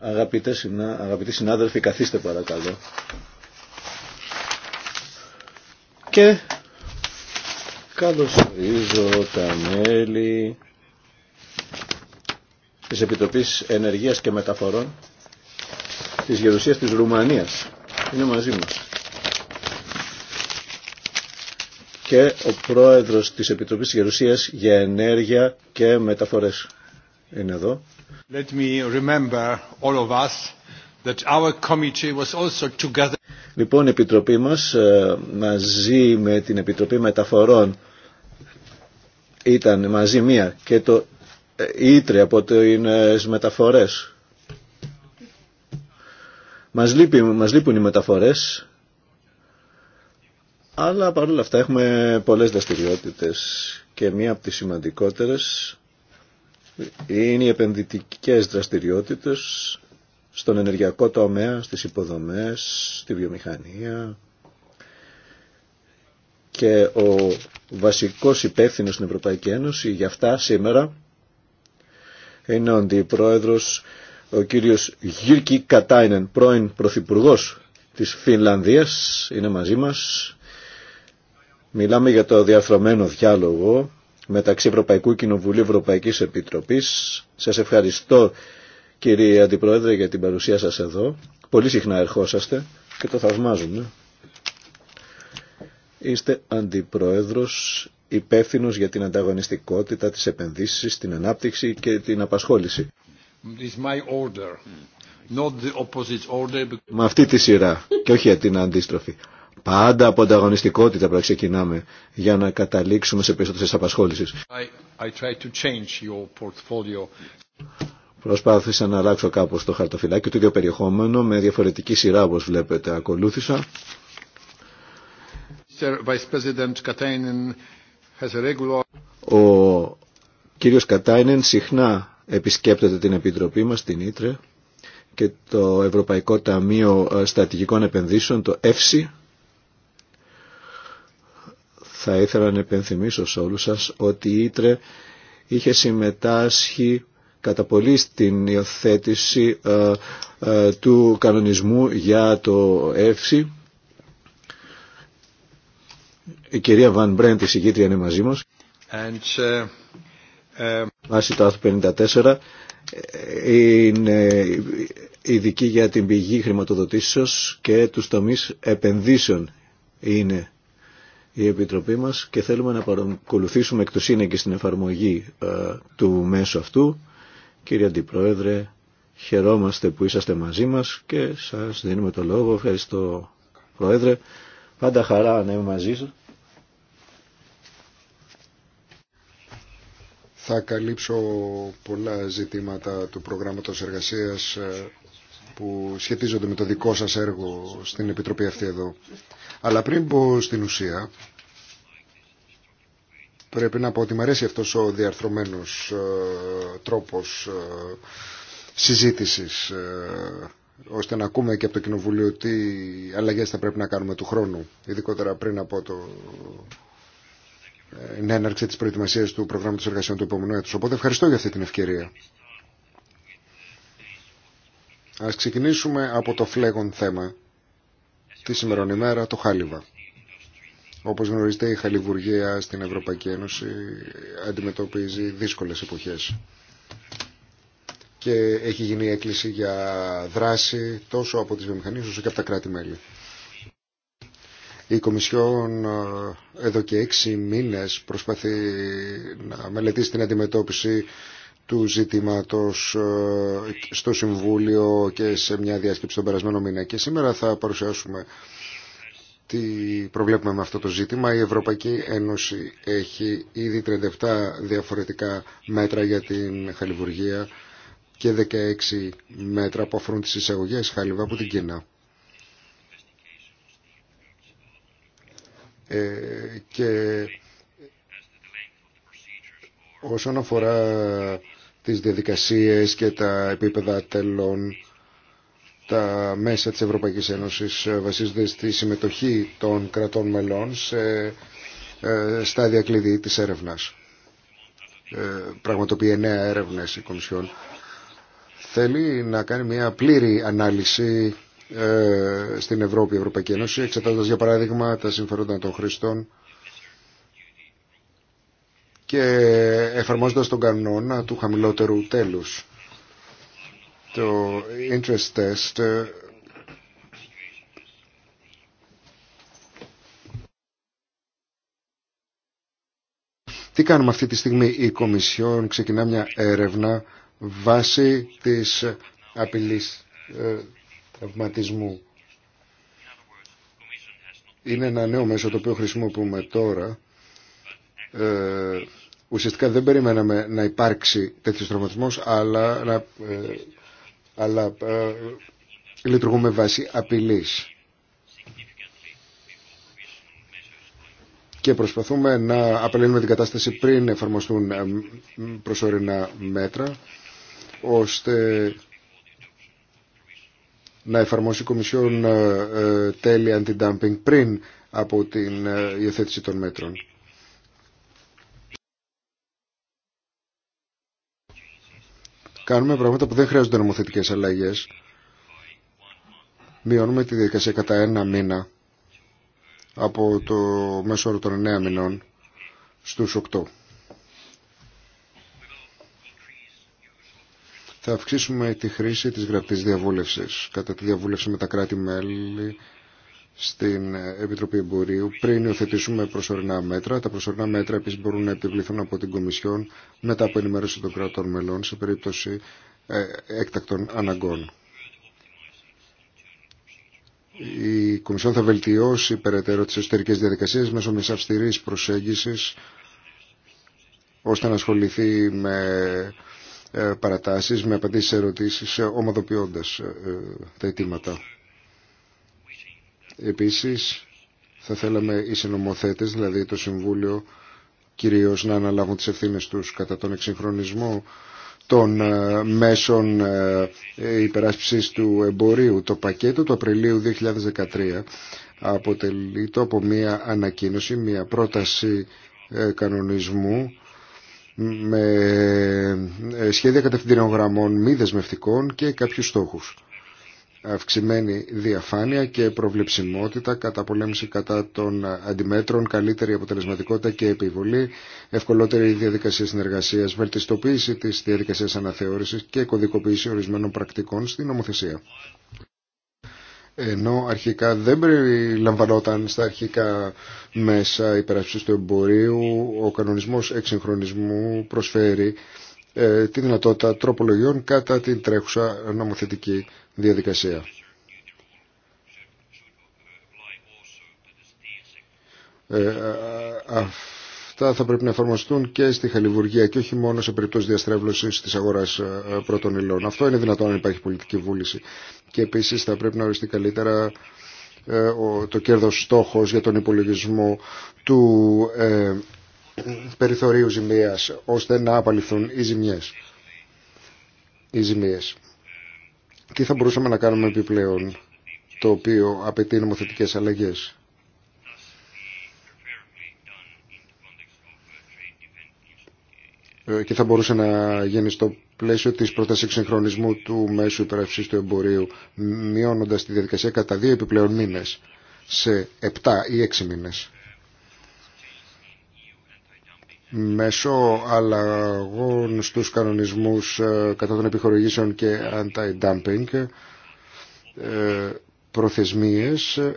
αγαπητοί συνάδελφοι, καθίστε παρακαλώ. Και καλωσορίζω τα μέλη της Επιτροπής Ενεργείας και Μεταφορών της Γερουσίας της Ρουμανίας. Είναι μαζί μας. και ο πρόεδρος της Επιτροπής Γερουσίας για Ενέργεια και Μεταφορές. Είναι εδώ. Λοιπόν, η Επιτροπή μας ε, μαζί με την Επιτροπή Μεταφορών ήταν μαζί μία και το ε, ήτρε από τις μεταφορές. Μας, λείπει, μας λείπουν οι μεταφορές αλλά παρόλα αυτά έχουμε πολλές δραστηριότητε και μία από τις σημαντικότερες είναι οι επενδυτικές δραστηριότητες στον ενεργειακό τομέα, στις υποδομές, στη βιομηχανία και ο βασικός υπεύθυνο στην Ευρωπαϊκή Ένωση για αυτά σήμερα είναι ο αντιπρόεδρος ο κύριος Γιούρκι Κατάινεν, πρώην πρωθυπουργός της Φινλανδίας, είναι μαζί μας Μιλάμε για το διαφρομένο διάλογο μεταξύ Ευρωπαϊκού Κοινοβουλίου Ευρωπαϊκής Επιτροπής. Σας ευχαριστώ κύριε Αντιπρόεδρε για την παρουσία σας εδώ. Πολύ συχνά ερχόσαστε και το θαυμάζουμε. Είστε Αντιπρόεδρος υπεύθυνο για την ανταγωνιστικότητα, τις επενδύσεις, την ανάπτυξη και την απασχόληση. Με αυτή τη σειρά και όχι την αντίστροφη. Πάντα από ανταγωνιστικότητα πρέπει να ξεκινάμε για να καταλήξουμε σε περισσότερες απασχόλησεις. I, I Προσπάθησα να αλλάξω κάπως το χαρτοφυλάκι του και περιεχόμενο με διαφορετική σειρά όπως βλέπετε ακολούθησα. Ο κύριος Κατάινεν συχνά επισκέπτεται την Επιτροπή μας, την Ήτρε και το Ευρωπαϊκό Ταμείο Στατηγικών Επενδύσεων, το ΕΦΣΥ. Θα ήθελα να επενθυμίσω σε όλους σας ότι η Ήτρε είχε συμμετάσχει κατά πολύ στην υιοθέτηση ε, ε, του κανονισμού για το ΕΦΣΥ. Η κυρία Βαν Μπρέντ, η συγκήτρια, είναι μαζί μας. And, ε, το άρθρο 54 είναι ειδική για την πηγή χρηματοδοτήσεως και τους τομείς επενδύσεων είναι η Επιτροπή μας και θέλουμε να παρακολουθήσουμε εκ του στην στην εφαρμογή ε, του μέσου αυτού. Κύριε Αντιπρόεδρε, χαιρόμαστε που είσαστε μαζί μας και σας δίνουμε το λόγο. Ευχαριστώ Πρόεδρε. Πάντα χαρά να είμαι μαζί σας. Θα καλύψω πολλά ζητήματα του προγράμματος εργασίας ε, που σχετίζονται με το δικό σας έργο στην Επιτροπή αυτή εδώ. Αλλά πριν πω στην ουσία, πρέπει να πω ότι μου αρέσει αυτός ο διαρθρωμένος ε, τρόπος ε, συζήτησης ε, ώστε να ακούμε και από το Κοινοβουλίο τι αλλαγές θα πρέπει να κάνουμε του χρόνου, ειδικότερα πριν από το την ε, έναρξη της προετοιμασίας του προγράμματος εργασιών του επόμενου έτους. Οπότε ευχαριστώ για αυτή την ευκαιρία. Ας ξεκινήσουμε από το φλέγον θέμα τη σημερινή ημέρα το χάλιβα. Όπως γνωρίζετε η χαλιβουργία στην Ευρωπαϊκή Ένωση αντιμετωπίζει δύσκολες εποχές και έχει γίνει έκκληση για δράση τόσο από τις βιομηχανίες όσο και από τα κράτη-μέλη. Η Κομισιόν ε, εδώ και έξι μήνες προσπαθεί να μελετήσει την αντιμετώπιση του ζητήματος ε, στο Συμβούλιο και σε μια διάσκεψη τον περασμένο μήνα. Και σήμερα θα παρουσιάσουμε τι προβλέπουμε με αυτό το ζήτημα. Η Ευρωπαϊκή Ένωση έχει ήδη 37 διαφορετικά μέτρα για την χαλιβουργία και 16 μέτρα που αφορούν τις εισαγωγές χάλιβα από την Κίνα. Ε, και όσον αφορά τις διαδικασίες και τα επίπεδα τελών. Τα μέσα της Ευρωπαϊκής Ένωσης ε, βασίζονται στη συμμετοχή των κρατών μελών σε ε, στάδια κλειδί της έρευνας. Ε, πραγματοποιεί εννέα έρευνες η Κομισιόν. Θέλει να κάνει μια πλήρη ανάλυση στην Ευρώπη, η Ευρωπαϊκή Ένωση, εξετάζοντας για παράδειγμα τα συμφέροντα των χρηστών και εφαρμόζοντας τον κανόνα του χαμηλότερου τέλους. Το interest test Τι κάνουμε αυτή τη στιγμή η Κομισιόν ξεκινά μια έρευνα βάσει της απειλής ε, τραυματισμού. Είναι ένα νέο μέσο το οποίο χρησιμοποιούμε τώρα. Ε, Ουσιαστικά δεν περιμέναμε να υπάρξει τέτοιος τραυματισμός, αλλά, να, ε, αλλά ε, λειτουργούμε βάσει απειλής. Και προσπαθούμε να απελύνουμε την κατάσταση πριν εφαρμοστούν ε, προσωρινά μέτρα, ώστε να εφαρμόσει η Κομισιόν τέλη αντι πριν από την υιοθέτηση των μέτρων. Κάνουμε πράγματα που δεν χρειάζονται νομοθετικέ αλλαγές. Μειώνουμε τη διαδικασία κατά ένα μήνα από το μέσο όρο των 9 μηνών στους 8. Θα αυξήσουμε τη χρήση της γραπτής διαβούλευσης. Κατά τη διαβούλευση με τα κράτη-μέλη στην Επιτροπή Εμπορίου πριν υιοθετήσουμε προσωρινά μέτρα. Τα προσωρινά μέτρα επίσης μπορούν να επιβληθούν από την Κομισιόν μετά από ενημέρωση των κρατών μελών σε περίπτωση ε, έκτακτων αναγκών. Η Κομισιόν θα βελτιώσει περαιτέρω τις εσωτερικές διαδικασίες μέσω μιας αυστηρής προσέγγισης ώστε να ασχοληθεί με ε, παρατάσεις, με απαντήσεις σε ερωτήσεις, ε, ομαδοποιώντας τα αιτήματα. Επίσης, θα θέλαμε οι συνομοθέτες, δηλαδή το Συμβούλιο, κυρίως να αναλάβουν τις ευθύνες τους κατά τον εξυγχρονισμό των ε, μέσων ε, υπεράσπισης του εμπορίου. Το πακέτο του Απριλίου 2013 αποτελεί από μία ανακοίνωση, μία πρόταση ε, κανονισμού με σχέδια κατευθυντήριων γραμμών μη δεσμευτικών και κάποιους στόχους αυξημένη διαφάνεια και προβλεψιμότητα, καταπολέμηση κατά των αντιμέτρων, καλύτερη αποτελεσματικότητα και επιβολή, ευκολότερη διαδικασία συνεργασίας, βελτιστοποίηση της διαδικασίας αναθεώρησης και κωδικοποίηση ορισμένων πρακτικών στην νομοθεσία. Ενώ αρχικά δεν περιλαμβανόταν στα αρχικά μέσα υπεράσπιση του εμπορίου, ο κανονισμός εξυγχρονισμού προσφέρει ε, τη δυνατότητα τροπολογιών κατά την τρέχουσα νομοθετική διαδικασία. Ε, αυτά θα πρέπει να εφαρμοστούν και στη Χαλιβουργία και όχι μόνο σε περιπτώσει διαστρέβλωση τη αγορά ε, πρώτων υλών. Αυτό είναι δυνατόν αν υπάρχει πολιτική βούληση. Και επίση θα πρέπει να οριστεί καλύτερα ε, το κέρδος στόχος για τον υπολογισμό του ε, περιθωρίου ζημίας ώστε να απαλληφθούν οι ζημιές. Οι ζημίες τι θα μπορούσαμε να κάνουμε επιπλέον το οποίο απαιτεί νομοθετικές αλλαγές. Ε, και θα μπορούσε να γίνει στο πλαίσιο της πρότασης εξυγχρονισμού του μέσου υπεραυσής του εμπορίου, μειώνοντας τη διαδικασία κατά δύο επιπλέον μήνες σε 7 ή 6 μήνες μέσω αλλαγών στους κανονισμούς ε, κατά των επιχορηγήσεων και anti-dumping ε, προθεσμίες ε,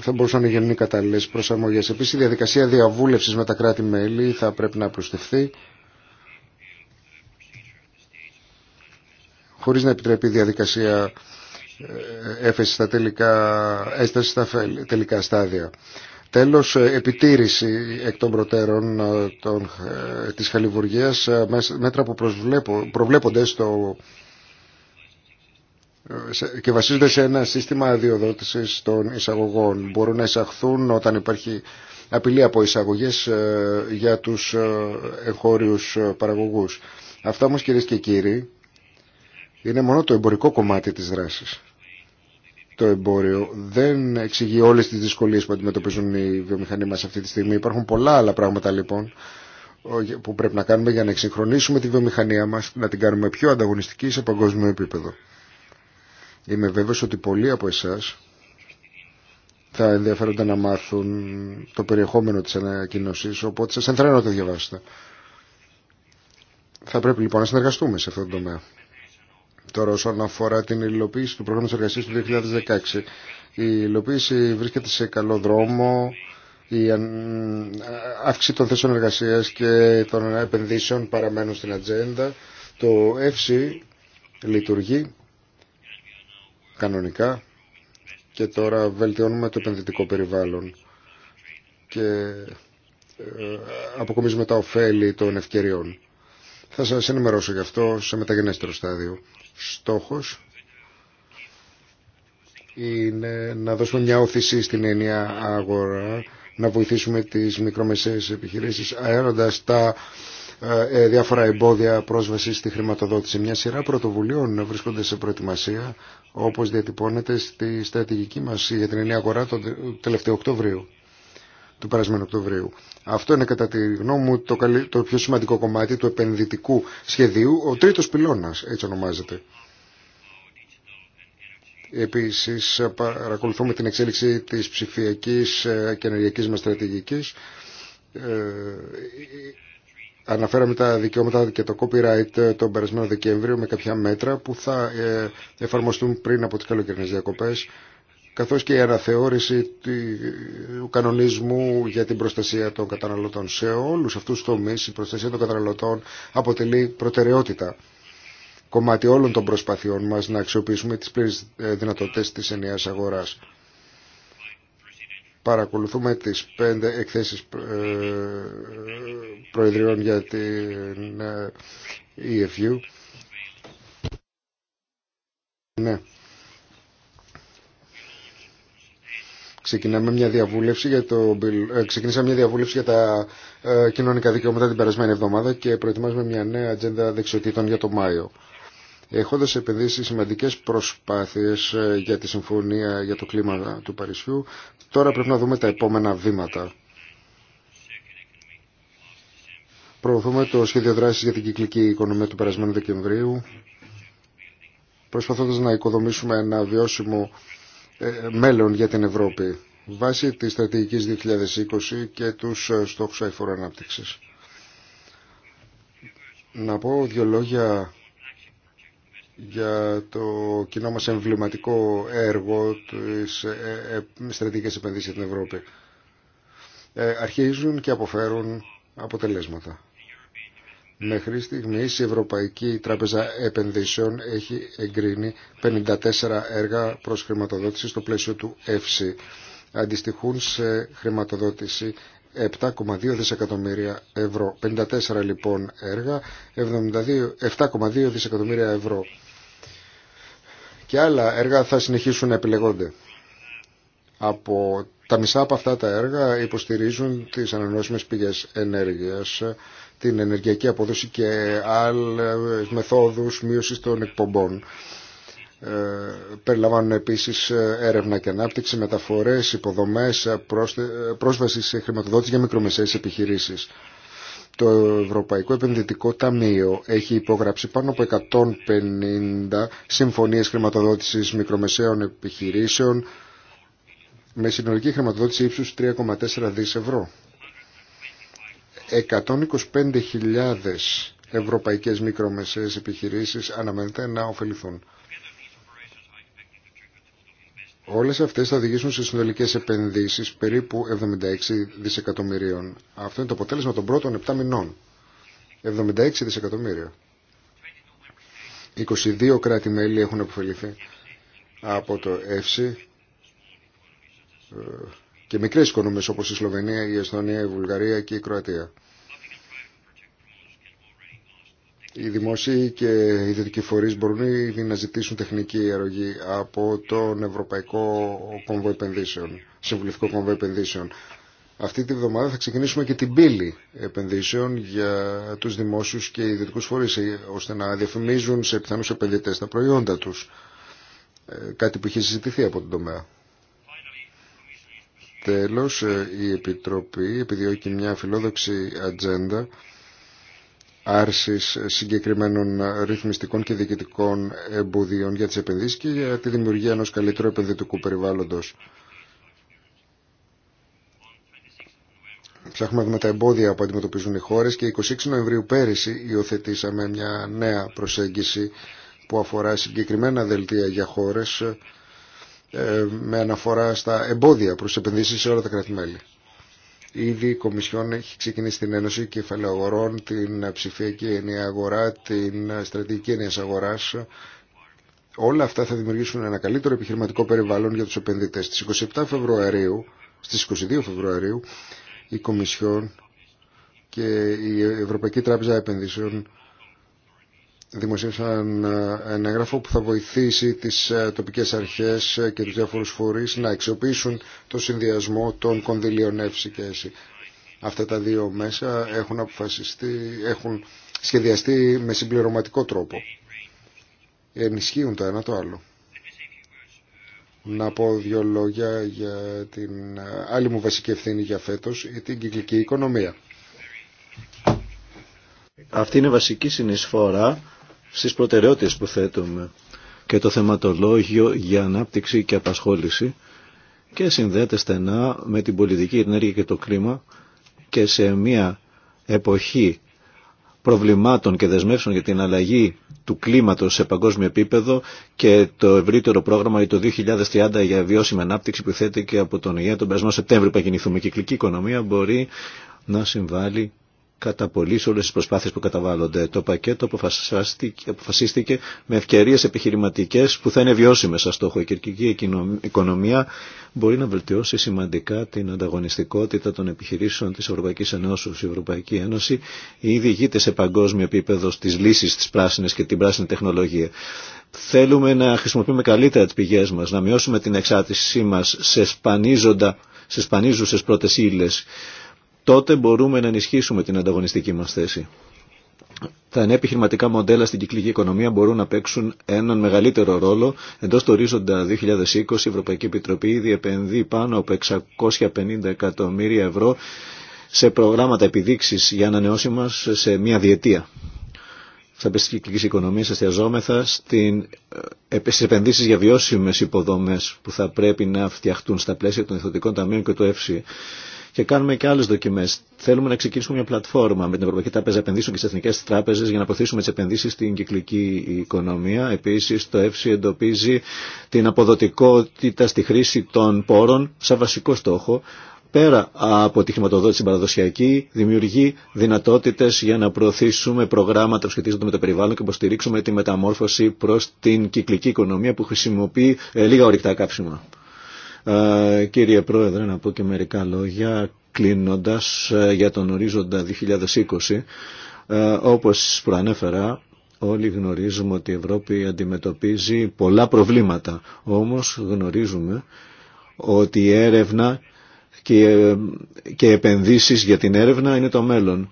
θα μπορούσαν να γίνουν κατάλληλες προσαρμογές. Επίσης η διαδικασία διαβούλευσης με τα κράτη-μέλη θα πρέπει να προστευθεί χωρίς να επιτρέπει η διαδικασία ε, έφεση στα τελικά, έσταση στα τελικά στάδια. Τέλος, ε, επιτήρηση εκ των προτέρων ε, των, της χαλιβουργίας, μέτρα που προβλέπονται στο, και βασίζονται σε ένα σύστημα αδειοδότησης των εισαγωγών. Μπορούν να εισαχθούν όταν υπάρχει απειλή από εισαγωγές για τους εγχώριους παραγωγούς. Αυτά όμως κυρίες και κύριοι είναι μόνο το εμπορικό κομμάτι της δράσης το εμπόριο δεν εξηγεί όλες τις δυσκολίες που αντιμετωπίζουν οι βιομηχανοί μας αυτή τη στιγμή. Υπάρχουν πολλά άλλα πράγματα λοιπόν που πρέπει να κάνουμε για να εξυγχρονίσουμε τη βιομηχανία μας, να την κάνουμε πιο ανταγωνιστική σε παγκόσμιο επίπεδο. Είμαι βέβαιος ότι πολλοί από εσάς θα ενδιαφέρονται να μάθουν το περιεχόμενο της ανακοίνωσης, οπότε σας ενθαρρύνω να το διαβάσετε. Θα πρέπει λοιπόν να συνεργαστούμε σε αυτό το τομέα. Τώρα όσον αφορά την υλοποίηση του προγράμματος εργασίας του 2016, η υλοποίηση βρίσκεται σε καλό δρόμο, η αύξηση των θέσεων εργασίας και των επενδύσεων παραμένουν στην ατζέντα. Το ΕΦΣΥ λειτουργεί κανονικά και τώρα βελτιώνουμε το επενδυτικό περιβάλλον και ε, αποκομίζουμε τα ωφέλη των ευκαιριών. Θα σας ενημερώσω γι' αυτό σε μεταγενέστερο στάδιο στόχος είναι να δώσουμε μια όθηση στην ενιαία αγορά, να βοηθήσουμε τις μικρομεσαίες επιχειρήσεις αέροντας τα ε, διάφορα εμπόδια πρόσβασης στη χρηματοδότηση. Μια σειρά πρωτοβουλίων βρίσκονται σε προετοιμασία όπως διατυπώνεται στη στρατηγική μας για την ενιαία αγορά το τελευταίο Οκτωβρίου του περασμένου Οκτωβρίου. Αυτό είναι κατά τη γνώμη μου το, το πιο σημαντικό κομμάτι του επενδυτικού σχεδίου, ο τρίτος πυλώνας έτσι ονομάζεται. Επίσης παρακολουθούμε την εξέλιξη της ψηφιακής ε, και ενεργειακής μας στρατηγικής. Ε, αναφέραμε τα δικαιώματα και το copyright ε, τον περασμένο Δεκέμβριο με κάποια μέτρα που θα εφαρμοστούν πριν από τις καλοκαιρινές διακοπές καθώς και η αναθεώρηση του κανονισμού για την προστασία των καταναλωτών. Σε όλους αυτούς τους τομείς η προστασία των καταναλωτών αποτελεί προτεραιότητα κομμάτι όλων των προσπαθειών μας να αξιοποιήσουμε τις πλήρες ε, δυνατότητες της ενιαίας αγοράς. Παρακολουθούμε τις πέντε εκθέσεις ε, προεδριών για την ε, EFU. Ναι. Ξεκινάμε μια διαβούλευση για το, ε, ξεκινήσαμε μια διαβούλευση για τα ε, κοινωνικά δικαιώματα την περασμένη εβδομάδα και προετοιμάζουμε μια νέα ατζέντα δεξιοτήτων για το Μάιο. Έχοντα επενδύσει σημαντικέ προσπάθειε ε, για τη συμφωνία για το κλίμα του Παρισιού, τώρα πρέπει να δούμε τα επόμενα βήματα. Προωθούμε το σχέδιο δράση για την κυκλική οικονομία του περασμένου Δεκεμβρίου, προσπαθώντα να οικοδομήσουμε ένα βιώσιμο ε, μέλλον για την Ευρώπη βάσει της στρατηγικής 2020 και τους ε, στόχους αηφόρου ανάπτυξης. Να πω δύο λόγια για το κοινό μας εμβληματικό έργο της ε, στρατηγικής για την Ευρώπη. Αρχίζουν και αποφέρουν αποτελέσματα. Μέχρι στιγμή η Ευρωπαϊκή Τράπεζα Επενδύσεων έχει εγκρίνει 54 έργα προς χρηματοδότηση στο πλαίσιο του ΕΦΣΥ. Αντιστοιχούν σε χρηματοδότηση 7,2 δισεκατομμύρια ευρώ. 54 λοιπόν έργα, 7,2 δισεκατομμύρια ευρώ. Και άλλα έργα θα συνεχίσουν να επιλεγόνται. Από τα μισά από αυτά τα έργα υποστηρίζουν τις ανανεώσιμες πηγές ενέργειας, την ενεργειακή απόδοση και άλλες μεθόδους μείωσης των εκπομπών. Ε, περιλαμβάνουν επίσης έρευνα και ανάπτυξη, μεταφορές, υποδομές, πρόσβαση σε χρηματοδότηση για μικρομεσαίες επιχειρήσεις. Το Ευρωπαϊκό Επενδυτικό Ταμείο έχει υπογράψει πάνω από 150 συμφωνίες χρηματοδότησης μικρομεσαίων επιχειρήσεων με συνολική χρηματοδότηση ύψους 3,4 δις ευρώ. 125.000 ευρωπαϊκές μικρομεσαίες επιχειρήσεις αναμένεται να ωφεληθούν. Όλες αυτές θα οδηγήσουν σε συνολικές επενδύσεις περίπου 76 δισεκατομμυρίων. Αυτό είναι το αποτέλεσμα των πρώτων 7 μηνών. 76 δισεκατομμύρια. 22 κράτη-μέλη έχουν αποφεληθεί από το ΕΦΣΥ και μικρές οικονομίες όπως η Σλοβενία, η Εσθονία, η Βουλγαρία και η Κροατία. Οι δημόσιοι και οι ιδιωτικοί φορείς μπορούν ήδη να ζητήσουν τεχνική αρρωγή από τον Ευρωπαϊκό Κόμβο Επενδύσεων, Συμβουλευτικό Κόμβο Επενδύσεων. Αυτή τη βδομάδα θα ξεκινήσουμε και την πύλη επενδύσεων για τους δημόσιους και ιδιωτικούς φορείς ε, ώστε να διαφημίζουν σε πιθανούς επενδυτές τα προϊόντα τους. Ε, κάτι που είχε συζητηθεί από τον τομέα. Τέλος, ε, η Επιτροπή επιδιώκει μια φιλόδοξη ατζέντα άρσης συγκεκριμένων ρυθμιστικών και διοικητικών εμποδίων για τις επενδύσεις και για τη δημιουργία ενός καλύτερου επενδυτικού περιβάλλοντος. Ψάχνουμε με τα εμπόδια που αντιμετωπίζουν οι χώρες και 26 Νοεμβρίου πέρυσι υιοθετήσαμε μια νέα προσέγγιση που αφορά συγκεκριμένα δελτία για χώρες ε, με αναφορά στα εμπόδια προς επενδύσεις σε όλα τα κράτη-μέλη. Ήδη η Κομισιόν έχει ξεκινήσει την Ένωση Κεφαλαιογορών, την ψηφιακή ενιαία αγορά, την στρατηγική ενιαία αγορά. Όλα αυτά θα δημιουργήσουν ένα καλύτερο επιχειρηματικό περιβάλλον για τους επενδυτές. Στις 27 Φεβρουαρίου, στις 22 Φεβρουαρίου, η Κομισιόν και η Ευρωπαϊκή Τράπεζα Επενδύσεων δημοσίευσαν ε, ένα έγγραφο που θα βοηθήσει τις ε, τοπικές αρχές και τους διάφορους φορείς να αξιοποιήσουν το συνδυασμό των κονδυλίων Εύση και ΕΣΥ. Αυτά τα δύο μέσα έχουν, αποφασιστεί, έχουν σχεδιαστεί με συμπληρωματικό τρόπο. Ενισχύουν το ένα το άλλο. Να πω δύο λόγια για την ε, άλλη μου βασική ευθύνη για φέτος, την κυκλική οικονομία. Αυτή είναι η βασική συνεισφόρα στις προτεραιότητες που θέτουμε και το θεματολόγιο για ανάπτυξη και απασχόληση και συνδέεται στενά με την πολιτική ενέργεια και το κλίμα και σε μια εποχή προβλημάτων και δεσμεύσεων για την αλλαγή του κλίματος σε παγκόσμιο επίπεδο και το ευρύτερο πρόγραμμα για το 2030 για βιώσιμη ανάπτυξη που θέτει και από τον ΙΕ τον περασμένο Σεπτέμβριο που θα γεννηθούμε Η κυκλική οικονομία μπορεί να συμβάλλει κατά πολύ σε όλες τις προσπάθειες που καταβάλλονται. Το πακέτο αποφασίστηκε με ευκαιρίες επιχειρηματικές που θα είναι βιώσιμες σαν στόχο. Η κυρκική οικονομία μπορεί να βελτιώσει σημαντικά την ανταγωνιστικότητα των επιχειρήσεων της Ευρωπαϊκής Ενώσης. Η Ευρωπαϊκή Ένωση ήδη σε παγκόσμιο επίπεδο στις λύσεις της πράσινης και την πράσινη τεχνολογία. Θέλουμε να χρησιμοποιούμε καλύτερα τις πηγές μας, να μειώσουμε την εξάρτησή μας σε σπανίζοντα σε σπανίζουσες πρώτες ύλες τότε μπορούμε να ενισχύσουμε την ανταγωνιστική μας θέση. Τα νέα μοντέλα στην κυκλική οικονομία μπορούν να παίξουν έναν μεγαλύτερο ρόλο. Εντό του ορίζοντα 2020 η Ευρωπαϊκή Επιτροπή ήδη επενδύει πάνω από 650 εκατομμύρια ευρώ σε προγράμματα επιδείξει για ανανεώσιμα σε μία διετία. Στα πέστη κυκλική οικονομία εστιαζόμεθα ε, στι επενδύσει για βιώσιμε υποδομέ που θα πρέπει να φτιαχτούν στα πλαίσια των Ιθωτικών ταμείων και του ΕΦΣΥ και κάνουμε και άλλε δοκιμέ. Θέλουμε να ξεκινήσουμε μια πλατφόρμα με την Ευρωπαϊκή Τράπεζα Επενδύσεων και τι Εθνικέ Τράπεζε για να προωθήσουμε τι επενδύσει στην κυκλική οικονομία. Επίση, το ΕΦΣΥ εντοπίζει την αποδοτικότητα στη χρήση των πόρων σαν βασικό στόχο. Πέρα από τη χρηματοδότηση παραδοσιακή, δημιουργεί δυνατότητε για να προωθήσουμε προγράμματα που σχετίζονται με το περιβάλλον και υποστηρίξουμε τη μεταμόρφωση προ την κυκλική οικονομία που χρησιμοποιεί ε, λίγα ορυκτά καύσιμα. Ε, κύριε Πρόεδρε, να πω και μερικά λόγια κλείνοντας ε, για τον ορίζοντα 2020. Ε, όπως προανέφερα, όλοι γνωρίζουμε ότι η Ευρώπη αντιμετωπίζει πολλά προβλήματα. Όμως γνωρίζουμε ότι η έρευνα και, και επενδύσεις για την έρευνα είναι το μέλλον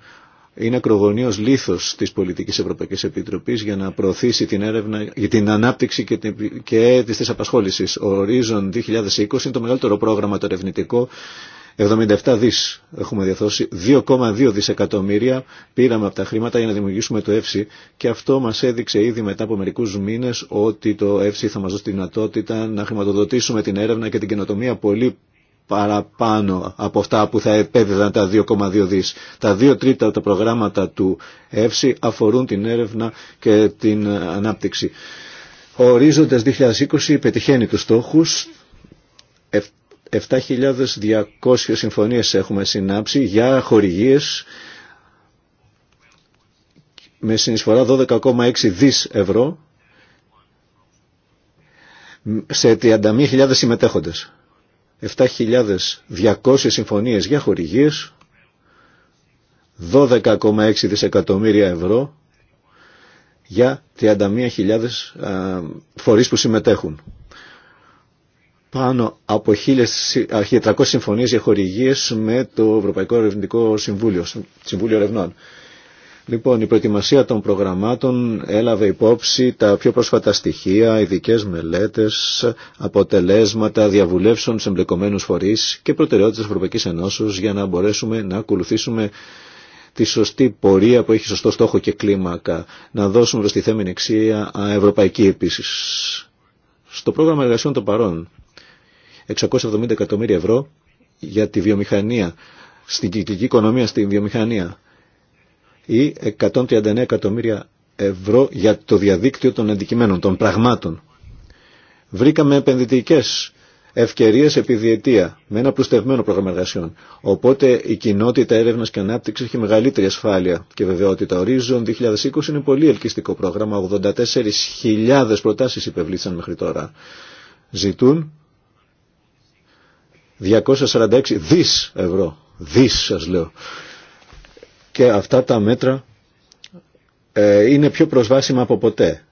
είναι ακρογωνίως λίθος της πολιτικής Ευρωπαϊκής Επιτροπής για να προωθήσει την έρευνα για την ανάπτυξη και, την, και της απασχόλησης. Ο Horizon 2020 είναι το μεγαλύτερο πρόγραμμα το ερευνητικό 77 δις έχουμε διαθώσει, 2,2 δισεκατομμύρια πήραμε από τα χρήματα για να δημιουργήσουμε το ΕΦΣΥ και αυτό μας έδειξε ήδη μετά από μερικούς μήνες ότι το ΕΦΣΥ θα μας δώσει τη δυνατότητα να χρηματοδοτήσουμε την έρευνα και την καινοτομία πολύ παραπάνω από αυτά που θα επέδιδαν τα 2,2 δις. Τα δύο τρίτα τα προγράμματα του ΕΦΣΙ αφορούν την έρευνα και την ανάπτυξη. Ο ορίζοντας 2020 πετυχαίνει τους στόχους. 7.200 συμφωνίες έχουμε συνάψει για χορηγίες με συνεισφορά 12,6 δις ευρώ σε 31.000 συμμετέχοντες. 7.200 συμφωνίες για χορηγίες, 12,6 δισεκατομμύρια ευρώ για 31.000 φορείς που συμμετέχουν. Πάνω από 1.300 συμφωνίες για χορηγίες με το Ευρωπαϊκό Ερευνητικό Συμβούλιο, Συμβούλιο Ερευνών. Λοιπόν, η προετοιμασία των προγραμμάτων έλαβε υπόψη τα πιο πρόσφατα στοιχεία, ειδικέ μελέτε, αποτελέσματα διαβουλεύσεων σε εμπλεκομένους φορείς και προτεραιότητες Ευρωπαϊκή Ενώσεω, για να μπορέσουμε να ακολουθήσουμε τη σωστή πορεία που έχει σωστό στόχο και κλίμακα, να δώσουμε προστιθέμενη αξία ευρωπαϊκή επίση. Στο πρόγραμμα εργασιών των παρών, 670 εκατομμύρια ευρώ για τη βιομηχανία, στην κυκλική οικονομία, στην βιομηχανία ή 139 εκατομμύρια ευρώ για το διαδίκτυο των αντικειμένων, των πραγμάτων. Βρήκαμε επενδυτικέ ευκαιρίε επί διετία, με ένα πλουστευμένο πρόγραμμα εργασιών. Οπότε η κοινότητα έρευνα και ανάπτυξη έχει μεγαλύτερη ασφάλεια και βεβαιότητα. Ορίζον 2020 είναι πολύ ελκυστικό πρόγραμμα. 84.000 προτάσει υπευλήθησαν μέχρι τώρα. Ζητούν 246 δις ευρώ. Δις σας λέω και αυτά τα μέτρα ε, είναι πιο προσβάσιμα από ποτέ.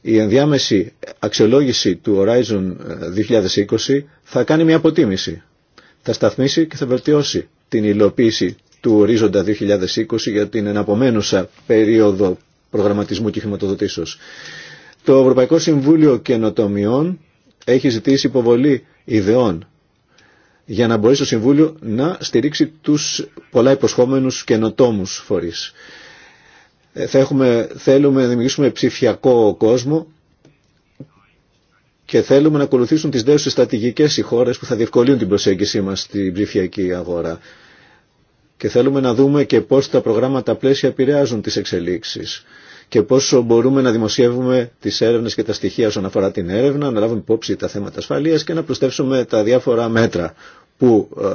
Η ενδιάμεση αξιολόγηση του Horizon 2020 ε, θα κάνει μια αποτίμηση. Θα σταθμίσει και θα βελτιώσει την υλοποίηση του ορίζοντα 2020 για την εναπομένουσα περίοδο προγραμματισμού και χρηματοδοτήσεως. Το Ευρωπαϊκό Συμβούλιο Καινοτομιών έχει ζητήσει υποβολή ιδεών για να μπορεί το Συμβούλιο να στηρίξει τους πολλά υποσχόμενους καινοτόμους φορείς. Ε, θα έχουμε, θέλουμε να δημιουργήσουμε ψηφιακό κόσμο και θέλουμε να ακολουθήσουν τις δέουσες στρατηγικές οι χώρες που θα διευκολύνουν την προσέγγιση μας στην ψηφιακή αγορά. Και θέλουμε να δούμε και πώς τα προγράμματα πλαίσια επηρεάζουν τις εξελίξεις και πόσο μπορούμε να δημοσιεύουμε τι έρευνε και τα στοιχεία όσον αφορά την έρευνα, να λάβουμε υπόψη τα θέματα ασφαλείας και να προσθέσουμε τα διάφορα μέτρα που ε,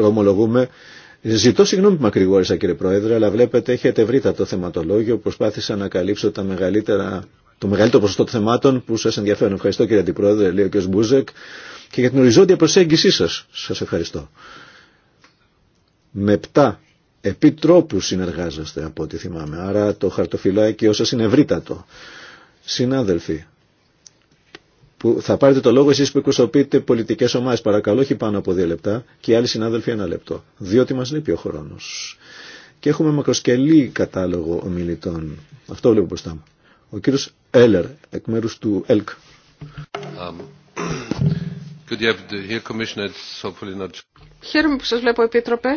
ομολογούμε. Ζητώ συγγνώμη που μακρηγόρησα κύριε Πρόεδρε, αλλά βλέπετε έχετε ευρύτατο το θεματολόγιο. Προσπάθησα να καλύψω τα μεγαλύτερα, το μεγαλύτερο ποσοστό των θεμάτων που σα ενδιαφέρουν. Ευχαριστώ κύριε Αντιπρόεδρε, λέει ο κ. Μπούζεκ, και για την οριζόντια προσέγγισή σα. Σα ευχαριστώ. Με επί τρόπου συνεργάζεστε από ό,τι θυμάμαι. Άρα το χαρτοφυλάκι σας είναι ευρύτατο. Συνάδελφοι, που θα πάρετε το λόγο εσείς που εκπροσωπείτε πολιτικές ομάδες, παρακαλώ, όχι πάνω από δύο λεπτά και οι άλλοι συνάδελφοι ένα λεπτό, διότι μας λείπει ο χρόνος. Και έχουμε μακροσκελή κατάλογο ομιλητών. Αυτό βλέπω μπροστά μου. Ο κύριος Έλερ, εκ μέρους του ΕΛΚ. Um, Χαίρομαι που σας βλέπω, Επίτροπε.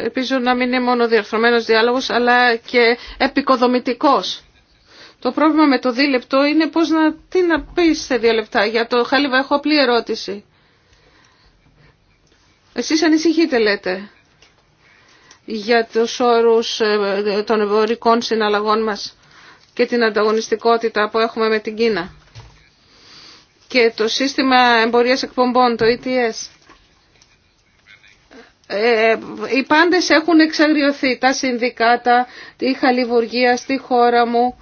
Ελπίζω να μην είναι μόνο διαρθρωμένος διάλογος, αλλά και επικοδομητικός. Το πρόβλημα με το δίλεπτο είναι πώς να, τι να πεις σε δύο λεπτά. Για το χάλιβα έχω απλή ερώτηση. Εσείς ανησυχείτε λέτε για τους όρους ε, των εμπορικών συναλλαγών μας και την ανταγωνιστικότητα που έχουμε με την Κίνα και το σύστημα εμπορίας εκπομπών, το ETS. Ε, οι πάντες έχουν εξαγριωθεί, τα συνδικάτα, η χαλιβουργία στη χώρα μου.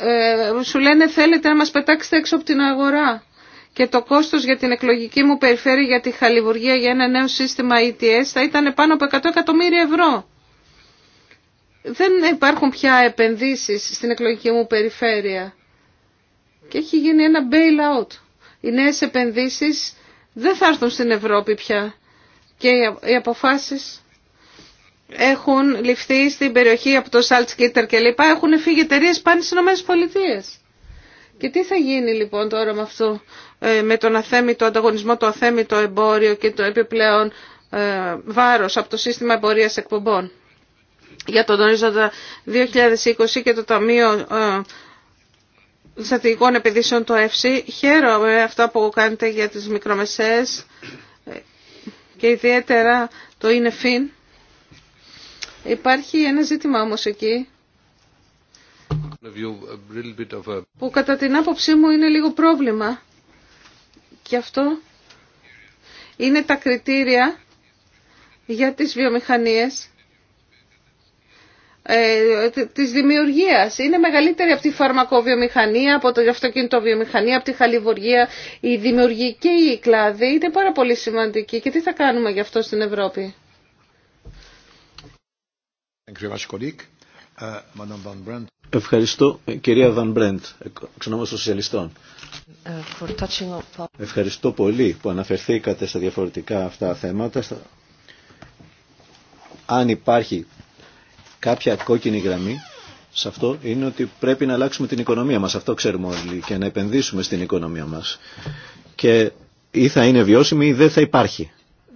Ε, σου λένε θέλετε να μας πετάξετε έξω από την αγορά. Και το κόστος για την εκλογική μου περιφέρεια για τη χαλιβουργία για ένα νέο σύστημα ETS θα ήταν πάνω από 100 εκατομμύρια ευρώ. Δεν υπάρχουν πια επενδύσεις στην εκλογική μου περιφέρεια. Και έχει γίνει ένα out. Οι νέες επενδύσεις δεν θα έρθουν στην Ευρώπη πια και οι αποφάσεις έχουν ληφθεί στην περιοχή από το Σαλτσκίτερ και λοιπά, έχουν φύγει εταιρείε πάνε στις Ηνωμένες Πολιτείες. Και τι θα γίνει λοιπόν τώρα με αυτό, ε, με τον αθέμητο ανταγωνισμό, το αθέμητο εμπόριο και το επιπλέον ε, βάρος από το σύστημα εμπορίας εκπομπών για τον ορίζοντα 2020 και το Ταμείο ε, Στατηγικών Επενδύσεων το ΕΦΣΥ. Χαίρομαι αυτά που κάνετε για τις μικρομεσαίες και ιδιαίτερα το είναι φίν. Υπάρχει ένα ζήτημα όμως εκεί που κατά την άποψή μου είναι λίγο πρόβλημα και αυτό είναι τα κριτήρια για τις βιομηχανίες ε, της δημιουργίας. Είναι μεγαλύτερη από τη φαρμακοβιομηχανία, από το αυτοκίνητο βιομηχανία από τη χαλιβουργία. Η δημιουργική κλάδη είναι πάρα πολύ σημαντική. Και τι θα κάνουμε γι' αυτό στην Ευρώπη. Uh, Ευχαριστώ ε, κυρία Βαν Μπρέντ, εξ των σοσιαλιστών. Ε, Ευχαριστώ πολύ που αναφερθήκατε στα διαφορετικά αυτά θέματα. Αν υπάρχει κάποια κόκκινη γραμμή σε αυτό είναι ότι πρέπει να αλλάξουμε την οικονομία μας. Αυτό ξέρουμε όλοι και να επενδύσουμε στην οικονομία μας. Και ή θα είναι βιώσιμη ή δεν θα υπάρχει.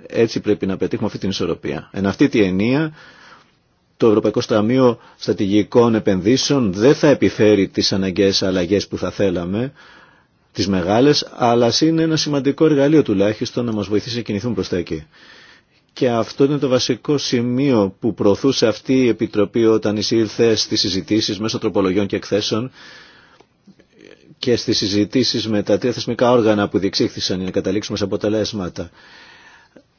Έτσι πρέπει να πετύχουμε αυτή την ισορροπία. Εν αυτή τη ενία το Ευρωπαϊκό Σταμείο Στατηγικών Επενδύσεων δεν θα επιφέρει τις αναγκαίες αλλαγές που θα θέλαμε, τις μεγάλες, αλλά είναι ένα σημαντικό εργαλείο τουλάχιστον να μας βοηθήσει να κινηθούν προς τα εκεί. Και αυτό είναι το βασικό σημείο που προωθούσε αυτή η Επιτροπή όταν εισήλθε στις συζητήσεις μέσω τροπολογιών και εκθέσεων και στις συζητήσεις με τα τρία θεσμικά όργανα που διεξήχθησαν για να καταλήξουμε σε αποτελέσματα.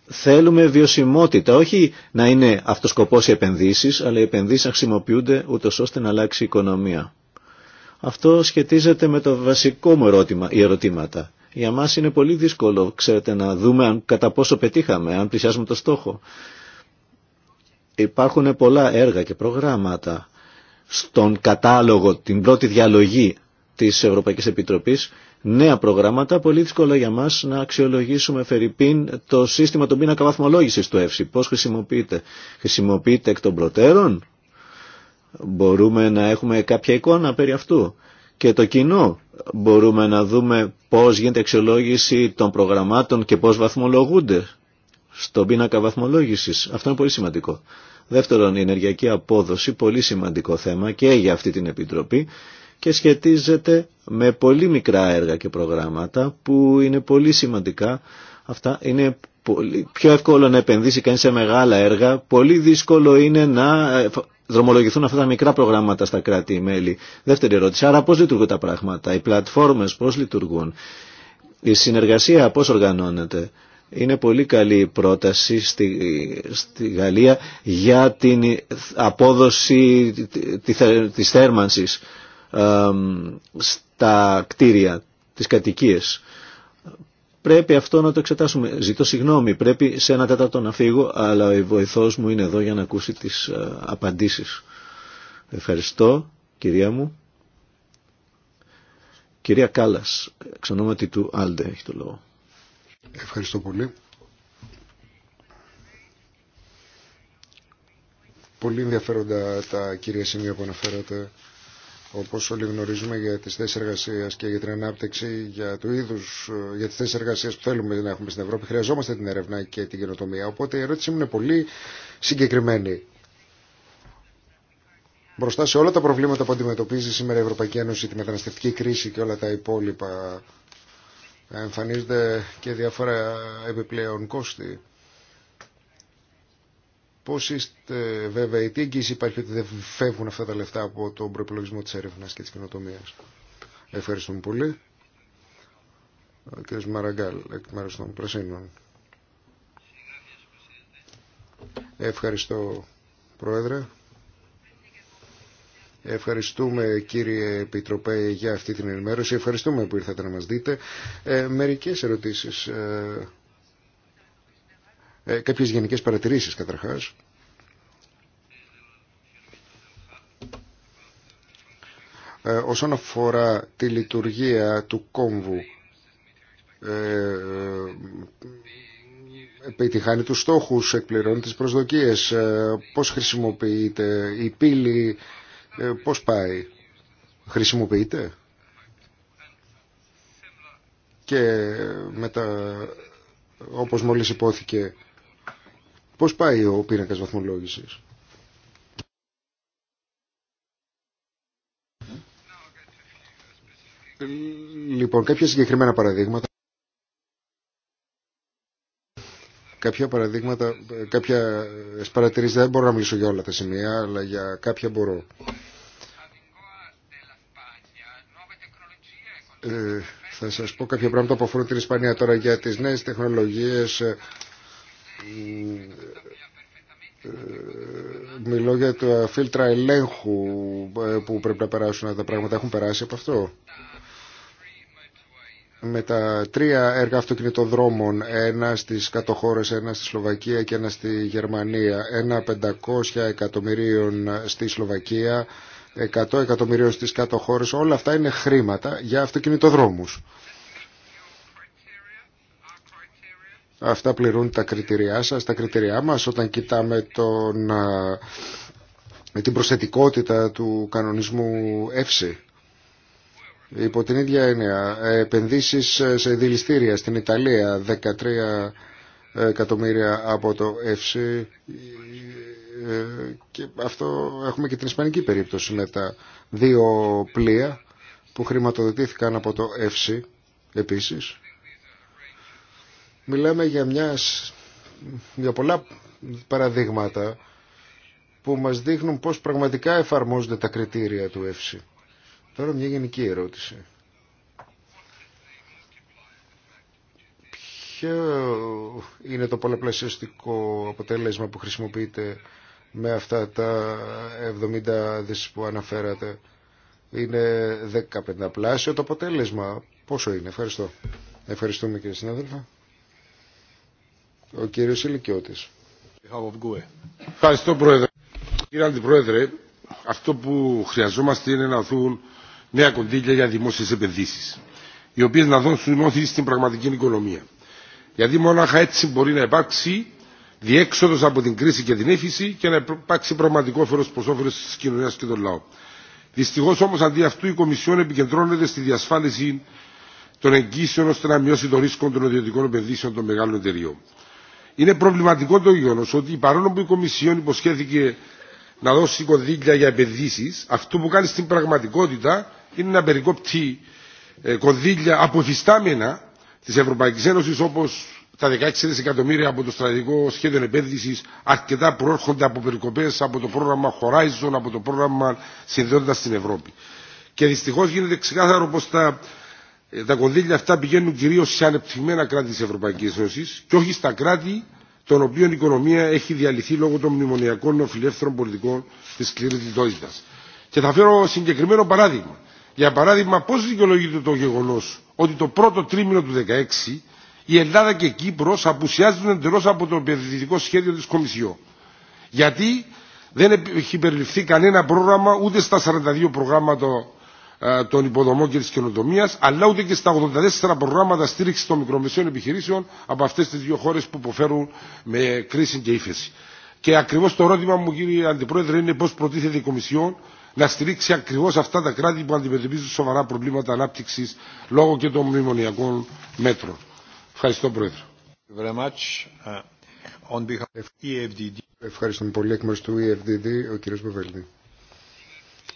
Θέλουμε βιωσιμότητα, όχι να είναι αυτοσκοπός οι επενδύσεις, αλλά οι επενδύσεις να χρησιμοποιούνται ούτω ώστε να αλλάξει η οικονομία. Αυτό σχετίζεται με το βασικό μου ερώτημα, οι ερωτήματα. Για μας είναι πολύ δύσκολο, ξέρετε, να δούμε αν, κατά πόσο πετύχαμε, αν πλησιάζουμε το στόχο. Υπάρχουν πολλά έργα και προγράμματα στον κατάλογο, την πρώτη διαλογή της Ευρωπαϊκής Επιτροπής, νέα προγράμματα, πολύ δύσκολο για μας να αξιολογήσουμε φερρυπίν το σύστημα των πίνακα βαθμολόγησης του ΕΦΣΥ. Πώς χρησιμοποιείται. Χρησιμοποιείται εκ των προτέρων. Μπορούμε να έχουμε κάποια εικόνα περί αυτού. Και το κοινό μπορούμε να δούμε πώς γίνεται αξιολόγηση των προγραμμάτων και πώς βαθμολογούνται στον πίνακα βαθμολόγησης. Αυτό είναι πολύ σημαντικό. Δεύτερον, η ενεργειακή απόδοση, πολύ σημαντικό θέμα και για αυτή την Επιτροπή και σχετίζεται με πολύ μικρά έργα και προγράμματα που είναι πολύ σημαντικά. Αυτά είναι πιο εύκολο να επενδύσει κανείς σε μεγάλα έργα, πολύ δύσκολο είναι να δρομολογηθούν αυτά τα μικρά προγράμματα στα κράτη-μέλη. Δεύτερη ερώτηση. Άρα πώς λειτουργούν τα πράγματα, οι πλατφόρμες πώς λειτουργούν, η συνεργασία πώς οργανώνεται. Είναι πολύ καλή η πρόταση στη, Γαλλία για την απόδοση της θέρμανσης στα κτίρια, τις κατοικίες. Πρέπει αυτό να το εξετάσουμε. Ζητώ συγγνώμη, πρέπει σε ένα τέταρτο να φύγω, αλλά ο βοηθός μου είναι εδώ για να ακούσει τις ε, απαντήσεις. Ευχαριστώ, κυρία μου. Κυρία Κάλλας, εξ του Άλντε έχει το λόγο. Ευχαριστώ πολύ. Πολύ ενδιαφέροντα τα κυρία σημεία που αναφέρατε. Όπως όλοι γνωρίζουμε για τις θέσεις εργασίας και για την ανάπτυξη για, του είδους, για τις θέσεις εργασίας που θέλουμε να έχουμε στην Ευρώπη, χρειαζόμαστε την έρευνα και την καινοτομία. Οπότε η ερώτησή μου είναι πολύ συγκεκριμένη. Μπροστά σε όλα τα προβλήματα που αντιμετωπίζει σήμερα η Ευρωπαϊκή Ένωση, τη μεταναστευτική κρίση και όλα τα υπόλοιπα, εμφανίζονται και διάφορα επιπλέον κόστη. Πώ είστε βέβαια, τι εγγύηση υπάρχει ότι δεν φεύγουν αυτά τα λεφτά από τον προπολογισμό της έρευνας και της κοινοτομίας. Ευχαριστούμε πολύ. Ο κ. Μαραγκάλ, εκ μέρους των Πρασίνων. Ευχαριστώ, Πρόεδρε. Ευχαριστούμε κύριε Επιτροπέ για αυτή την ενημέρωση. Ευχαριστούμε που ήρθατε να μας δείτε. Ε, μερικές ερωτήσεις. Ε, ε, κάποιες γενικές παρατηρήσεις καταρχάς. Ε, όσον αφορά τη λειτουργία του κόμβου, ε, ε επιτυχάνει τους στόχους, εκπληρώνει τις προσδοκίες, ε, πώς χρησιμοποιείται η πύλη, ε, πώς πάει. Χρησιμοποιείται. Και μετά, όπως μόλις υπόθηκε, Πώς πάει ο πίνακας βαθμολόγησης. Λοιπόν, κάποια συγκεκριμένα παραδείγματα. Κάποια παραδείγματα, κάποια παρατηρήσεις, δεν μπορώ να μιλήσω για όλα τα σημεία, αλλά για κάποια μπορώ. Ε, θα σας πω κάποια πράγματα που αφορούν την Ισπανία τώρα για τις νέες τεχνολογίες ε, ε, ε, μιλώ για τα φίλτρα ελέγχου ε, που πρέπει να περάσουν τα πράγματα έχουν περάσει από αυτό με τα τρία έργα αυτοκινητοδρόμων ένα στις κατοχώρες, ένα στη Σλοβακία και ένα στη Γερμανία ένα 500 εκατομμυρίων στη Σλοβακία 100 εκατομμυρίων στις κατοχώρες όλα αυτά είναι χρήματα για αυτοκινητοδρόμους Αυτά πληρούν τα κριτηριά σας, τα κριτηριά μας όταν κοιτάμε τον, την προσθετικότητα του κανονισμού ΕΦΣΙ. Υπό την ίδια έννοια, επενδύσεις σε δηληστήρια στην Ιταλία, 13 εκατομμύρια από το ΕΦΣΙ. και αυτό έχουμε και την ισπανική περίπτωση με τα δύο πλοία που χρηματοδοτήθηκαν από το ΕΦΣΙ επίσης Μιλάμε για, μια, για πολλά παραδείγματα που μας δείχνουν πώς πραγματικά εφαρμόζονται τα κριτήρια του ΕΦΣΥ. Τώρα μια γενική ερώτηση. Ποιο είναι το πολλαπλασιαστικό αποτέλεσμα που χρησιμοποιείται με αυτά τα 70 δις που αναφέρατε. Είναι 15 πλάσιο το αποτέλεσμα. Πόσο είναι. Ευχαριστώ. Ευχαριστούμε κύριε συνάδελφα. Ο κύριος Ηλικιώτης. Ευχαριστώ Πρόεδρε. Κύριε Αντιπρόεδρε, αυτό που χρειαζόμαστε είναι να δουν νέα κονδύλια για δημόσιες επενδύσεις, οι οποίες να δώσουν όθηση στην πραγματική οικονομία. Γιατί μόναχα έτσι μπορεί να υπάρξει διέξοδος από την κρίση και την ύφηση και να υπάρξει πραγματικό όφελος προς όφελος της κοινωνίας και των λαών. Δυστυχώ όμω αντί αυτού η Κομισιόν επικεντρώνεται στη διασφάλιση των εγγύσεων ώστε να μειώσει το ρίσκο των ιδιωτικών επενδύσεων των μεγάλων εταιριών. Είναι προβληματικό το γεγονό ότι παρόλο που η Κομισιόν υποσχέθηκε να δώσει κονδύλια για επενδύσει, αυτό που κάνει στην πραγματικότητα είναι να περικόπτει ε, κονδύλια από της τη Ευρωπαϊκή Ένωση όπω τα 16 δισεκατομμύρια από το στρατηγικό σχέδιο επένδυση αρκετά προέρχονται από περικοπέ από το πρόγραμμα Horizon, από το πρόγραμμα Συνδέοντα στην Ευρώπη. Και δυστυχώ γίνεται ξεκάθαρο πω τα ε, τα κονδύλια αυτά πηγαίνουν κυρίω σε ανεπτυγμένα κράτη τη Ευρωπαϊκή Ένωση και όχι στα κράτη των οποίων η οικονομία έχει διαλυθεί λόγω των μνημονιακών νοφιλεύθερων πολιτικών τη σκληρή λιτότητα. Και θα φέρω συγκεκριμένο παράδειγμα. Για παράδειγμα, πώ δικαιολογείται το γεγονό ότι το πρώτο τρίμηνο του 2016 η Ελλάδα και η Κύπρος απουσιάζουν εντελώ από το επενδυτικό σχέδιο τη Κομισιό. Γιατί δεν έχει περιληφθεί κανένα πρόγραμμα ούτε στα 42 προγράμματα ε, των υποδομών και τη καινοτομία, αλλά ούτε και στα 84 προγράμματα στήριξη των μικρομεσαίων επιχειρήσεων από αυτέ τι δύο χώρε που υποφέρουν με κρίση και ύφεση. Και ακριβώ το ερώτημα μου, κύριε Αντιπρόεδρε, είναι πώ προτίθεται η Κομισιόν να στηρίξει ακριβώ αυτά τα κράτη που αντιμετωπίζουν σοβαρά προβλήματα ανάπτυξη λόγω και των μνημονιακών μέτρων. Ευχαριστώ, Πρόεδρε. Uh, e Ευχαριστούμε πολύ εκ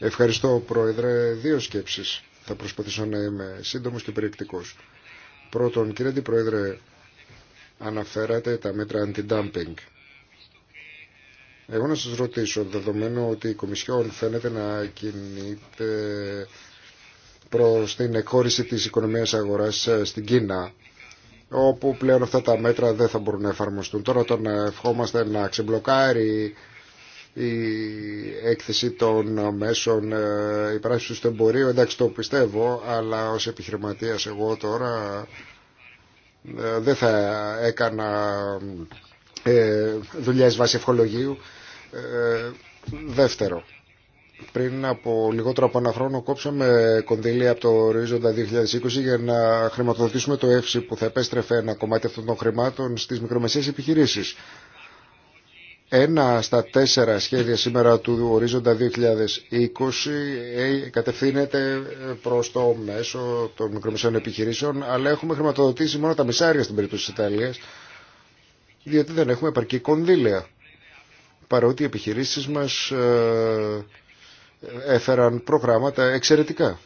Ευχαριστώ, Πρόεδρε. Δύο σκέψεις. Θα προσπαθήσω να είμαι σύντομος και περιεκτικός. Πρώτον, κύριε Αντιπρόεδρε, αναφέρατε τα μέτρα αντι-dumping. Εγώ να σας ρωτήσω, δεδομένου ότι η Κομισιόν φαίνεται να κινείται προς την εκχώρηση της οικονομίας αγοράς ε, στην Κίνα, όπου πλέον αυτά τα μέτρα δεν θα μπορούν να εφαρμοστούν. Τώρα το ευχόμαστε να ξεμπλοκάρει η έκθεση των μέσων ε, υπεράσπισης του εμπορίου. Εντάξει το πιστεύω, αλλά ως επιχειρηματίας εγώ τώρα ε, δεν θα έκανα ε, δουλειές βάσει ευχολογίου. Δεύτερο, πριν από λιγότερο από ένα χρόνο κόψαμε κονδύλια από το ορίζοντα 2020 για να χρηματοδοτήσουμε το ΕΦΣΙ που θα επέστρεφε ένα κομμάτι αυτών των χρημάτων στις μικρομεσαίες επιχειρήσεις. Ένα στα τέσσερα σχέδια σήμερα του ορίζοντα 2020 ε, κατευθύνεται προς το μέσο των μικρομεσαίων επιχειρήσεων, αλλά έχουμε χρηματοδοτήσει μόνο τα μισάρια στην περίπτωση της Ιταλίας, διότι δεν έχουμε επαρκή κονδύλια. Παρότι οι επιχειρήσεις μας ε, ε, έφεραν προγράμματα εξαιρετικά.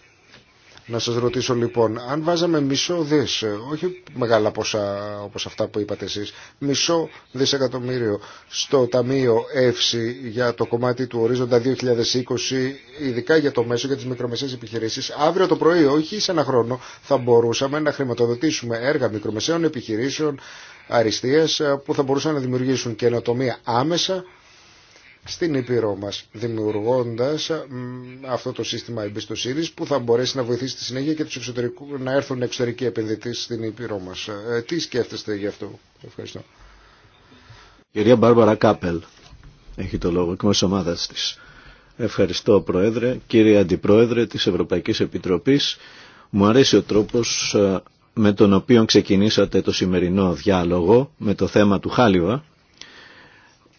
Να σας ρωτήσω λοιπόν, αν βάζαμε μισό δις, ε, όχι μεγάλα ποσά όπως αυτά που είπατε εσείς, μισό δισεκατομμύριο στο Ταμείο Εύση για το κομμάτι του ορίζοντα 2020, ειδικά για το μέσο για τις μικρομεσαίες επιχειρήσεις, αύριο το πρωί, όχι σε ένα χρόνο, θα μπορούσαμε να χρηματοδοτήσουμε έργα μικρομεσαίων επιχειρήσεων αριστείας ε, που θα μπορούσαν να δημιουργήσουν καινοτομία άμεσα στην Ήπειρό μας, δημιουργώντας αυτό το σύστημα εμπιστοσύνης που θα μπορέσει να βοηθήσει στη συνέχεια και τους εξωτερικού, να έρθουν εξωτερικοί επενδυτές στην Ήπειρό μας. Ε, τι σκέφτεστε γι' αυτό. Ευχαριστώ. Κυρία Μπάρμπαρα Κάπελ έχει το λόγο εκ μέρους ομάδα της. Ευχαριστώ Πρόεδρε, κύριε Αντιπρόεδρε της Ευρωπαϊκής Επιτροπής. Μου αρέσει ο τρόπος ε, με τον οποίο ξεκινήσατε το σημερινό διάλογο με το θέμα του Χάλιβα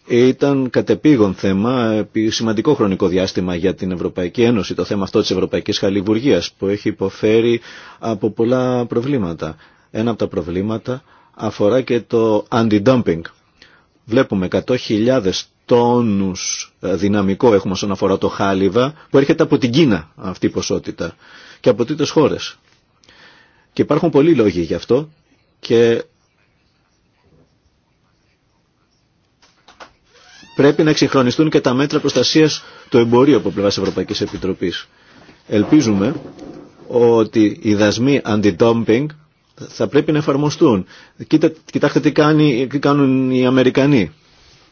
ήταν κατεπήγον θέμα επί σημαντικό χρονικό διάστημα για την Ευρωπαϊκή Ένωση, το θέμα αυτό της Ευρωπαϊκής Χαλιβουργίας που έχει υποφέρει από πολλά προβλήματα. Ένα από τα προβλήματα αφορά και το anti-dumping. Βλέπουμε 100.000 τόνους δυναμικό έχουμε όσον αφορά το χάλιβα που έρχεται από την Κίνα αυτή η ποσότητα και από τρίτες χώρες. Και υπάρχουν πολλοί λόγοι γι' αυτό και πρέπει να εξυγχρονιστούν και τα μέτρα προστασίας του εμπορίου από πλευράς Ευρωπαϊκής Επιτροπής. Ελπίζουμε ότι οι δασμοί αντι-dumping θα πρέπει να εφαρμοστούν. Κοίτα, κοιτάξτε τι, κάνει, τι κάνουν οι Αμερικανοί.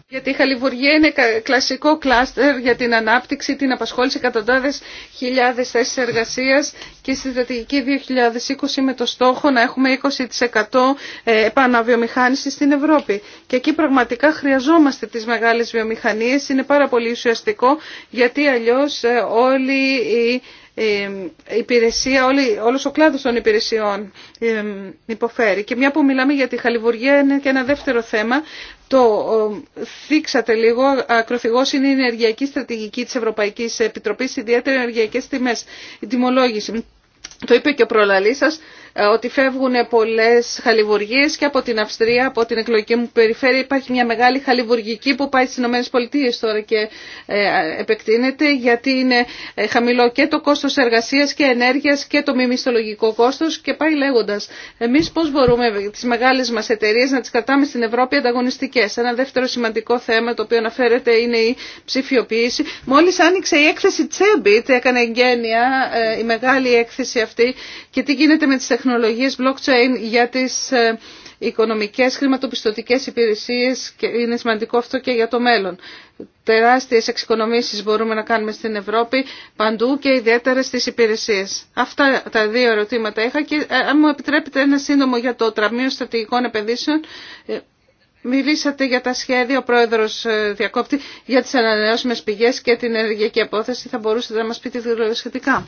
Γιατί η Χαλιβουργία είναι κλασικό κλάστερ για την ανάπτυξη, την απασχόληση εκατοντάδε χιλιάδες θέσει εργασίας και στη στρατηγική 2020 με το στόχο να έχουμε 20% ε, επαναβιομηχάνηση στην Ευρώπη. Και εκεί πραγματικά χρειαζόμαστε τις μεγάλες βιομηχανίες, είναι πάρα πολύ ουσιαστικό γιατί αλλιώ ε, όλοι οι υπηρεσία, όλη, όλος ο κλάδος των υπηρεσιών ε, υποφέρει. Και μια που μιλάμε για τη χαλιβουργία είναι και ένα δεύτερο θέμα. Το θίξατε λίγο, ακροθυγός είναι η ενεργειακή στρατηγική της Ευρωπαϊκής Επιτροπής, ιδιαίτερα ενεργειακές τιμές, η τιμολόγηση. Το είπε και ο προλαλής σας, ε, ότι φεύγουν πολλές χαλιβουργίες και από την Αυστρία, από την εκλογική μου περιφέρεια υπάρχει μια μεγάλη χαλιβουργική που πάει στις ΗΠΑ τώρα και ε, επεκτείνεται γιατί είναι ε, χαμηλό και το κόστος εργασίας και ενέργειας και το μη μισθολογικό κόστος και πάει λέγοντας εμείς πώς μπορούμε τις μεγάλες μας εταιρείες να τις κρατάμε στην Ευρώπη ανταγωνιστικές. Ένα δεύτερο σημαντικό θέμα το οποίο αναφέρεται είναι η ψηφιοποίηση. Μόλις άνοιξε η έκθεση Τσέμπιτ, έκανε εγγένεια η μεγάλη έκθεση αυτή και τι γίνεται με τις τεχνολογίες blockchain για τις ε, οικονομικές χρηματοπιστωτικές υπηρεσίες και είναι σημαντικό αυτό και για το μέλλον. Τεράστιες εξοικονομήσεις μπορούμε να κάνουμε στην Ευρώπη παντού και ιδιαίτερα στις υπηρεσίες. Αυτά τα δύο ερωτήματα είχα και ε, αν μου επιτρέπετε ένα σύντομο για το Τραμείο Στρατηγικών Επενδύσεων. Ε, μιλήσατε για τα σχέδια, ο πρόεδρος διακόπτη, για τις ανανεώσιμες πηγές και την ενεργειακή απόθεση. Θα μπορούσατε να μας πείτε δύο σχετικά.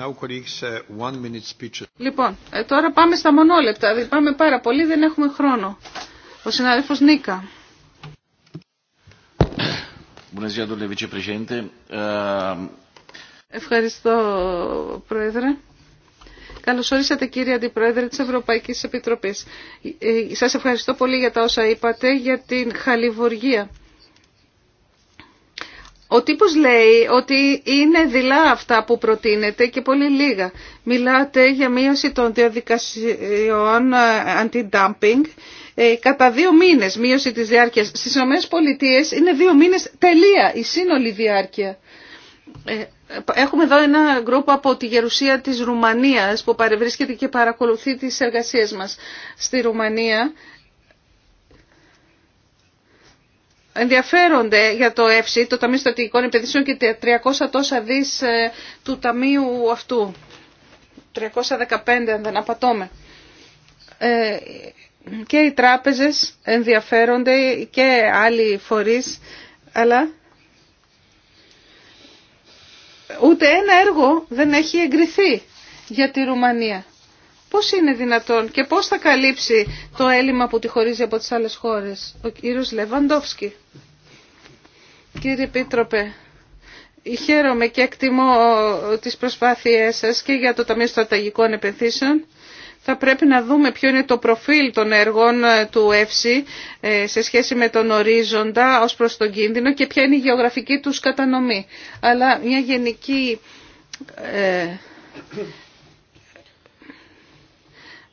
Uh, λοιπόν, ε, τώρα πάμε στα μονόλεπτα. Δηλαδή πάμε πάρα πολύ, δεν έχουμε χρόνο. Ο συνάδελφος Νίκα. Ε, ευχαριστώ, Πρόεδρε. Καλώ ορίσατε κύριε Αντιπρόεδρε της Ευρωπαϊκής Επιτροπής. Ε, σας ευχαριστώ πολύ για τα όσα είπατε για την χαλιβοργία. Ο τύπος λέει ότι είναι δειλά αυτά που προτείνεται και πολύ λίγα. Μιλάτε για μείωση των διαδικασιών ε, αντι-dumping ε, κατά δύο μήνες, μείωση της διάρκειας. Στις ΗΠΑ είναι δύο μήνες τελεία η σύνολη διάρκεια. Ε, έχουμε εδώ ένα γκρουπ από τη γερουσία της Ρουμανίας που παρευρίσκεται και παρακολουθεί τις εργασίες μας στη Ρουμανία ενδιαφέρονται για το ΕΦΣΥ, το Ταμείο Στρατηγικών Επενδύσεων και 300 τόσα δις ε, του Ταμείου αυτού. 315 αν δεν απατώμε. Ε, και οι τράπεζες ενδιαφέρονται και άλλοι φορείς, αλλά ούτε ένα έργο δεν έχει εγκριθεί για τη Ρουμανία. Πώς είναι δυνατόν και πώς θα καλύψει το έλλειμμα που τη χωρίζει από τις άλλες χώρες ο κύριος Λεβαντόφσκι. Κύριε Επίτροπε, χαίρομαι και εκτιμώ τις προσπάθειές σας και για το Ταμείο Στρατηγικών Επενθύσεων. Θα πρέπει να δούμε ποιο είναι το προφίλ των έργων του ΕΦΣΥ σε σχέση με τον ορίζοντα ως προς τον κίνδυνο και ποια είναι η γεωγραφική τους κατανομή. Αλλά μια γενική ε,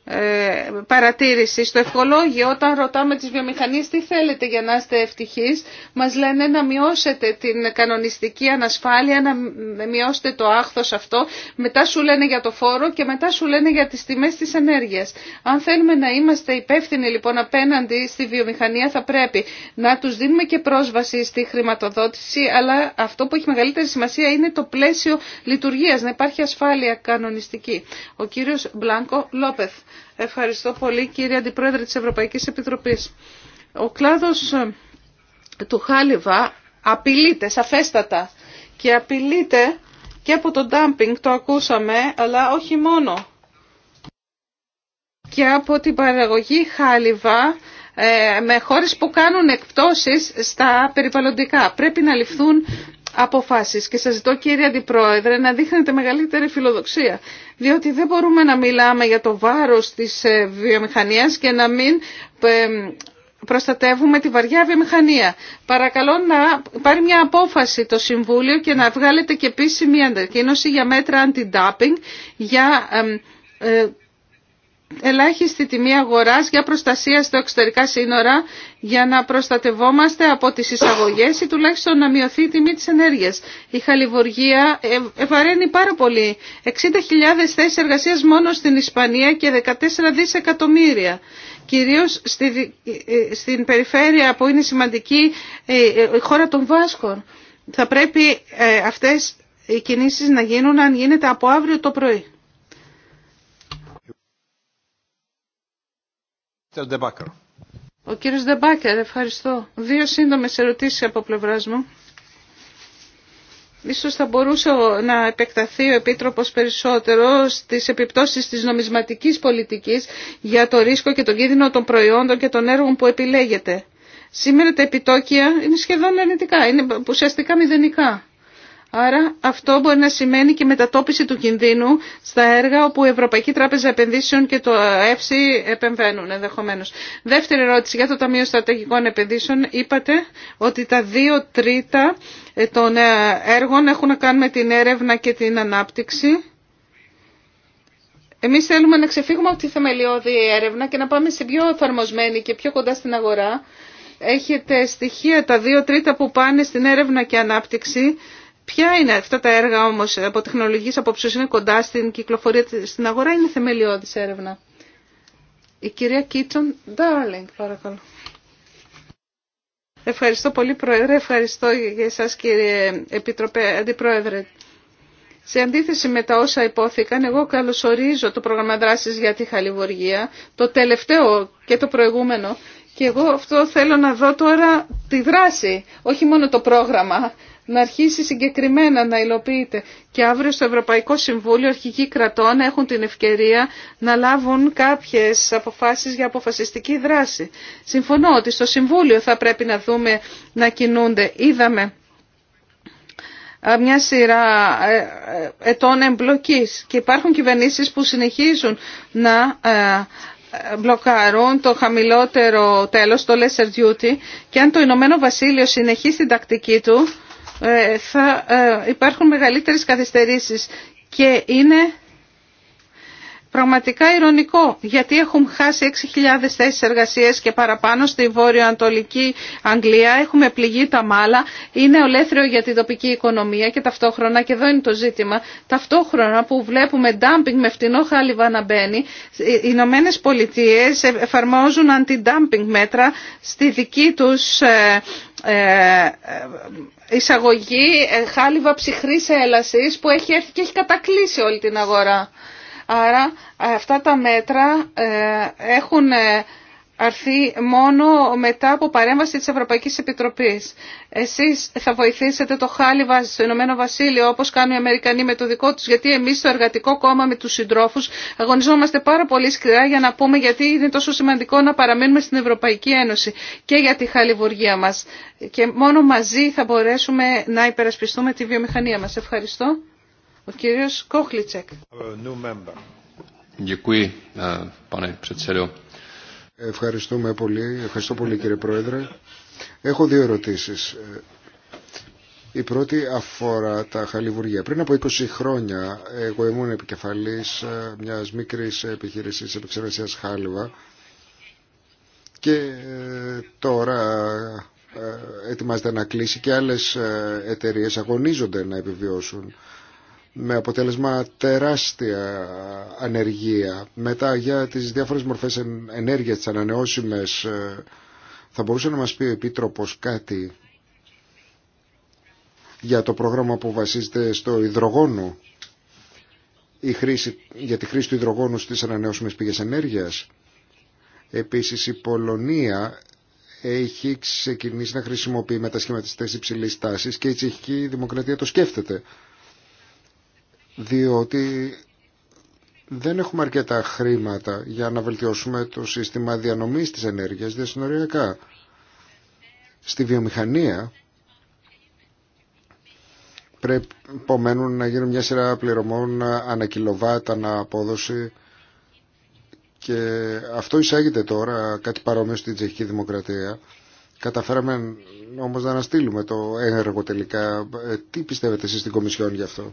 ε, παρατήρηση στο ευχολόγιο όταν ρωτάμε τις βιομηχανίες τι θέλετε για να είστε ευτυχείς μας λένε να μειώσετε την κανονιστική ανασφάλεια να μειώσετε το άχθος αυτό μετά σου λένε για το φόρο και μετά σου λένε για τις τιμές της ενέργειας αν θέλουμε να είμαστε υπεύθυνοι λοιπόν απέναντι στη βιομηχανία θα πρέπει να τους δίνουμε και πρόσβαση στη χρηματοδότηση αλλά αυτό που έχει μεγαλύτερη σημασία είναι το πλαίσιο λειτουργίας να υπάρχει ασφάλεια κανονιστική ο κύριος Μπλάνκο Λόπεθ Ευχαριστώ πολύ κύριε Αντιπρόεδρε της Ευρωπαϊκής Επιτροπής. Ο κλάδος ε, του Χάλιβα απειλείται σαφέστατα και απειλείται και από το ντάμπινγκ, το ακούσαμε, αλλά όχι μόνο. Και από την παραγωγή χάλιβα ε, με χώρες που κάνουν εκπτώσεις στα περιβαλλοντικά. Πρέπει να ληφθούν αποφάσεις και σας ζητώ κύριε Αντιπρόεδρε να δείχνετε μεγαλύτερη φιλοδοξία διότι δεν μπορούμε να μιλάμε για το βάρος της ε, βιομηχανίας και να μην ε, προστατεύουμε τη βαριά βιομηχανία. Παρακαλώ να πάρει μια απόφαση το Συμβούλιο και να βγάλετε και επίσημη αντακίνωση για μέτρα αντι-dumping για ε, ελάχιστη τιμή αγοράς για προστασία στα εξωτερικά σύνορα για να προστατευόμαστε από τις εισαγωγές ή τουλάχιστον να μειωθεί η τιμή της ενέργειας. Η χαλιβουργία ε, βαραίνει πάρα πολύ. 60.000 θέσεις εργασίας μόνο στην Ισπανία και 14 δισεκατομμύρια. Κυρίως στη, ε, ε, στην περιφέρεια που είναι σημαντική η χώρα των Βάσκων. Θα πρέπει αυτές οι κινήσεις να γίνουν αν γίνεται από αύριο το πρωί. Ο κύριος Δεμπάκερ, ευχαριστώ. Δύο σύντομες ερωτήσεις από πλευράς μου. Ίσως θα μπορούσε να επεκταθεί ο Επίτροπος περισσότερο στις επιπτώσεις της νομισματικής πολιτικής για το ρίσκο και τον κίνδυνο των προϊόντων και των έργων που επιλέγεται. Σήμερα τα επιτόκια είναι σχεδόν αρνητικά, είναι ουσιαστικά μηδενικά. Άρα αυτό μπορεί να σημαίνει και μετατόπιση του κινδύνου στα έργα όπου η Ευρωπαϊκή Τράπεζα Επενδύσεων και το ΕΦΣΥ επεμβαίνουν ενδεχομένω. Δεύτερη ερώτηση για το Ταμείο Στρατηγικών Επενδύσεων. Είπατε ότι τα δύο τρίτα των ε, έργων έχουν να κάνουν με την έρευνα και την ανάπτυξη. Εμείς θέλουμε να ξεφύγουμε από τη θεμελιώδη έρευνα και να πάμε σε πιο εφαρμοσμένη και πιο κοντά στην αγορά. Έχετε στοιχεία τα δύο τρίτα που πάνε στην έρευνα και ανάπτυξη Ποια είναι αυτά τα έργα όμως από τεχνολογική απόψεω είναι κοντά στην κυκλοφορία στην αγορά είναι θεμελιώδη έρευνα. Η κυρία Κίτσον darling, παρακαλώ. Ευχαριστώ πολύ Πρόεδρε, ευχαριστώ για εσά, κύριε Επιτροπέ, Αντιπρόεδρε. Σε αντίθεση με τα όσα υπόθηκαν, εγώ καλωσορίζω το πρόγραμμα δράση για τη χαλιβουργία, το τελευταίο και το προηγούμενο, και εγώ αυτό θέλω να δω τώρα τη δράση, όχι μόνο το πρόγραμμα, να αρχίσει συγκεκριμένα να υλοποιείται. Και αύριο στο Ευρωπαϊκό Συμβούλιο αρχικοί κρατών έχουν την ευκαιρία να λάβουν κάποιες αποφάσεις για αποφασιστική δράση. Συμφωνώ ότι στο Συμβούλιο θα πρέπει να δούμε να κινούνται. Είδαμε μια σειρά ε, ε, ετών εμπλοκής και υπάρχουν κυβερνήσεις που συνεχίζουν να ε, μπλοκάρουν το χαμηλότερο τέλος, το lesser duty και αν το Ηνωμένο Βασίλειο συνεχίσει την τακτική του ε, θα ε, υπάρχουν μεγαλύτερες καθυστερήσεις και είναι πραγματικά ηρωνικό, γιατί έχουν χάσει 6.000 θέσεις εργασίας και παραπάνω στη βόρειο-ανατολική Αγγλία, έχουμε πληγεί τα μάλα, είναι ολέθριο για την τοπική οικονομία και ταυτόχρονα, και εδώ είναι το ζήτημα, ταυτόχρονα που βλέπουμε ντάμπινγκ με φτηνό χάλιβα να μπαίνει, οι Ηνωμένε Πολιτείε εφαρμόζουν μέτρα στη δική τους ε, ε, εισαγωγή ε, χάλιβα ψυχρής έλασης που έχει έρθει και έχει κατακλείσει όλη την αγορά. Άρα αυτά τα μέτρα ε, έχουν ε, αρθεί μόνο μετά από παρέμβαση της Ευρωπαϊκής Επιτροπής. Εσείς θα βοηθήσετε το χάλιβα στο Ηνωμένο Βασίλειο όπως κάνουν οι Αμερικανοί με το δικό τους γιατί εμείς στο εργατικό κόμμα με τους συντρόφους αγωνιζόμαστε πάρα πολύ σκληρά για να πούμε γιατί είναι τόσο σημαντικό να παραμείνουμε στην Ευρωπαϊκή Ένωση και για τη χαλιβουργία μας. Και μόνο μαζί θα μπορέσουμε να υπερασπιστούμε τη βιομηχανία μας. Ευχαριστώ. Ο κύριος eh, Ευχαριστούμε πολύ. Ευχαριστώ πολύ κύριε Πρόεδρε. Έχω δύο ερωτήσεις. Η πρώτη αφορά τα χαλιβουργία. Πριν από 20 χρόνια εγώ ήμουν επικεφαλής ε, μιας μικρής επιχείρησης επεξεργασίας χάλιβα και ε, τώρα ε, ετοιμάζεται να κλείσει και άλλες εταιρείες αγωνίζονται να επιβιώσουν με αποτέλεσμα τεράστια ανεργία. Μετά για τις διάφορες μορφές ενέργειας, τις ανανεώσιμες, ε, θα μπορούσε να μας πει ο Επίτροπος κάτι για το πρόγραμμα που βασίζεται στο υδρογόνο, η χρήση, για τη χρήση του υδρογόνου στις ανανεώσιμες πηγές ενέργειας. Επίσης η Πολωνία έχει ξεκινήσει να χρησιμοποιεί μετασχηματιστές υψηλής τάσης και η Τσεχική Δημοκρατία το σκέφτεται διότι δεν έχουμε αρκετά χρήματα για να βελτιώσουμε το σύστημα διανομής της ενέργειας διασυνοριακά. Στη βιομηχανία πρέπει πομένουν να γίνουν μια σειρά πληρωμών ανακυλοβάτα, αναπόδοση και αυτό εισάγεται τώρα κάτι παρόμοιο στην Τσεχική Δημοκρατία. Καταφέραμε όμως να αναστείλουμε το έργο τελικά. Ε, τι πιστεύετε εσείς στην Κομισιόν γι' αυτό.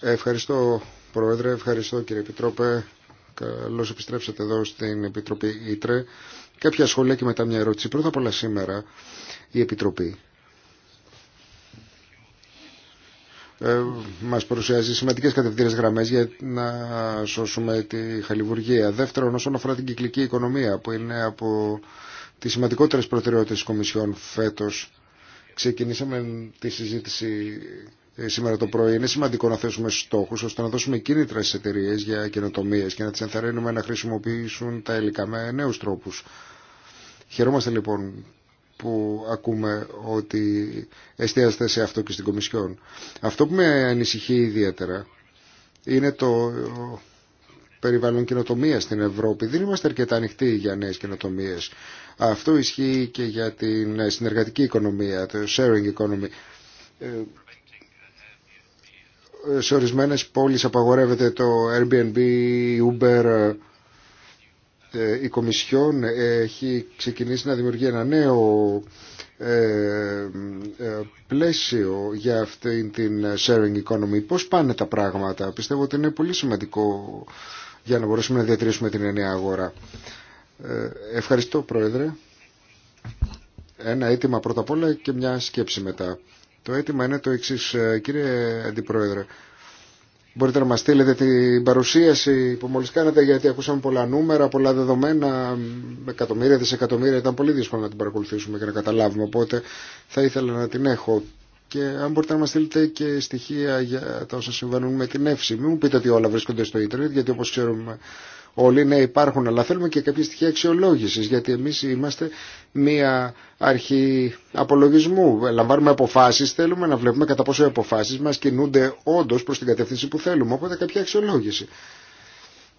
Ευχαριστώ Πρόεδρε, ευχαριστώ κύριε Επιτρόπε. Καλώ επιστρέψατε εδώ στην Επιτροπή Ήτρε. Κάποια σχόλια και μετά μια ερώτηση. Πρώτα απ' όλα σήμερα η Επιτροπή ε, μας παρουσιάζει σημαντικές κατευθύνες γραμμές για να σώσουμε τη χαλιβουργία. Δεύτερον, όσον αφορά την κυκλική οικονομία που είναι από τις σημαντικότερες προτεραιότητες της Κομισιόν φέτος, ξεκινήσαμε τη συζήτηση ε, σήμερα το πρωί. Είναι σημαντικό να θέσουμε στόχους ώστε να δώσουμε κίνητρα στις εταιρείε για καινοτομίες και να τις ενθαρρύνουμε να χρησιμοποιήσουν τα υλικά με νέους τρόπους. Χαιρόμαστε λοιπόν που ακούμε ότι εστιάζεται σε αυτό και στην Κομισιόν. Αυτό που με ανησυχεί ιδιαίτερα είναι το περιβάλλον καινοτομία στην Ευρώπη. Δεν είμαστε αρκετά ανοιχτοί για νέε καινοτομίε. Αυτό ισχύει και για την συνεργατική οικονομία, το sharing economy. Ε, σε ορισμένες πόλεις απαγορεύεται το Airbnb, Uber, ε, η Κομισιόν έχει ξεκινήσει να δημιουργεί ένα νέο ε, ε, πλαίσιο για αυτή την sharing economy. Πώς πάνε τα πράγματα. Πιστεύω ότι είναι πολύ σημαντικό για να μπορέσουμε να διατηρήσουμε την ενιαία αγορά. Ευχαριστώ Πρόεδρε. Ένα αίτημα πρώτα απ' όλα και μια σκέψη μετά. Το αίτημα είναι το εξή, ε, κύριε Αντιπρόεδρε. Μπορείτε να μας στείλετε την παρουσίαση που μόλις κάνατε γιατί ακούσαμε πολλά νούμερα, πολλά δεδομένα, εκατομμύρια, δισεκατομμύρια. Ήταν πολύ δύσκολο να την παρακολουθήσουμε και να καταλάβουμε. Οπότε θα ήθελα να την έχω. Και αν μπορείτε να μας στείλετε και στοιχεία για τα όσα συμβαίνουν με την εύση. Μην μου πείτε ότι όλα βρίσκονται στο ίντερνετ γιατί όπω ξέρουμε Όλοι ναι υπάρχουν, αλλά θέλουμε και κάποια στοιχεία αξιολόγηση, γιατί εμεί είμαστε μία αρχή απολογισμού. Λαμβάνουμε αποφάσει, θέλουμε να βλέπουμε κατά πόσο οι αποφάσει μα κινούνται όντω προ την κατεύθυνση που θέλουμε. Οπότε κάποια αξιολόγηση.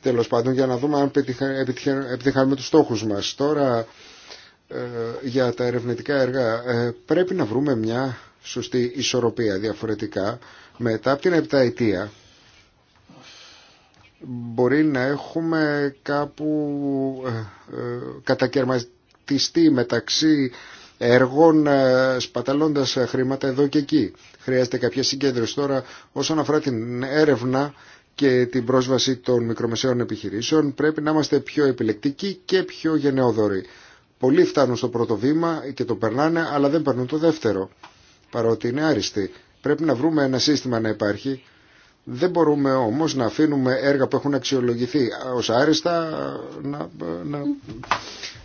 Τέλο πάντων, για να δούμε αν επιτυχάνουμε του στόχου μα. Τώρα, ε, για τα ερευνητικά έργα, ε, πρέπει να βρούμε μια σωστή ισορροπία διαφορετικά μετά από την επταετία μπορεί να έχουμε κάπου ε, ε, κατακαιρματιστεί μεταξύ έργων ε, σπαταλώντας χρήματα εδώ και εκεί. Χρειάζεται κάποια συγκέντρωση τώρα όσον αφορά την έρευνα και την πρόσβαση των μικρομεσαίων επιχειρήσεων πρέπει να είμαστε πιο επιλεκτικοί και πιο γενναιόδοροι. Πολλοί φτάνουν στο πρώτο βήμα και το περνάνε αλλά δεν περνούν το δεύτερο παρότι είναι άριστοι. Πρέπει να βρούμε ένα σύστημα να υπάρχει δεν μπορούμε όμως να αφήνουμε έργα που έχουν αξιολογηθεί ως άριστα να, να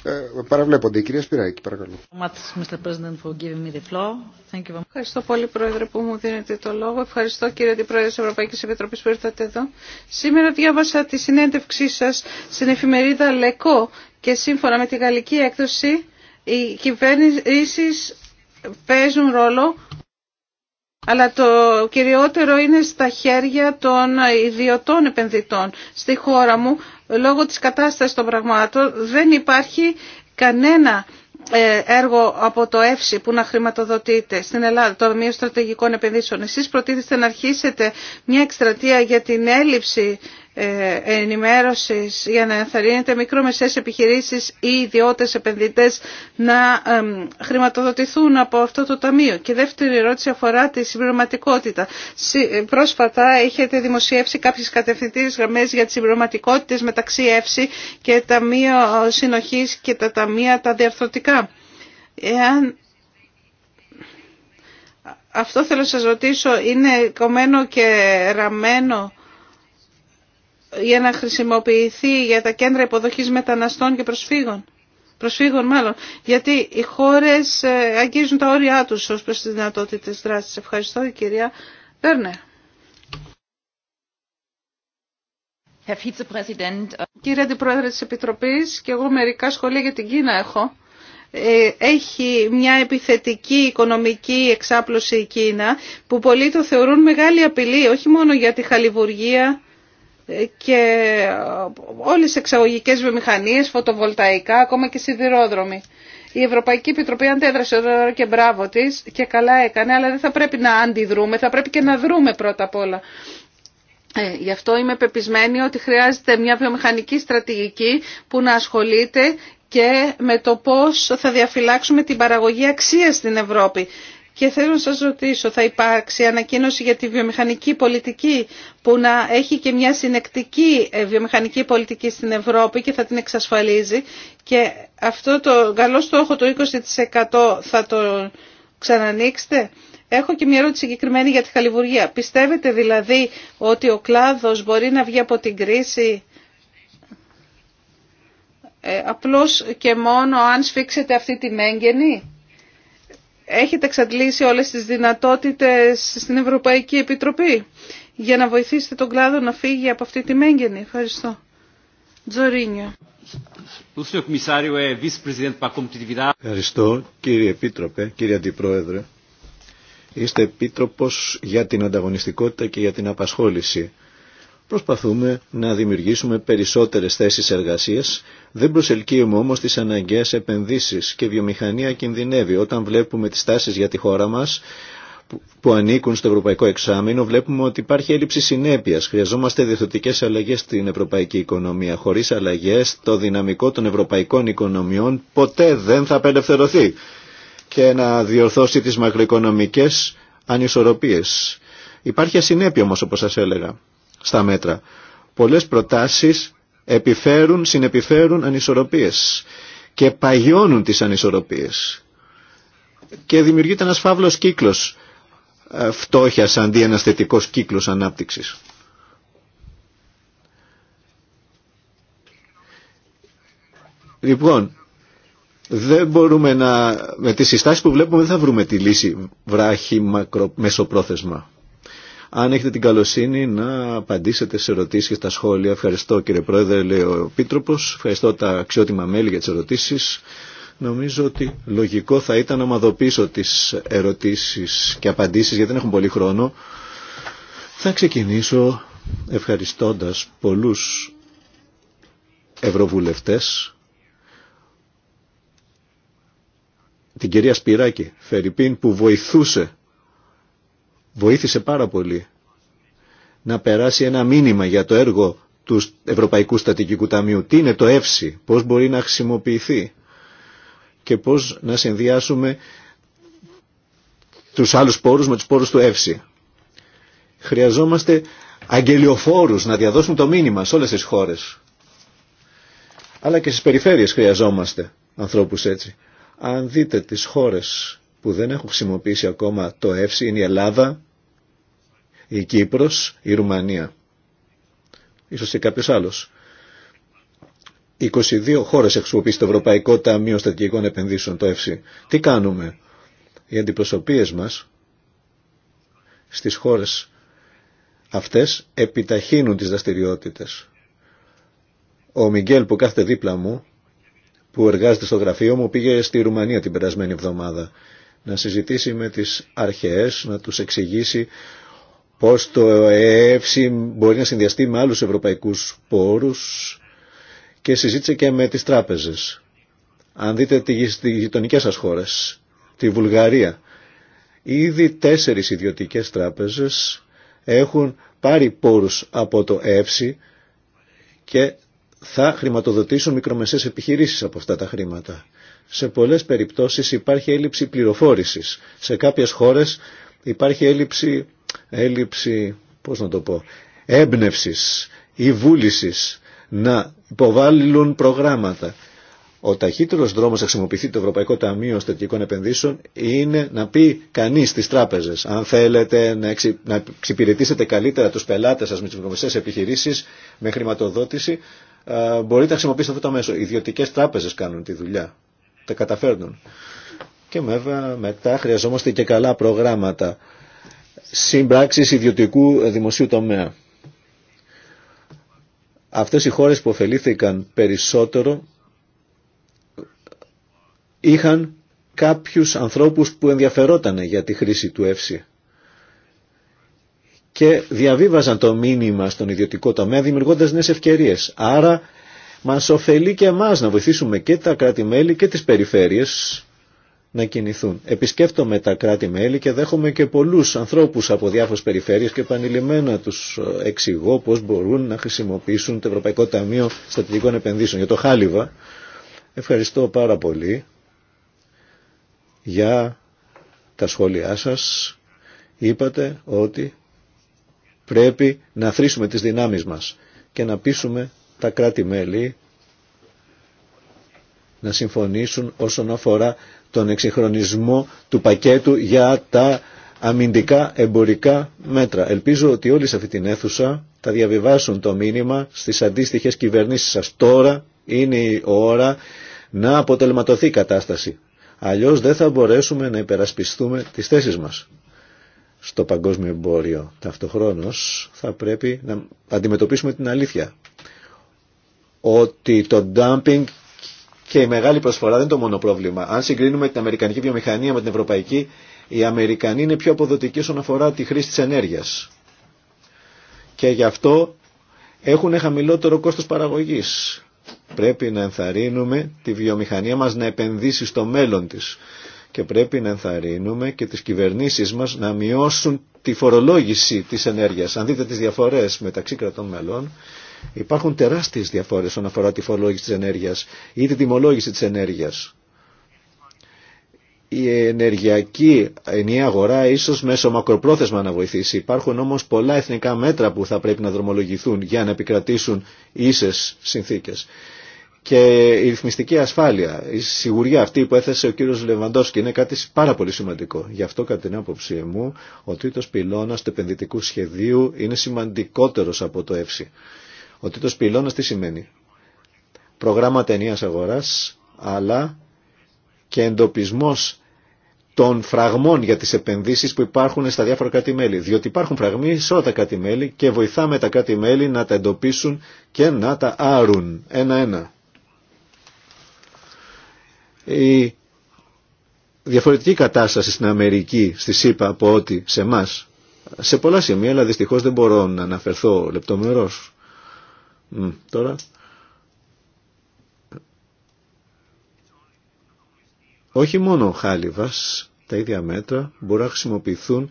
ε, παραβλέπονται. Η κυρία Σπυράκη, παρακαλώ. Ευχαριστώ πολύ, Πρόεδρε, που μου δίνετε το λόγο. Ευχαριστώ, κύριε Αντιπρόεδρε της Ευρωπαϊκής Επιτροπής που ήρθατε εδώ. Σήμερα διάβασα τη συνέντευξή σας στην εφημερίδα Λεκό και σύμφωνα με τη γαλλική έκδοση οι κυβέρνησεις παίζουν ρόλο αλλά το κυριότερο είναι στα χέρια των ιδιωτών επενδυτών. Στη χώρα μου, λόγω της κατάστασης των πραγμάτων, δεν υπάρχει κανένα ε, έργο από το ΕΦΣΙ που να χρηματοδοτείται στην Ελλάδα, το Ταμείο Στρατηγικών Επενδύσεων. Εσείς προτίθεστε να αρχίσετε μια εκστρατεία για την έλλειψη ε, ενημέρωσης για να ενθαρρύνεται μικρομεσαίες επιχειρήσεις ή ιδιώτες επενδυτές να χρηματοδοτηθούν από αυτό το ταμείο. Και δεύτερη ερώτηση αφορά τη συμπληρωματικότητα. Ε, πρόσφατα έχετε δημοσιεύσει κάποιες κατευθυντήριες γραμμές για τις συμπληρωματικότητες μεταξύ ΕΦΣΥ και Ταμείο Συνοχής και τα Ταμεία τα διαρθρωτικά. αυτό θέλω να σας ρωτήσω, είναι κομμένο και ραμμένο για να χρησιμοποιηθεί για τα κέντρα υποδοχής μεταναστών και προσφύγων. Προσφύγων μάλλον, γιατί οι χώρες ε, αγγίζουν τα όρια τους ως προς τις δυνατότητες δράσης. Ευχαριστώ η κυρία Βέρνερ. Äh, Κύριε Αντιπρόεδρε της Επιτροπής, και εγώ μερικά σχολεία για την Κίνα έχω. Ε, έχει μια επιθετική οικονομική εξάπλωση η Κίνα που πολλοί το θεωρούν μεγάλη απειλή, όχι μόνο για τη χαλιβουργία και όλες τις εξαγωγικές βιομηχανίες, φωτοβολταϊκά, ακόμα και σιδηρόδρομοι. Η Ευρωπαϊκή Επιτροπή αντέδρασε τώρα και μπράβο τη και καλά έκανε, αλλά δεν θα πρέπει να αντιδρούμε, θα πρέπει και να δρούμε πρώτα απ' όλα. Ε, γι' αυτό είμαι πεπισμένη ότι χρειάζεται μια βιομηχανική στρατηγική που να ασχολείται και με το πώς θα διαφυλάξουμε την παραγωγή αξίας στην Ευρώπη και θέλω να σας ρωτήσω, θα υπάρξει ανακοίνωση για τη βιομηχανική πολιτική που να έχει και μια συνεκτική ε, βιομηχανική πολιτική στην Ευρώπη και θα την εξασφαλίζει και αυτό το καλό στόχο το 20% θα το ξανανοίξετε. Έχω και μια ερώτηση συγκεκριμένη για τη χαλιβουργία. Πιστεύετε δηλαδή ότι ο κλάδος μπορεί να βγει από την κρίση ε, απλώς και μόνο αν σφίξετε αυτή τη μέγενη έχετε εξαντλήσει όλες τις δυνατότητες στην Ευρωπαϊκή Επιτροπή για να βοηθήσετε τον κλάδο να φύγει από αυτή τη μέγενη. Ευχαριστώ. Τζορίνιο. Ευχαριστώ κύριε Επίτροπε, κύριε Αντιπρόεδρε. Είστε επίτροπος για την ανταγωνιστικότητα και για την απασχόληση. Προσπαθούμε να δημιουργήσουμε περισσότερες θέσεις εργασίας, δεν προσελκύουμε όμως τις αναγκαίες επενδύσεις και βιομηχανία κινδυνεύει. Όταν βλέπουμε τις τάσεις για τη χώρα μας που ανήκουν στο ευρωπαϊκό εξάμεινο βλέπουμε ότι υπάρχει έλλειψη συνέπεια. Χρειαζόμαστε διεθνωτικές αλλαγέ στην ευρωπαϊκή οικονομία. χωρί αλλαγέ το δυναμικό των ευρωπαϊκών οικονομιών ποτέ δεν θα απελευθερωθεί και να διορθώσει τι μακροοικονομικέ ανισορροπίε. Υπάρχει ασυνέπεια όμω, όπω σα έλεγα στα μέτρα. Πολλές προτάσεις επιφέρουν, συνεπιφέρουν ανισορροπίες και παγιώνουν τις ανισορροπίες και δημιουργείται ένας φαύλος κύκλος ε, φτώχειας αντί ένας θετικός κύκλος ανάπτυξης. Λοιπόν, δεν μπορούμε να, με τις συστάσεις που βλέπουμε δεν θα βρούμε τη λύση βράχη μεσοπρόθεσμα. Αν έχετε την καλοσύνη να απαντήσετε σε ερωτήσεις και στα σχόλια. Ευχαριστώ κύριε Πρόεδρε, λέει ο Επίτροπο. Ευχαριστώ τα αξιότιμα μέλη για τι ερωτήσεις. Νομίζω ότι λογικό θα ήταν να ομαδοποιήσω τις ερωτήσεις και απαντήσεις γιατί δεν έχουμε πολύ χρόνο. Θα ξεκινήσω ευχαριστώντας πολλούς ευρωβουλευτέ. την κυρία Σπυράκη Φερρυπίν που βοηθούσε βοήθησε πάρα πολύ να περάσει ένα μήνυμα για το έργο του Ευρωπαϊκού Στατικικού Ταμείου. Τι είναι το ΕΦΣΥ, πώς μπορεί να χρησιμοποιηθεί και πώς να συνδυάσουμε τους άλλους πόρους με τους πόρους του ΕΦΣΥ. Χρειαζόμαστε αγγελιοφόρους να διαδώσουν το μήνυμα σε όλες τις χώρες. Αλλά και στις περιφέρειες χρειαζόμαστε ανθρώπους έτσι. Αν δείτε τις χώρες που δεν έχουν χρησιμοποιήσει ακόμα το ΕΦΣΙ είναι η Ελλάδα, η Κύπρος, η Ρουμανία. Ίσως και κάποιος άλλος. 22 χώρες χρησιμοποιήσει το Ευρωπαϊκό Ταμείο Στρατηγικών Επενδύσεων, το ΕΦΣΙ. Τι κάνουμε. Οι αντιπροσωπείες μας στις χώρες αυτές επιταχύνουν τις δραστηριότητες. Ο Μιγγέλ που κάθεται δίπλα μου, που εργάζεται στο γραφείο μου, πήγε στη Ρουμανία την περασμένη εβδομάδα να συζητήσει με τις αρχές, να τους εξηγήσει πώς το ΕΕΦΣΙ μπορεί να συνδυαστεί με άλλους ευρωπαϊκούς πόρους και συζήτησε και με τις τράπεζες. Αν δείτε τις γειτονικέ σας χώρες, τη Βουλγαρία, ήδη τέσσερις ιδιωτικές τράπεζες έχουν πάρει πόρους από το ΕΕΦΣΙ και θα χρηματοδοτήσουν μικρομεσαίες επιχειρήσεις από αυτά τα χρήματα σε πολλές περιπτώσεις υπάρχει έλλειψη πληροφόρησης. Σε κάποιες χώρες υπάρχει έλλειψη, έλλειψη πώς να το πω, έμπνευσης ή βούλησης να υποβάλλουν προγράμματα. Ο ταχύτερο δρόμο να χρησιμοποιηθεί το Ευρωπαϊκό Ταμείο Στατικών Επενδύσεων είναι να πει κανεί στι τράπεζε. Αν θέλετε να εξυπηρετήσετε καλύτερα του πελάτε σα με τι μικρομεσαίε επιχειρήσει με χρηματοδότηση, μπορείτε να χρησιμοποιήσετε αυτό το μέσο. Οι ιδιωτικέ τράπεζε κάνουν τη δουλειά τα καταφέρνουν. Και βέβαια μετά χρειαζόμαστε και καλά προγράμματα συμπράξεις ιδιωτικού δημοσίου τομέα. Αυτές οι χώρες που ωφελήθηκαν περισσότερο είχαν κάποιους ανθρώπους που ενδιαφερόταν για τη χρήση του ΕΦΣΙ και διαβίβαζαν το μήνυμα στον ιδιωτικό τομέα δημιουργώντας νέες ευκαιρίες. Άρα μας ωφελεί και εμάς να βοηθήσουμε και τα κράτη-μέλη και τις περιφέρειες να κινηθούν. Επισκέφτομαι τα κράτη-μέλη και δέχομαι και πολλούς ανθρώπους από διάφορες περιφέρειες και επανειλημμένα τους ε, εξηγώ πώς μπορούν να χρησιμοποιήσουν το Ευρωπαϊκό Ταμείο Στατικών Επενδύσεων. Για το Χάλιβα, ευχαριστώ πάρα πολύ για τα σχόλιά σας. Είπατε ότι πρέπει να θρήσουμε τις δυνάμεις μας και να πείσουμε τα κράτη-μέλη να συμφωνήσουν όσον αφορά τον εξυγχρονισμό του πακέτου για τα αμυντικά εμπορικά μέτρα. Ελπίζω ότι όλοι σε αυτή την αίθουσα θα διαβιβάσουν το μήνυμα στις αντίστοιχες κυβερνήσεις σας. Τώρα είναι η ώρα να αποτελματωθεί η κατάσταση. Αλλιώς δεν θα μπορέσουμε να υπερασπιστούμε τις θέσεις μας στο παγκόσμιο εμπόριο. Ταυτοχρόνως θα πρέπει να αντιμετωπίσουμε την αλήθεια ότι το dumping και η μεγάλη προσφορά δεν είναι το μόνο πρόβλημα. Αν συγκρίνουμε την Αμερικανική βιομηχανία με την Ευρωπαϊκή, οι Αμερικανοί είναι πιο αποδοτικοί όσον αφορά τη χρήση της ενέργειας. Και γι' αυτό έχουν χαμηλότερο κόστος παραγωγής. Πρέπει να ενθαρρύνουμε τη βιομηχανία μας να επενδύσει στο μέλλον της. Και πρέπει να ενθαρρύνουμε και τις κυβερνήσεις μας να μειώσουν τη φορολόγηση της ενέργειας. Αν δείτε τις διαφορές μεταξύ κρατών μελών, Υπάρχουν τεράστιες διαφορές όσον αφορά τη φορολόγηση της ενέργειας ή τη τιμολόγηση της ενέργειας. Η ενεργειακή ενιαία αγορά ίσως μέσω μακροπρόθεσμα να βοηθήσει. Υπάρχουν όμως πολλά εθνικά μέτρα που θα πρέπει να δρομολογηθούν για να επικρατήσουν ίσες συνθήκες. Και η ρυθμιστική ασφάλεια, η σιγουριά αυτή που έθεσε ο κύριος Λεβαντόσκι είναι κάτι πάρα πολύ σημαντικό. Γι' αυτό κατά την άποψή μου ο τρίτος πυλώνας του επενδυτικού σχεδίου είναι σημαντικότερος από το ΕΦΣΥ. Ο το πυλώνα τι σημαίνει. Προγράμμα ταινίας αγορά, αλλά και εντοπισμός των φραγμών για τις επενδύσεις που υπάρχουν στα διάφορα κράτη-μέλη. Διότι υπάρχουν φραγμοί σε όλα τα κράτη-μέλη και βοηθάμε τα κράτη-μέλη να τα εντοπίσουν και να τα άρουν ένα-ένα. Η διαφορετική κατάσταση στην Αμερική, στη ΣΥΠΑ από ό,τι σε εμά. Σε πολλά σημεία, αλλά δυστυχώ δεν μπορώ να αναφερθώ λεπτομερώς τώρα. Όχι μόνο ο χάλιβας, τα ίδια μέτρα μπορούν να χρησιμοποιηθούν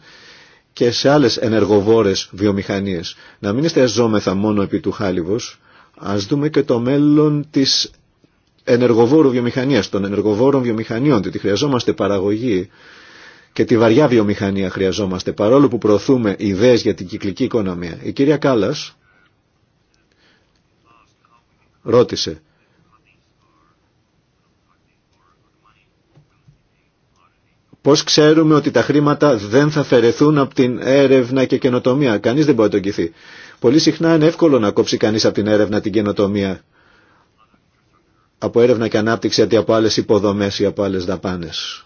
και σε άλλες ενεργοβόρες βιομηχανίες. Να μην εστιαζόμεθα μόνο επί του χάλιβος, ας δούμε και το μέλλον της ενεργοβόρου βιομηχανίας, των ενεργοβόρων βιομηχανιών, διότι χρειαζόμαστε παραγωγή και τη βαριά βιομηχανία χρειαζόμαστε, παρόλο που προωθούμε ιδέες για την κυκλική οικονομία. Η κυρία Κάλλας ρώτησε. Πώς ξέρουμε ότι τα χρήματα δεν θα φερεθούν από την έρευνα και καινοτομία. Κανείς δεν μπορεί να το κηθεί. Πολύ συχνά είναι εύκολο να κόψει κανείς από την έρευνα την καινοτομία. Από έρευνα και ανάπτυξη αντί από άλλες υποδομές ή από άλλες δαπάνες.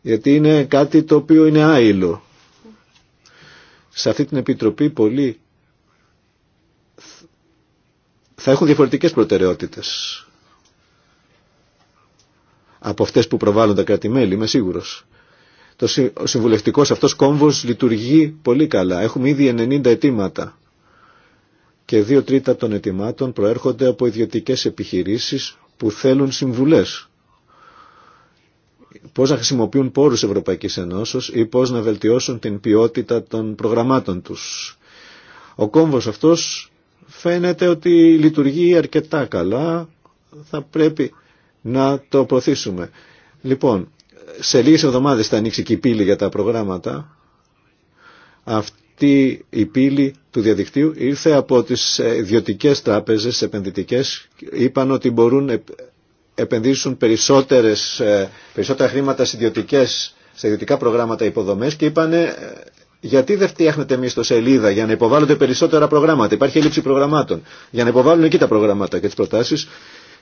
Γιατί είναι κάτι το οποίο είναι άειλο. Σε αυτή την επιτροπή πολλοί θα έχουν διαφορετικές προτεραιότητες από αυτές που προβάλλουν τα κράτη-μέλη, είμαι σίγουρος. Το συ, ο συμβουλευτικός αυτός κόμβος λειτουργεί πολύ καλά. Έχουμε ήδη 90 αιτήματα και δύο τρίτα των αιτημάτων προέρχονται από ιδιωτικές επιχειρήσεις που θέλουν συμβουλές. Πώς να χρησιμοποιούν πόρους Ευρωπαϊκής Ενώσεως ή πώς να βελτιώσουν την ποιότητα των προγραμμάτων τους. Ο κόμβος αυτός φαίνεται ότι λειτουργεί αρκετά καλά, θα πρέπει να το προωθήσουμε. Λοιπόν, σε λίγες εβδομάδες θα ανοίξει και η πύλη για τα προγράμματα. Αυτή η πύλη του διαδικτύου ήρθε από τις ιδιωτικέ τράπεζες επενδυτικές. Είπαν ότι μπορούν επενδύσουν περισσότερες, ε, περισσότερα χρήματα σε, σε ιδιωτικά προγράμματα υποδομές και είπαν ε, γιατί δεν φτιάχνετε εμεί το σελίδα για να υποβάλλονται περισσότερα προγράμματα. Υπάρχει έλλειψη προγραμμάτων. Για να υποβάλλουν εκεί τα προγράμματα και τι προτάσει.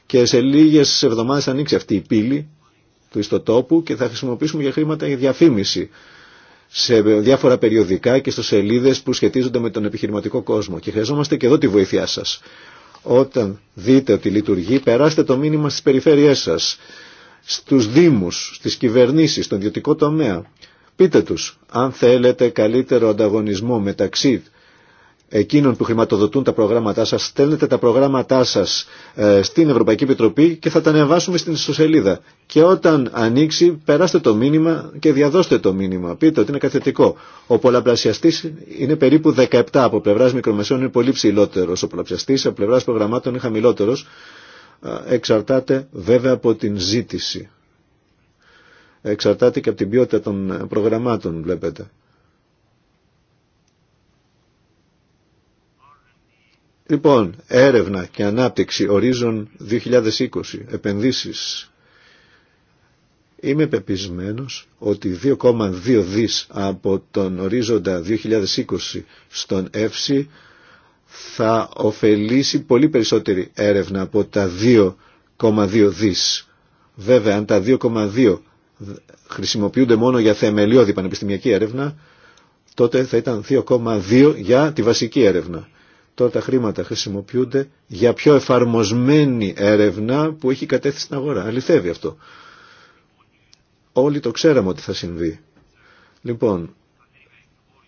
Και σε λίγε εβδομάδε θα ανοίξει αυτή η πύλη του ιστοτόπου και θα χρησιμοποιήσουμε για χρήματα για διαφήμιση σε διάφορα περιοδικά και στο σελίδε που σχετίζονται με τον επιχειρηματικό κόσμο. Και χρειαζόμαστε και εδώ τη βοήθειά σα. Όταν δείτε ότι λειτουργεί, περάστε το μήνυμα στι περιφέρειέ σα, στου δήμου, στι κυβερνήσει, στον ιδιωτικό τομέα Πείτε τους, αν θέλετε καλύτερο ανταγωνισμό μεταξύ εκείνων που χρηματοδοτούν τα προγράμματά σας, στέλνετε τα προγράμματά σας ε, στην Ευρωπαϊκή Επιτροπή και θα τα ανεβάσουμε στην ιστοσελίδα. Και όταν ανοίξει, περάστε το μήνυμα και διαδώστε το μήνυμα. Πείτε ότι είναι καθετικό. Ο πολλαπλασιαστής είναι περίπου 17 από πλευράς μικρομεσαίων είναι πολύ ψηλότερος. Ο πολλαπλασιαστής από πλευράς προγραμμάτων είναι χαμηλότερος. Ε, εξαρτάται βέβαια από την ζήτηση εξαρτάται και από την ποιότητα των ε, προγραμμάτων βλέπετε. Λοιπόν, έρευνα και ανάπτυξη ορίζων 2020, επενδύσεις. Είμαι πεπισμένος ότι 2,2 δις από τον ορίζοντα 2020 στον ΕΦΣΥ θα ωφελήσει πολύ περισσότερη έρευνα από τα 2,2 δις. Βέβαια, αν τα 2,2 χρησιμοποιούνται μόνο για θεμελιώδη πανεπιστημιακή έρευνα, τότε θα ήταν 2,2 για τη βασική έρευνα. Τώρα τα χρήματα χρησιμοποιούνται για πιο εφαρμοσμένη έρευνα που έχει κατέθει στην αγορά. Αληθεύει αυτό. Όλοι το ξέραμε ότι θα συμβεί. Λοιπόν,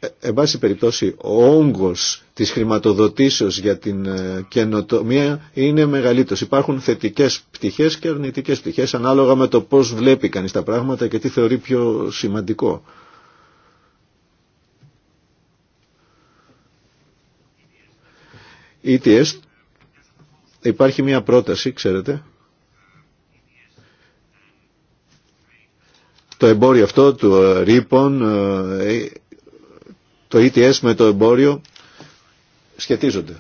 ε, εν πάση περιπτώσει, ο όγκος της χρηματοδοτήσεως για την ε, καινοτομία είναι μεγαλύτερος. Υπάρχουν θετικές πτυχές και αρνητικές πτυχές ανάλογα με το πώς βλέπει κανείς τα πράγματα και τι θεωρεί πιο σημαντικό. ETS, υπάρχει μια πρόταση, ξέρετε, το εμπόριο αυτό του ε, ρήπων το ETS με το εμπόριο σχετίζονται.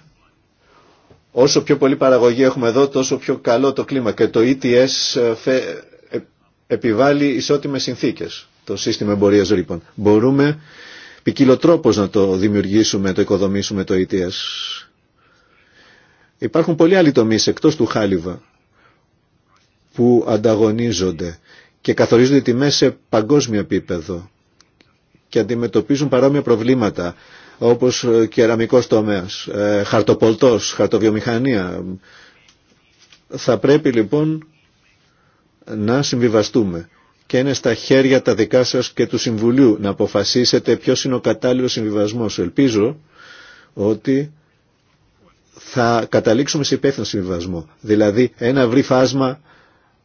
Όσο πιο πολύ παραγωγή έχουμε εδώ, τόσο πιο καλό το κλίμα. Και το ETS ε, ε, επιβάλλει ισότιμες συνθήκες, το σύστημα εμπορίας ρήπων. Λοιπόν. Μπορούμε ποικιλοτρόπως να το δημιουργήσουμε, το οικοδομήσουμε το ETS. Υπάρχουν πολλοί άλλοι τομείς εκτός του χάλιβα που ανταγωνίζονται και καθορίζονται τιμές σε παγκόσμιο επίπεδο και αντιμετωπίζουν παρόμοια προβλήματα όπως ε, κεραμικός τομέας, ε, χαρτοπολτός, χαρτοβιομηχανία. Θα πρέπει λοιπόν να συμβιβαστούμε και είναι στα χέρια τα δικά σας και του Συμβουλίου να αποφασίσετε ποιος είναι ο κατάλληλος συμβιβασμός. Ελπίζω ότι θα καταλήξουμε σε υπεύθυνο συμβιβασμό. Δηλαδή ένα βρύ φάσμα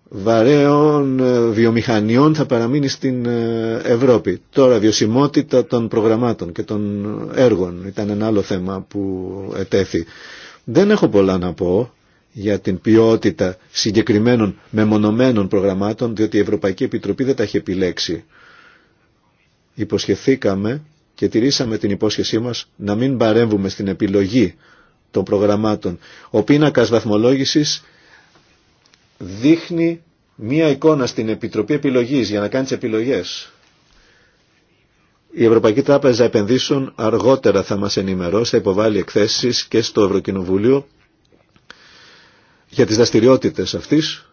βαρέων ε, βιομηχανιών θα παραμείνει στην ε, Ευρώπη. Τώρα, βιωσιμότητα των προγραμμάτων και των έργων ήταν ένα άλλο θέμα που ετέθη. Δεν έχω πολλά να πω για την ποιότητα συγκεκριμένων μεμονωμένων προγραμμάτων, διότι η Ευρωπαϊκή Επιτροπή δεν τα έχει επιλέξει. Υποσχεθήκαμε και τηρήσαμε την υπόσχεσή μας να μην παρέμβουμε στην επιλογή των προγραμμάτων. Ο πίνακας βαθμολόγησης δείχνει μία εικόνα στην Επιτροπή Επιλογής για να κάνει τις επιλογές. Η Ευρωπαϊκή Τράπεζα Επενδύσεων αργότερα θα μας ενημερώσει, θα υποβάλει εκθέσεις και στο Ευρωκοινοβούλιο για τις δραστηριότητες αυτής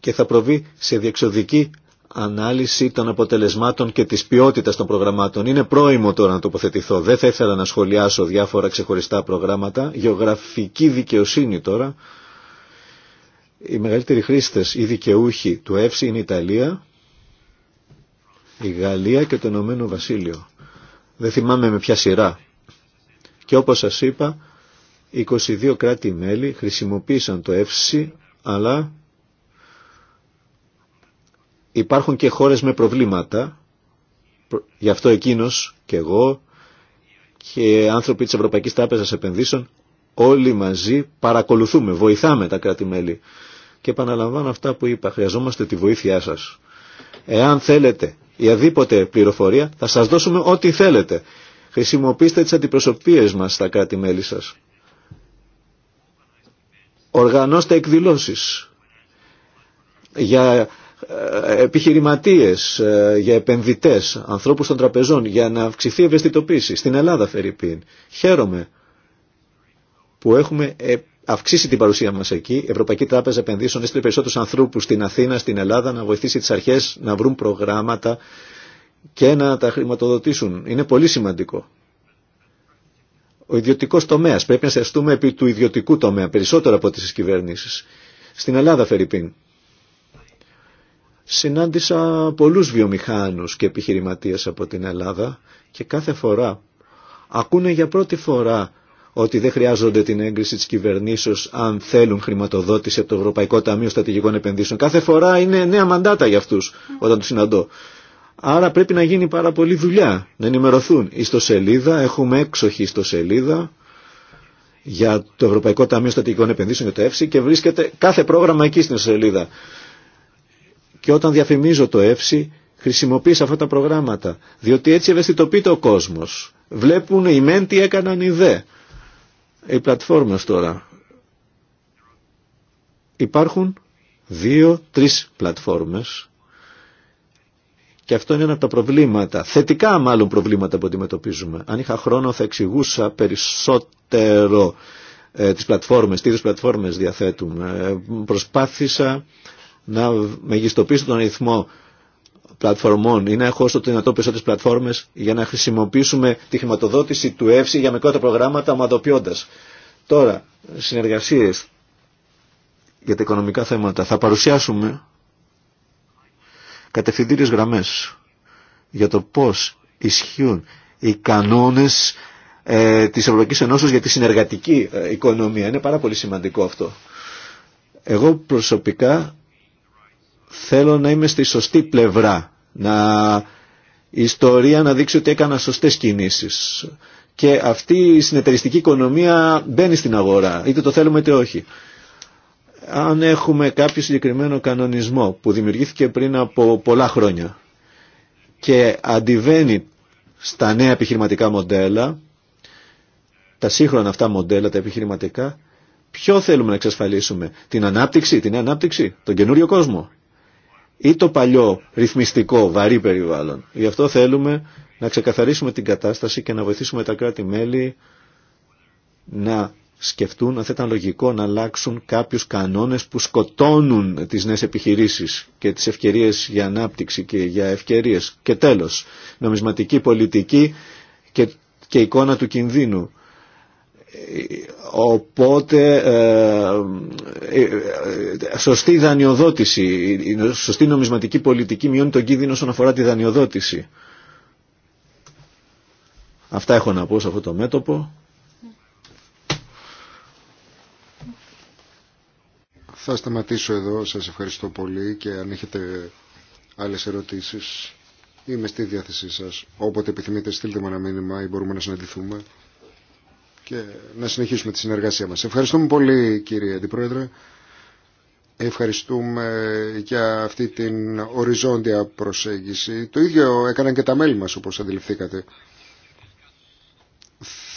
και θα προβεί σε διεξοδική ανάλυση των αποτελεσμάτων και της ποιότητας των προγραμμάτων. Είναι πρόημο τώρα να τοποθετηθώ. Δεν θα ήθελα να σχολιάσω διάφορα ξεχωριστά προγράμματα. Γεωγραφική δικαιοσύνη τώρα. Οι μεγαλύτεροι χρήστες ή δικαιούχοι του ΕΦΣΙ είναι η Ιταλία, η Γαλλία και το Ηνωμένο Βασίλειο. Δεν θυμάμαι με ποια σειρά. Και όπως σας είπα, 22 κράτη-μέλη χρησιμοποίησαν το ΕΦΣΙ, αλλά υπάρχουν και χώρες με προβλήματα. Γι' αυτό εκείνος και εγώ και άνθρωποι της Ευρωπαϊκής Τράπεζας Επενδύσεων όλοι μαζί παρακολουθούμε, βοηθάμε τα κράτη-μέλη και επαναλαμβάνω αυτά που είπα. Χρειαζόμαστε τη βοήθειά σας. Εάν θέλετε η πληροφορία θα σας δώσουμε ό,τι θέλετε. Χρησιμοποιήστε τις αντιπροσωπίες μας στα κράτη-μέλη σας. Οργανώστε εκδηλώσεις για ε, επιχειρηματίες, ε, για επενδυτές, ανθρώπους των τραπεζών, για να αυξηθεί η ευαισθητοποίηση. Στην Ελλάδα, Φερρυπίν, χαίρομαι που έχουμε αυξήσει την παρουσία μα εκεί. Η Ευρωπαϊκή Τράπεζα Επενδύσεων έστειλε περισσότερου ανθρώπου στην Αθήνα, στην Ελλάδα, να βοηθήσει τι αρχέ να βρουν προγράμματα και να τα χρηματοδοτήσουν. Είναι πολύ σημαντικό. Ο ιδιωτικό τομέα. Πρέπει να στεστούμε επί του ιδιωτικού τομέα περισσότερο από τι κυβερνήσει. Στην Ελλάδα, Φερρυπίν. Συνάντησα πολλούς βιομηχάνους και επιχειρηματίες από την Ελλάδα και κάθε φορά ακούνε για πρώτη φορά ότι δεν χρειάζονται την έγκριση της κυβερνήσεως αν θέλουν χρηματοδότηση από το Ευρωπαϊκό Ταμείο Στατηγικών Επενδύσεων. Κάθε φορά είναι νέα μαντάτα για αυτούς όταν τους συναντώ. Άρα πρέπει να γίνει πάρα πολλή δουλειά, να ενημερωθούν. Ιστοσελίδα, έχουμε έξοχη σελίδα για το Ευρωπαϊκό Ταμείο Στατικών Επενδύσεων και το ΕΦΣΥ και βρίσκεται κάθε πρόγραμμα εκεί στην ιστοσελίδα. Και όταν διαφημίζω το ΕΦΣΥ χρησιμοποίησα αυτά τα προγράμματα, διότι έτσι ευαισθητοποιείται ο κόσμος. Βλέπουν οι μεν τι έκαναν οι δε. Οι πλατφόρμες τώρα. Υπάρχουν δύο-τρεις πλατφόρμες και αυτό είναι ένα από τα προβλήματα, θετικά μάλλον προβλήματα που αντιμετωπίζουμε. Αν είχα χρόνο θα εξηγούσα περισσότερο ε, τις πλατφόρμες, τι είδους πλατφόρμες διαθέτουμε. Ε, προσπάθησα να μεγιστοποιήσω τον αριθμό πλατφορμών ή να έχω όσο το δυνατόν περισσότερε πλατφόρμε για να χρησιμοποιήσουμε τη χρηματοδότηση του ΕΦΣΥ για μικρότερα προγράμματα ομαδοποιώντα. Τώρα, συνεργασίε για τα οικονομικά θέματα. Θα παρουσιάσουμε κατευθυντήριε γραμμέ για το πώ ισχύουν οι κανόνε ε, τη Ευρωπαϊκή Ενώση για τη συνεργατική ε, οικονομία. Είναι πάρα πολύ σημαντικό αυτό. Εγώ προσωπικά θέλω να είμαι στη σωστή πλευρά, να η ιστορία να δείξει ότι έκανα σωστές κινήσεις. Και αυτή η συνεταιριστική οικονομία μπαίνει στην αγορά, είτε το θέλουμε είτε όχι. Αν έχουμε κάποιο συγκεκριμένο κανονισμό που δημιουργήθηκε πριν από πολλά χρόνια και αντιβαίνει στα νέα επιχειρηματικά μοντέλα, τα σύγχρονα αυτά μοντέλα, τα επιχειρηματικά, ποιο θέλουμε να εξασφαλίσουμε, την ανάπτυξη, την νέα ανάπτυξη, τον καινούριο κόσμο ή το παλιό ρυθμιστικό βαρύ περιβάλλον. Γι' αυτό θέλουμε να ξεκαθαρίσουμε την κατάσταση και να βοηθήσουμε τα κράτη-μέλη να σκεφτούν αν θα ήταν λογικό να αλλάξουν κάποιους κανόνες που σκοτώνουν τις νέες επιχειρήσεις και τις ευκαιρίες για ανάπτυξη και για ευκαιρίες. Και τέλος, νομισματική πολιτική και, και εικόνα του κινδύνου. Οπότε ε, ε, ε, σωστή δανειοδότηση, η σωστή νομισματική πολιτική μειώνει τον κίνδυνο όσον αφορά τη δανειοδότηση. Αυτά έχω να πω σε αυτό το μέτωπο. Θα σταματήσω εδώ. Σας ευχαριστώ πολύ και αν έχετε άλλες ερωτήσεις είμαι στη διάθεσή σας. Όποτε επιθυμείτε στείλτε μου ένα μήνυμα ή μπορούμε να συναντηθούμε και να συνεχίσουμε τη συνεργασία μας. Ευχαριστούμε πολύ κύριε Αντιπρόεδρε. Ευχαριστούμε για αυτή την οριζόντια προσέγγιση. Το ίδιο έκαναν και τα μέλη μας όπως αντιληφθήκατε.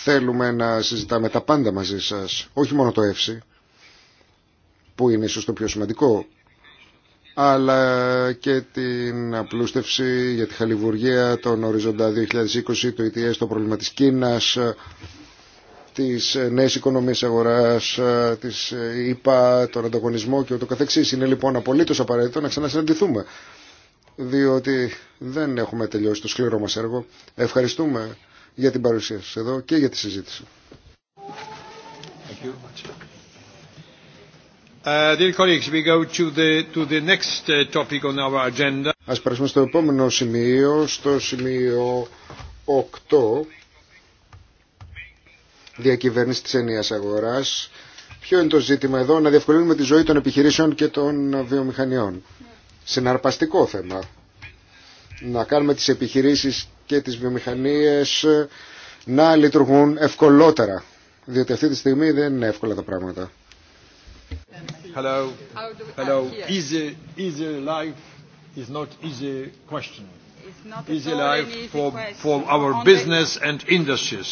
Θέλουμε να συζητάμε τα πάντα μαζί σας, όχι μόνο το ΕΦΣΥ, που είναι ίσως το πιο σημαντικό, αλλά και την απλούστευση για τη χαλιβουργία, των οριζόντα 2020, το ETS, το πρόβλημα της Κίνας, τις ε, νέες οικονομίες αγοράς, ε, της ΕΙΠΑ, τον ανταγωνισμό και ούτω καθεξής. Είναι λοιπόν απολύτως απαραίτητο να ξανασυναντηθούμε, διότι δεν έχουμε τελειώσει το σκληρό μας έργο. Ευχαριστούμε για την παρουσία σας εδώ και για τη συζήτηση. Ας περάσουμε στο επόμενο σημείο, στο σημείο 8 διακυβέρνηση της ενία αγοράς. Ποιο είναι το ζήτημα εδώ, να διευκολύνουμε τη ζωή των επιχειρήσεων και των βιομηχανιών. Συναρπαστικό θέμα. Να κάνουμε τις επιχειρήσεις και τις βιομηχανίες να λειτουργούν ευκολότερα. Διότι αυτή τη στιγμή δεν είναι εύκολα τα πράγματα. Hello. Hello. Easy, easy life is not easy question. Easy life for, for our business and industries.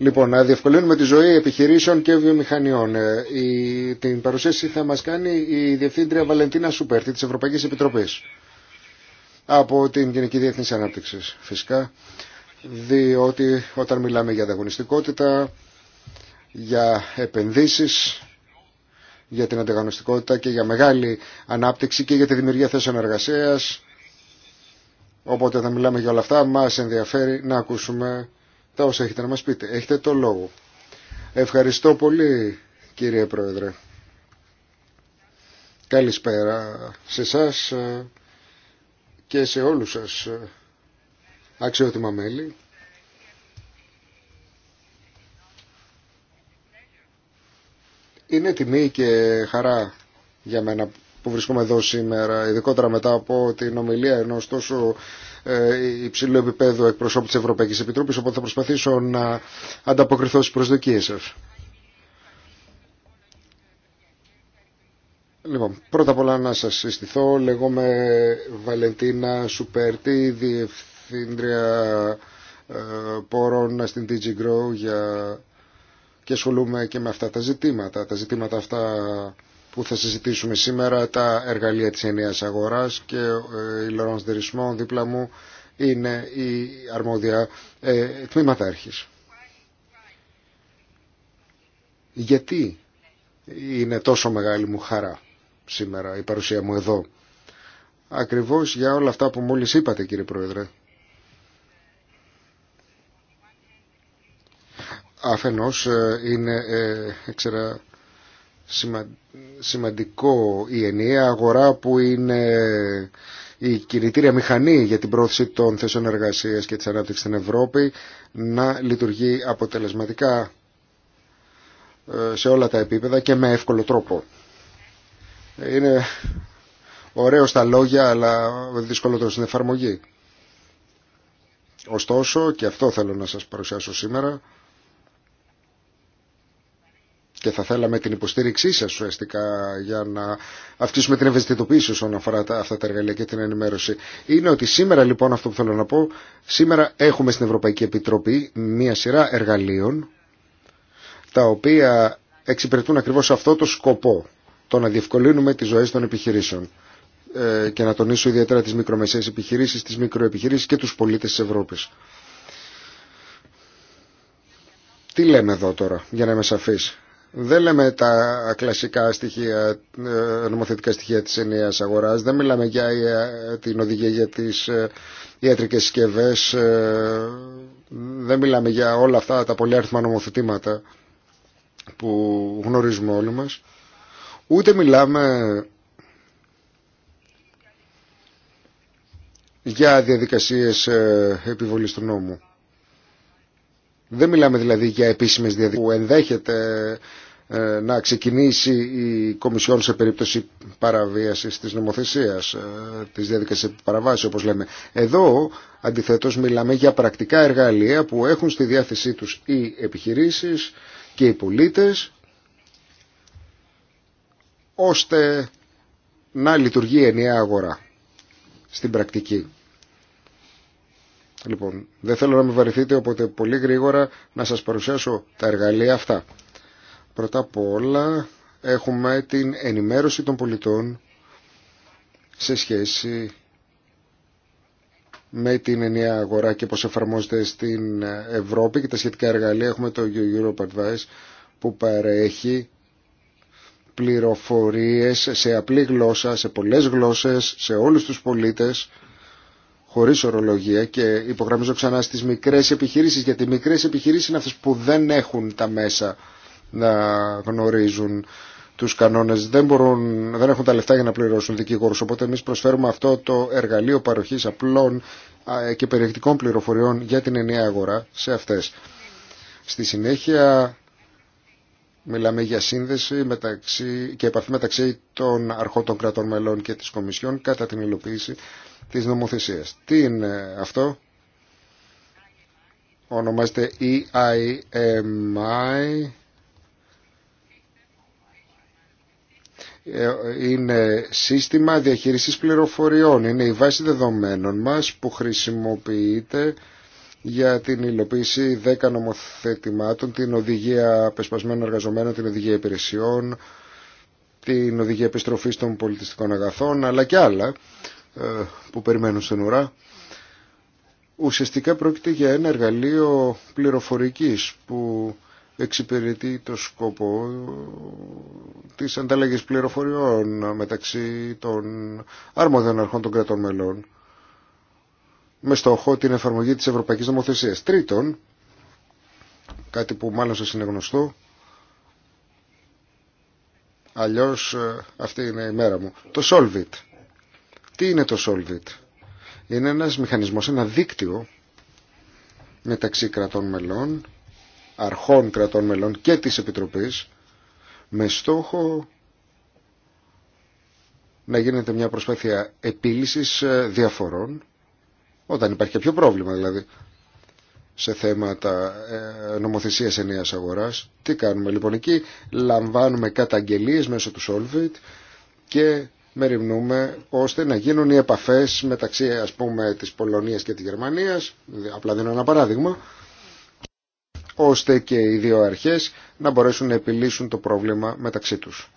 Λοιπόν, να διευκολύνουμε τη ζωή επιχειρήσεων και βιομηχανιών. Ε, η, την παρουσίαση θα μας κάνει η Διευθύντρια Βαλεντίνα Σουπέρτη της Ευρωπαϊκής Επιτροπής από την Γενική Διεθνής Ανάπτυξη φυσικά, διότι όταν μιλάμε για ανταγωνιστικότητα, για επενδύσεις, για την ανταγωνιστικότητα και για μεγάλη ανάπτυξη και για τη δημιουργία θέσεων εργασίας, οπότε θα μιλάμε για όλα αυτά, μας ενδιαφέρει να ακούσουμε τα όσα έχετε να μας πείτε. Έχετε το λόγο. Ευχαριστώ πολύ κύριε Πρόεδρε. Καλησπέρα σε εσά ε, και σε όλους σας ε, αξιότιμα μέλη. Είναι τιμή και χαρά για μένα που βρισκόμαι εδώ σήμερα, ειδικότερα μετά από την ομιλία ενό τόσο ε, υψηλού επίπεδου εκπροσώπου τη Ευρωπαϊκή Επιτροπή, οπότε θα προσπαθήσω να ανταποκριθώ στι προσδοκίε σα. Λοιπόν, πρώτα απ' όλα να σας συστηθώ. Λέγομαι Βαλεντίνα Σουπέρτη, διευθύντρια ε, πόρων στην DG Grow για... και ασχολούμαι και με αυτά τα ζητήματα. Τα ζητήματα αυτά που θα συζητήσουμε σήμερα τα εργαλεία της ενιαίας αγοράς και ε, η Λοράνς Δερισμόν δίπλα μου είναι η αρμόδια ε, τμήματάρχης. Γιατί είναι τόσο μεγάλη μου χαρά σήμερα η παρουσία μου εδώ. Ακριβώς για όλα αυτά που μόλις είπατε κύριε Πρόεδρε. Αφενός ε, είναι ε, σημαντικό η ενιαία αγορά που είναι η κινητήρια μηχανή για την πρόθεση των θέσεων εργασίας και της ανάπτυξης στην Ευρώπη να λειτουργεί αποτελεσματικά ε, σε όλα τα επίπεδα και με εύκολο τρόπο. Είναι ωραίο στα λόγια αλλά δύσκολο στην εφαρμογή. Ωστόσο, και αυτό θέλω να σας παρουσιάσω σήμερα, και θα θέλαμε την υποστήριξή σα ουσιαστικά για να αυξήσουμε την ευαισθητοποίηση όσον αφορά τα, αυτά τα εργαλεία και την ενημέρωση. Είναι ότι σήμερα λοιπόν αυτό που θέλω να πω, σήμερα έχουμε στην Ευρωπαϊκή Επιτροπή μία σειρά εργαλείων τα οποία εξυπηρετούν ακριβώς αυτό το σκοπό, το να διευκολύνουμε τις ζωές των επιχειρήσεων ε, και να τονίσω ιδιαίτερα τις μικρομεσαίες επιχειρήσεις, τις μικροεπιχειρήσεις και τους πολίτες της Ευρώπης. Τι λέμε εδώ τώρα, για να είμαι σαφής δεν λέμε τα κλασικά στοιχεία, ε, νομοθετικά στοιχεία της ενιαίας αγοράς. Δεν μιλάμε για ε, την οδηγία για τις ε, ιατρικές συσκευέ. Δεν μιλάμε για όλα αυτά τα πολυάριθμα νομοθετήματα που γνωρίζουμε όλοι μας. Ούτε μιλάμε για διαδικασίες επιβολής του νόμου. Δεν μιλάμε δηλαδή για επίσημες διαδικασίες που ενδέχεται ε, να ξεκινήσει η Κομισιόν σε περίπτωση παραβίασης της νομοθεσίας, ε, της διαδικασίας παραβάσης όπως λέμε. Εδώ αντιθέτως μιλάμε για πρακτικά εργαλεία που έχουν στη διάθεσή τους οι επιχειρήσεις και οι πολίτες ώστε να λειτουργεί ενιαία αγορά στην πρακτική. Λοιπόν, δεν θέλω να με βαρεθείτε, οπότε πολύ γρήγορα να σας παρουσιάσω τα εργαλεία αυτά. Πρώτα απ' όλα έχουμε την ενημέρωση των πολιτών σε σχέση με την ενιαία αγορά και πώς εφαρμόζεται στην Ευρώπη και τα σχετικά εργαλεία. Έχουμε το Europe Advice που παρέχει πληροφορίες σε απλή γλώσσα, σε πολλές γλώσσες, σε όλους τους πολίτες χωρί ορολογία και υπογραμμίζω ξανά στι μικρέ επιχειρήσει, γιατί οι μικρέ επιχειρήσει είναι αυτέ που δεν έχουν τα μέσα να γνωρίζουν του κανόνε, δεν, δεν έχουν τα λεφτά για να πληρώσουν δικηγόρου. Οπότε εμεί προσφέρουμε αυτό το εργαλείο παροχή απλών και περιεκτικών πληροφοριών για την ενιαία αγορά σε αυτέ. Στη συνέχεια Μιλάμε για σύνδεση μεταξύ και επαφή μεταξύ των αρχών των κρατών μελών και της Κομισιόν κατά την υλοποίηση της νομοθεσίας. Τι είναι αυτό? Ονομάζεται EIMI. Ε, είναι σύστημα διαχείρισης πληροφοριών. Είναι η βάση δεδομένων μας που χρησιμοποιείται για την υλοποίηση 10 νομοθετημάτων, την οδηγία πεσπασμένων εργαζομένων, την οδηγία υπηρεσιών, την οδηγία επιστροφής των πολιτιστικών αγαθών, αλλά και άλλα ε, που περιμένουν στην ουρά. Ουσιαστικά πρόκειται για ένα εργαλείο πληροφορικής που εξυπηρετεί το σκοπό της ανταλλαγής πληροφοριών μεταξύ των άρμοδιων αρχών των κρατών μελών με στόχο την εφαρμογή της Ευρωπαϊκής Νομοθεσίας. Τρίτον, κάτι που μάλλον σας είναι γνωστό, αλλιώς ε, αυτή είναι η μέρα μου, το Solvit. Τι είναι το Solvit. Είναι ένας μηχανισμός, ένα δίκτυο μεταξύ κρατών μελών, αρχών κρατών μελών και της Επιτροπής με στόχο να γίνεται μια προσπάθεια επίλυσης ε, διαφορών όταν υπάρχει κάποιο πρόβλημα δηλαδή σε θέματα ε, νομοθεσίας ενίας αγοράς. Τι κάνουμε λοιπόν εκεί, λαμβάνουμε καταγγελίες μέσω του Solvit και μεριμνούμε ώστε να γίνουν οι επαφές μεταξύ ας πούμε της Πολωνίας και της Γερμανίας, απλά δίνω ένα παράδειγμα, ώστε και οι δύο αρχές να μπορέσουν να επιλύσουν το πρόβλημα μεταξύ τους.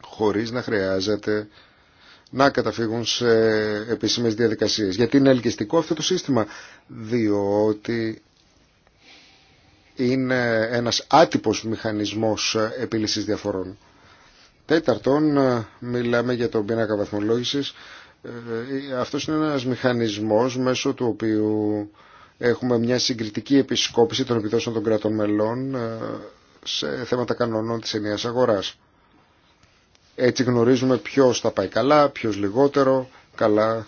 Χωρίς να χρειάζεται να καταφύγουν σε επίσημες διαδικασίες. Γιατί είναι ελκυστικό αυτό το σύστημα, διότι είναι ένας άτυπος μηχανισμός επίλυσης διαφορών. Τέταρτον, ε, μιλάμε για τον πίνακα βαθμολόγησης. Ε, ε, αυτός είναι ένας μηχανισμός μέσω του οποίου έχουμε μια συγκριτική επισκόπηση των επιδόσεων των κρατών μελών σε θέματα κανονών της ενιαίας αγοράς. Έτσι γνωρίζουμε ποιος θα πάει καλά, ποιος λιγότερο καλά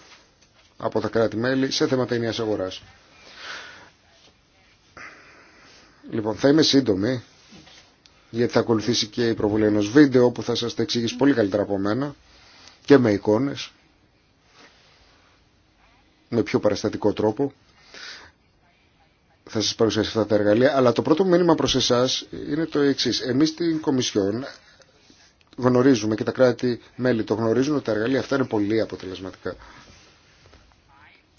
από τα κράτη-μέλη σε θέματα ενιαίας αγοράς. Λοιπόν, θα είμαι σύντομη γιατί θα ακολουθήσει και η προβολή ενό βίντεο που θα σας τα εξηγήσει πολύ καλύτερα από μένα και με εικόνες με πιο παραστατικό τρόπο θα σας παρουσιάσει αυτά τα εργαλεία αλλά το πρώτο μήνυμα προς εσάς είναι το εξής εμείς στην Κομισιόν γνωρίζουμε και τα κράτη-μέλη το γνωρίζουν ότι τα εργαλεία αυτά είναι πολύ αποτελεσματικά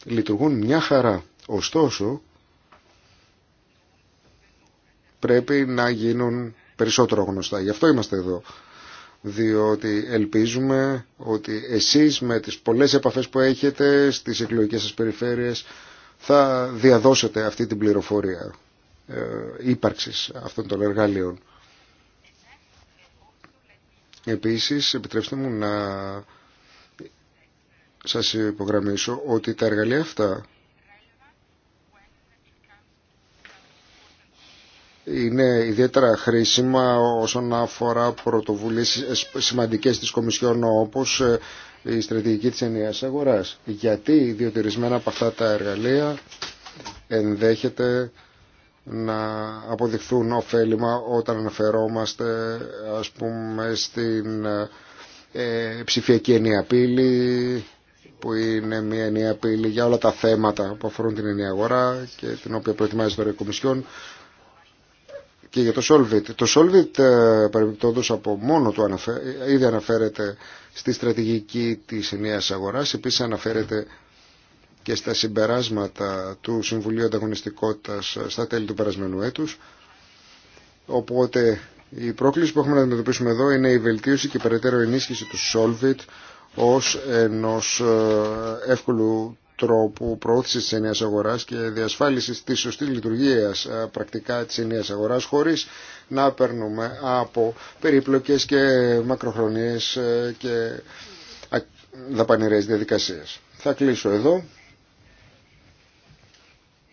λειτουργούν μια χαρά ωστόσο πρέπει να γίνουν περισσότερο γνωστά. Γι' αυτό είμαστε εδώ. Διότι ελπίζουμε ότι εσείς με τις πολλές επαφές που έχετε στις εκλογικές σας περιφέρειες θα διαδώσετε αυτή την πληροφορία ε, ύπαρξης αυτών των εργαλείων. Επίσης, επιτρέψτε μου να σας υπογραμμίσω ότι τα εργαλεία αυτά είναι ιδιαίτερα χρήσιμα όσον αφορά πρωτοβουλίες σημαντικές της Κομισιόν όπως ε, η στρατηγική της ενιαίας αγοράς. Γιατί ιδιωτηρισμένα από αυτά τα εργαλεία ενδέχεται να αποδειχθούν ωφέλιμα όταν αναφερόμαστε ας πούμε στην ε, ε, ψηφιακή ενιαία πύλη που είναι μια ενιαία πύλη για όλα τα θέματα που αφορούν την ενιαία αγορά και την οποία προετοιμάζει τώρα η Κομισιόν και για το Solvit. Το Solvit ε, παρεμπιπτόντως από μόνο του ήδη αναφέρεται στη στρατηγική της ενιαίας αγοράς, επίσης αναφέρεται και στα συμπεράσματα του Συμβουλίου Ανταγωνιστικότητας ε, στα τέλη του περασμένου έτους. Οπότε η πρόκληση που έχουμε να αντιμετωπίσουμε εδώ είναι η βελτίωση και η περαιτέρω ενίσχυση του Solvit ως ενός ε, εύκολου τρόπου προώθησης της ενιαίας αγοράς και διασφάλισης της σωστή λειτουργίας ε, πρακτικά της ενιαίας αγοράς χωρίς να περνούμε από περίπλοκες και μακροχρονίες ε, και δαπανηρές διαδικασίες. Θα κλείσω εδώ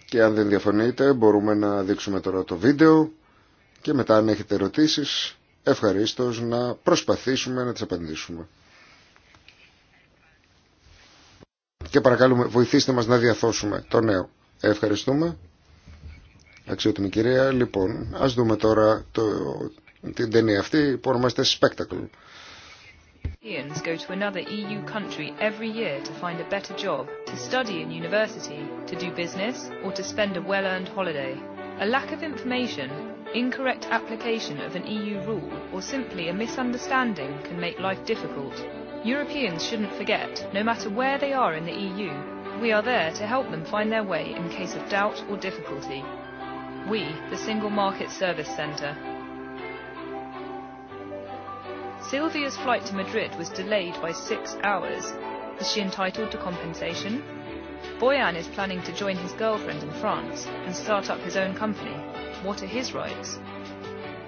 και αν δεν διαφωνείτε μπορούμε να δείξουμε τώρα το βίντεο και μετά αν έχετε ερωτήσεις ευχαρίστως να προσπαθήσουμε να τις απαντήσουμε. και παρακαλούμε βοηθήστε μας να διαθώσουμε το νέο. Ευχαριστούμε. Αξιότιμη κυρία, λοιπόν, ας δούμε τώρα το, την ταινία αυτή που ονομάζεται Spectacle. Europeans go to another EU country every year to find a better job, to study in university, to do business, or to spend a well-earned holiday. A lack of information, incorrect application of an EU rule, or simply a misunderstanding can make life difficult. Europeans shouldn't forget, no matter where they are in the EU, we are there to help them find their way in case of doubt or difficulty. We, the Single Market Service Centre. Sylvia's flight to Madrid was delayed by six hours. Is she entitled to compensation? Boyan is planning to join his girlfriend in France and start up his own company. What are his rights?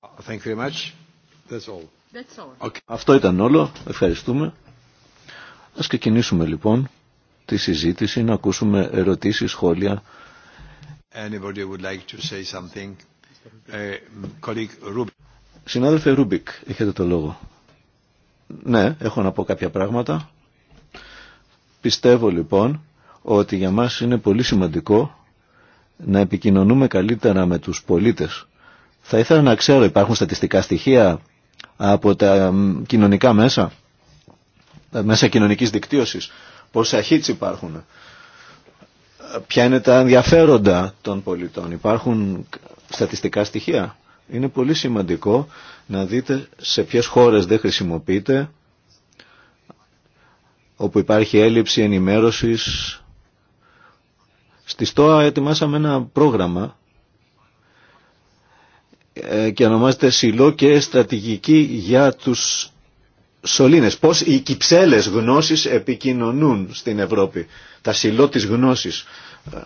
Thank you very much. That's all. That's all. Αυτό ήταν όλο. Ευχαριστούμε. Ας ξεκινήσουμε λοιπόν τη συζήτηση, να ακούσουμε ερωτήσεις, σχόλια. Anybody would like to say something. Uh, Συνάδελφε Ρούμπικ, έχετε το λόγο. Ναι, έχω να πω κάποια πράγματα. Πιστεύω λοιπόν ότι για μας είναι πολύ σημαντικό να επικοινωνούμε καλύτερα με τους πολίτες θα ήθελα να ξέρω, υπάρχουν στατιστικά στοιχεία από τα κοινωνικά μέσα, μέσα κοινωνικής δικτύωσης, πόσα hits υπάρχουν, ποια είναι τα ενδιαφέροντα των πολιτών, υπάρχουν στατιστικά στοιχεία. Είναι πολύ σημαντικό να δείτε σε ποιες χώρες δεν χρησιμοποιείται, όπου υπάρχει έλλειψη ενημέρωσης. Στη ΣΤΟΑ ετοιμάσαμε ένα πρόγραμμα ε, και ονομάζεται Σιλό και στρατηγική για τους σωλήνες. Πώς οι κυψέλες γνώσεις επικοινωνούν στην Ευρώπη. Τα Σιλό της γνώσης ε,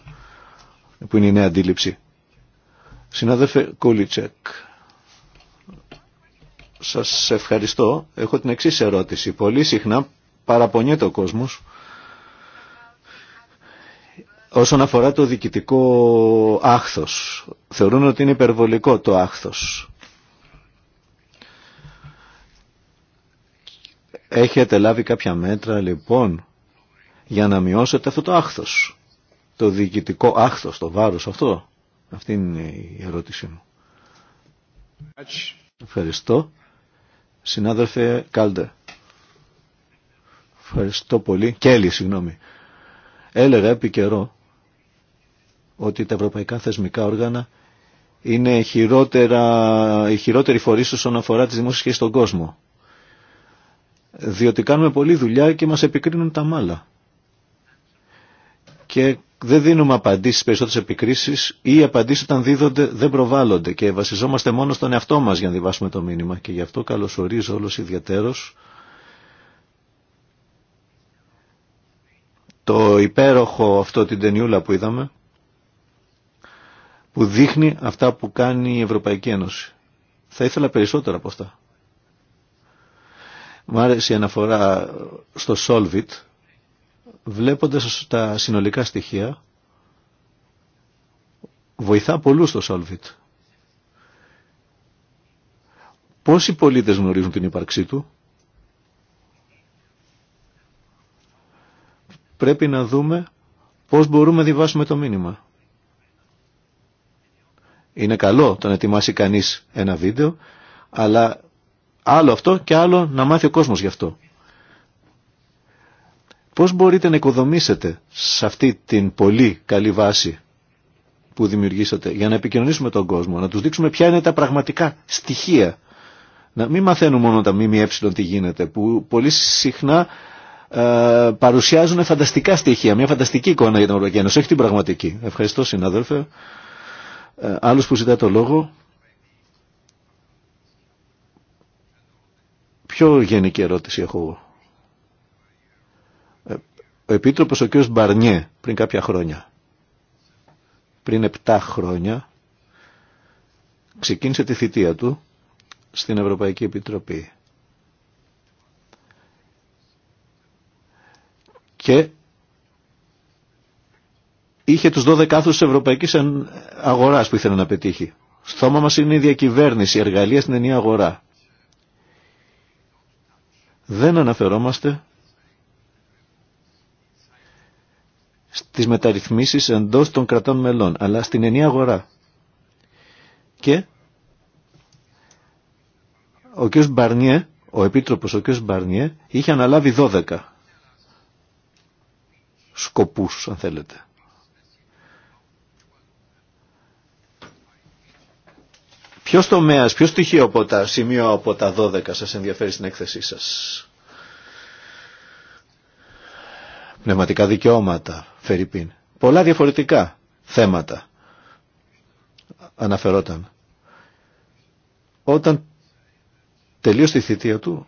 που είναι η νέα αντίληψη. Συνάδελφε Κούλιτσεκ, σας ευχαριστώ. Έχω την εξής ερώτηση. Πολύ συχνά παραπονιέται ο κόσμος Όσον αφορά το διοικητικό άχθος, θεωρούν ότι είναι υπερβολικό το άχθος. Έχετε λάβει κάποια μέτρα λοιπόν για να μειώσετε αυτό το άχθος, το διοικητικό άχθος, το βάρος αυτό. Αυτή είναι η ερώτησή μου. Ευχαριστώ. Συνάδελφε Κάλτε. Ευχαριστώ πολύ. Κέλλη, συγγνώμη. Έλεγα επί καιρό ότι τα ευρωπαϊκά θεσμικά όργανα είναι χειρότερα, οι χειρότεροι φορείς όσον αφορά τις δημόσιες σχέσεις στον κόσμο. Διότι κάνουμε πολλή δουλειά και μας επικρίνουν τα μάλα. Και δεν δίνουμε απαντήσεις στις περισσότερες επικρίσεις ή οι απαντήσεις όταν δίδονται δεν προβάλλονται και βασιζόμαστε μόνο στον εαυτό μας για να διβάσουμε το μήνυμα. Και γι' αυτό καλωσορίζω όλος ιδιαίτερος το υπέροχο αυτό την ταινιούλα που είδαμε που δείχνει αυτά που κάνει η Ευρωπαϊκή Ένωση. Θα ήθελα περισσότερα από αυτά. Μου άρεσε η αναφορά στο Solvit, βλέποντας τα συνολικά στοιχεία, βοηθά πολλούς το Solvit. Πόσοι πολίτες γνωρίζουν την ύπαρξή του, πρέπει να δούμε πώς μπορούμε να διβάσουμε το μήνυμα. Είναι καλό το να ετοιμάσει κανείς ένα βίντεο, αλλά άλλο αυτό και άλλο να μάθει ο κόσμος γι' αυτό. Πώς μπορείτε να οικοδομήσετε σε αυτή την πολύ καλή βάση που δημιουργήσατε για να επικοινωνήσουμε τον κόσμο, να τους δείξουμε ποια είναι τα πραγματικά στοιχεία. Να μην μαθαίνουν μόνο τα ΜΜΕ τι γίνεται, που πολύ συχνά ε, παρουσιάζουν φανταστικά στοιχεία, μια φανταστική εικόνα για τον Ευρωπαϊκή Ένωση, όχι την πραγματική. Ευχαριστώ συνάδελφε. Ε, άλλος που ζητά το λόγο. Πιο γενική ερώτηση έχω εγώ. Ε, ο Επίτροπος ο κ. Μπαρνιέ πριν κάποια χρόνια, πριν 7 χρόνια, ξεκίνησε τη θητεία του στην Ευρωπαϊκή Επιτροπή. Και είχε τους 12 άθρους της ευρωπαϊκής αγοράς που ήθελε να πετύχει. Στόμα μας είναι η διακυβέρνηση, η εργαλεία στην ενία αγορά. Δεν αναφερόμαστε στις μεταρρυθμίσεις εντός των κρατών μελών, αλλά στην ενιαία αγορά. Και ο κ. Μπαρνιέ, ο επίτροπος ο κ. Μπαρνιέ, είχε αναλάβει 12 σκοπούς, αν θέλετε. Ποιο τομέα, ποιο στοιχείο από τα σημείο από τα 12 σας ενδιαφέρει στην έκθεσή σας. Πνευματικά δικαιώματα, Φερρυπίν. Πολλά διαφορετικά θέματα αναφερόταν. Όταν τελείωσε τη θητεία του,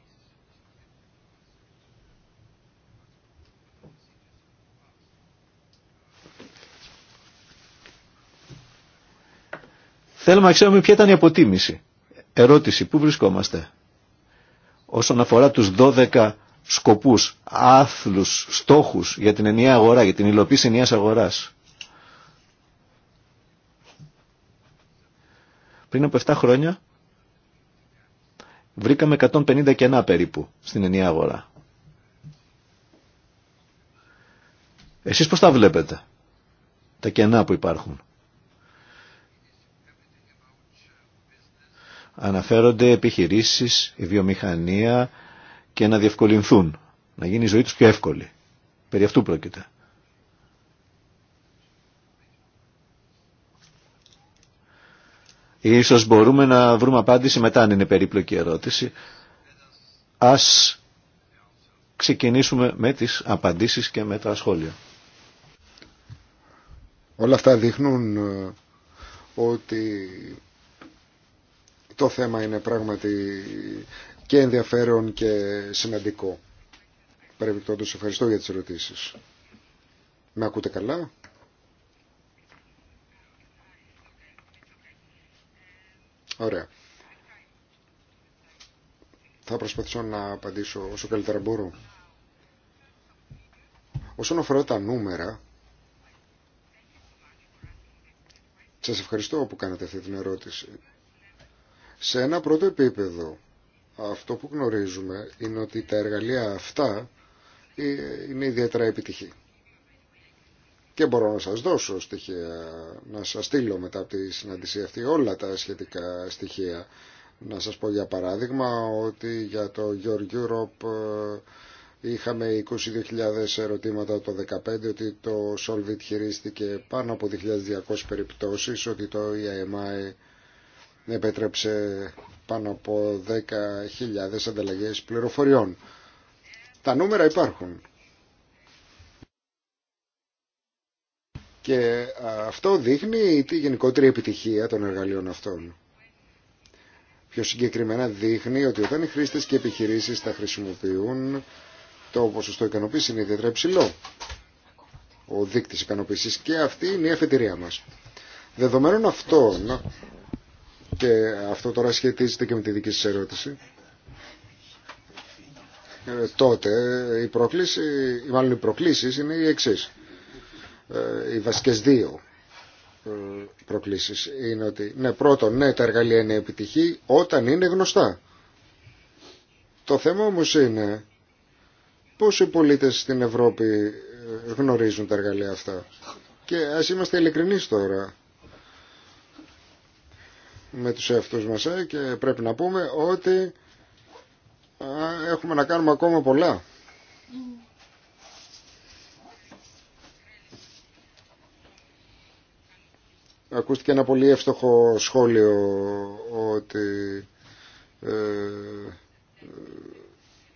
Θέλουμε να ξέρουμε ποια ήταν η αποτίμηση. Ερώτηση, πού βρισκόμαστε όσον αφορά τους 12 σκοπούς, άθλους, στόχους για την ενιαία αγορά, για την υλοποίηση ενιαίας αγοράς. Πριν από 7 χρόνια βρήκαμε 150 κενά περίπου στην ενιαία αγορά. Εσείς πώς τα βλέπετε, τα κενά που υπάρχουν. αναφέρονται επιχειρήσεις, η βιομηχανία και να διευκολυνθούν, να γίνει η ζωή τους πιο εύκολη. Περί αυτού πρόκειται. Ίσως μπορούμε να βρούμε απάντηση μετά αν είναι περίπλοκη ερώτηση. Ας ξεκινήσουμε με τις απαντήσεις και με τα σχόλια. Όλα αυτά δείχνουν ε, ότι το θέμα είναι πράγματι και ενδιαφέρον και σημαντικό. Παρεμπιπτόντως ευχαριστώ για τις ερωτήσεις. Με ακούτε καλά. Ωραία. Θα προσπαθήσω να απαντήσω όσο καλύτερα μπορώ. Όσον αφορά τα νούμερα, σας ευχαριστώ που κάνατε αυτή την ερώτηση. Σε ένα πρώτο επίπεδο αυτό που γνωρίζουμε είναι ότι τα εργαλεία αυτά ε, είναι ιδιαίτερα επιτυχή. Και μπορώ να σας δώσω στοιχεία, να σας στείλω μετά από τη συνάντηση αυτή όλα τα σχετικά στοιχεία. Να σας πω για παράδειγμα ότι για το Your Europe ε, είχαμε 22.000 ερωτήματα το 2015, ότι το Solvit χειρίστηκε πάνω από 2.200 περιπτώσεις, ότι το EMI επέτρεψε πάνω από 10.000 ανταλλαγές πληροφοριών. Τα νούμερα υπάρχουν. Και αυτό δείχνει τη γενικότερη επιτυχία των εργαλείων αυτών. Πιο συγκεκριμένα δείχνει ότι όταν οι χρήστες και οι επιχειρήσεις τα χρησιμοποιούν, το ποσοστό ικανοποίηση είναι ιδιαίτερα υψηλό. Ο δείκτης ικανοποίησης και αυτή είναι η αφετηρία μας. Δεδομένων αυτών, και αυτό τώρα σχετίζεται και με τη δική σας ερώτηση. Ε, τότε η προκλήση, μάλλον οι προκλήσεις είναι οι εξής. Ε, οι βασικές δύο ε, προκλήσεις είναι ότι ναι πρώτον ναι τα εργαλεία είναι επιτυχή όταν είναι γνωστά. Το θέμα όμως είναι πώς οι πολίτες στην Ευρώπη γνωρίζουν τα εργαλεία αυτά. Και ας είμαστε ειλικρινείς τώρα με τους εαυτούς μας ε, και πρέπει να πούμε ότι έχουμε να κάνουμε ακόμα πολλά. Ακούστηκε ένα πολύ εύστοχο σχόλιο ότι ε,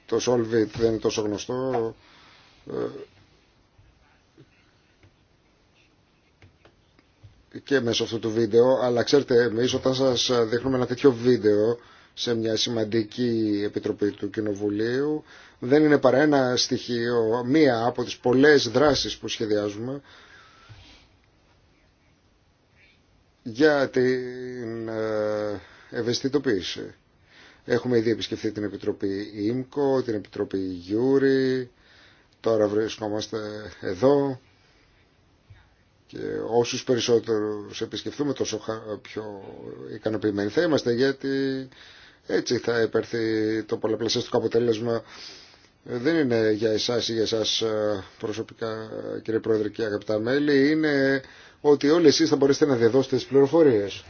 το Solvit δεν είναι τόσο γνωστό. Ε, και μέσω αυτού του βίντεο, αλλά ξέρετε εμεί όταν σα δείχνουμε ένα τέτοιο βίντεο σε μια σημαντική επιτροπή του Κοινοβουλίου δεν είναι παρά ένα στοιχείο, μία από τι πολλέ δράσεις που σχεδιάζουμε για την ε, ευαισθητοποίηση. Έχουμε ήδη επισκεφθεί την Επιτροπή ΙΜΚΟ, την Επιτροπή Γιούρι, τώρα βρισκόμαστε εδώ και όσους περισσότερους επισκεφθούμε τόσο πιο ικανοποιημένοι θα είμαστε γιατί έτσι θα επέρθει το πολλαπλασιαστικό αποτέλεσμα δεν είναι για εσάς ή για εσάς ε, προσωπικά κύριε Πρόεδρε και αγαπητά μέλη είναι ότι όλοι εσείς θα μπορέσετε να διαδώσετε τις πληροφορίες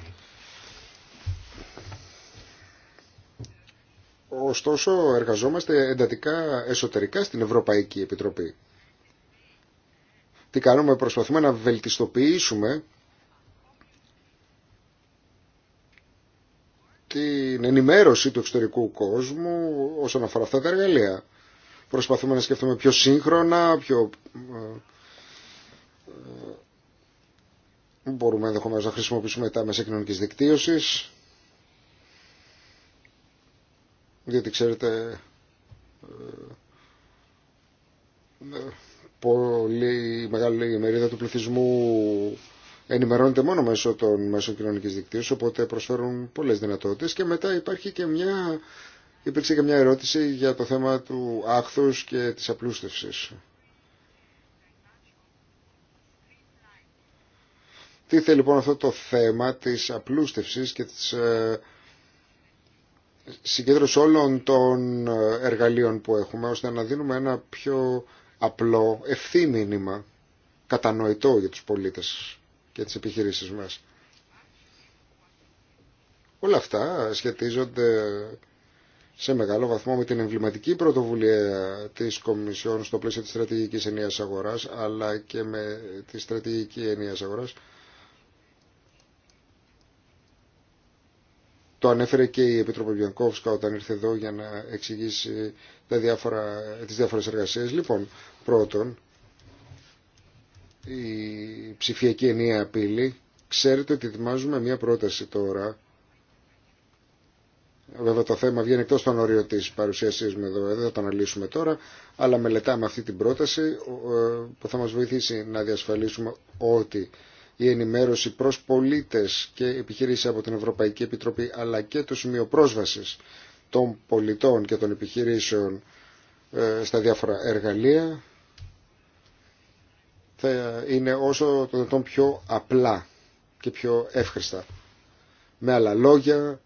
Ωστόσο εργαζόμαστε εντατικά εσωτερικά στην Ευρωπαϊκή Επιτροπή τι κάνουμε, προσπαθούμε να βελτιστοποιήσουμε την ενημέρωση του εξωτερικού κόσμου όσον αφορά αυτά τα εργαλεία. Προσπαθούμε να σκεφτούμε πιο σύγχρονα, πιο... Ε, ε, μπορούμε ενδεχομένως να χρησιμοποιήσουμε τα μέσα κοινωνικής δικτύωσης. Διότι ξέρετε... Ε, πολύ μεγάλη μερίδα του πληθυσμού ενημερώνεται μόνο μέσω των μέσων κοινωνική δικτύωσης, οπότε προσφέρουν πολλέ δυνατότητε και μετά υπάρχει και μια, υπήρξε και μια ερώτηση για το θέμα του άχθους και της απλούστευσης. Τι θέλει λοιπόν αυτό το θέμα της απλούστευσης και της ε, συγκέντρωση όλων των εργαλείων που έχουμε ώστε να δίνουμε ένα πιο απλό, ευθύ μήνυμα, κατανοητό για τους πολίτες και τις επιχειρήσεις μας. Όλα αυτά σχετίζονται σε μεγάλο βαθμό με την εμβληματική πρωτοβουλία της Κομισιόν στο πλαίσιο της στρατηγικής ενίας αγοράς αλλά και με τη στρατηγική ενίας αγοράς Το ανέφερε και η Επίτροπο Βιανκόφσκα όταν ήρθε εδώ για να εξηγήσει τα διάφορα, τις διάφορες εργασίες. Λοιπόν, πρώτον, η ψηφιακή ενιαία απειλή. Ξέρετε ότι ετοιμάζουμε μια πρόταση τώρα. Βέβαια το θέμα βγαίνει εκτός των όριων της παρουσίασής μου εδώ, δεν θα το αναλύσουμε τώρα, αλλά μελετάμε αυτή την πρόταση που θα μας βοηθήσει να διασφαλίσουμε ότι η ενημέρωση προς πολίτες και επιχειρήσεις από την Ευρωπαϊκή Επιτροπή αλλά και το σημείο πρόσβασης των πολιτών και των επιχειρήσεων ε, στα διάφορα εργαλεία θα είναι όσο το δυνατόν πιο απλά και πιο εύχριστα. Με άλλα λόγια,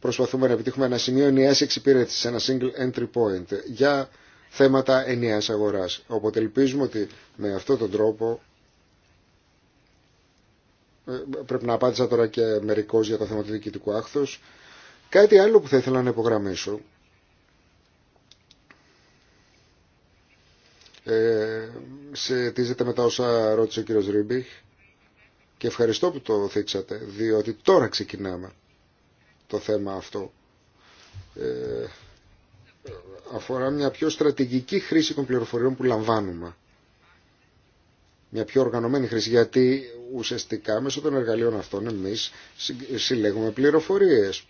προσπαθούμε να επιτύχουμε ένα σημείο ενιαίας εξυπηρέτησης, ένα single entry point για θέματα ενιαίας αγοράς. Οπότε ελπίζουμε ότι με αυτόν τον τρόπο πρέπει να απάντησα τώρα και μερικώς για το θέμα του διοικητικού άκθου. Κάτι άλλο που θα ήθελα να υπογραμμίσω. Ε, μετά με τα όσα ρώτησε ο κύριος Ρίμπιχ και ευχαριστώ που το θίξατε διότι τώρα ξεκινάμε το θέμα αυτό ε, αφορά μια πιο στρατηγική χρήση των πληροφοριών που λαμβάνουμε μια πιο οργανωμένη χρήση γιατί ουσιαστικά μέσω των εργαλείων αυτών εμείς συλλέγουμε πληροφορίες.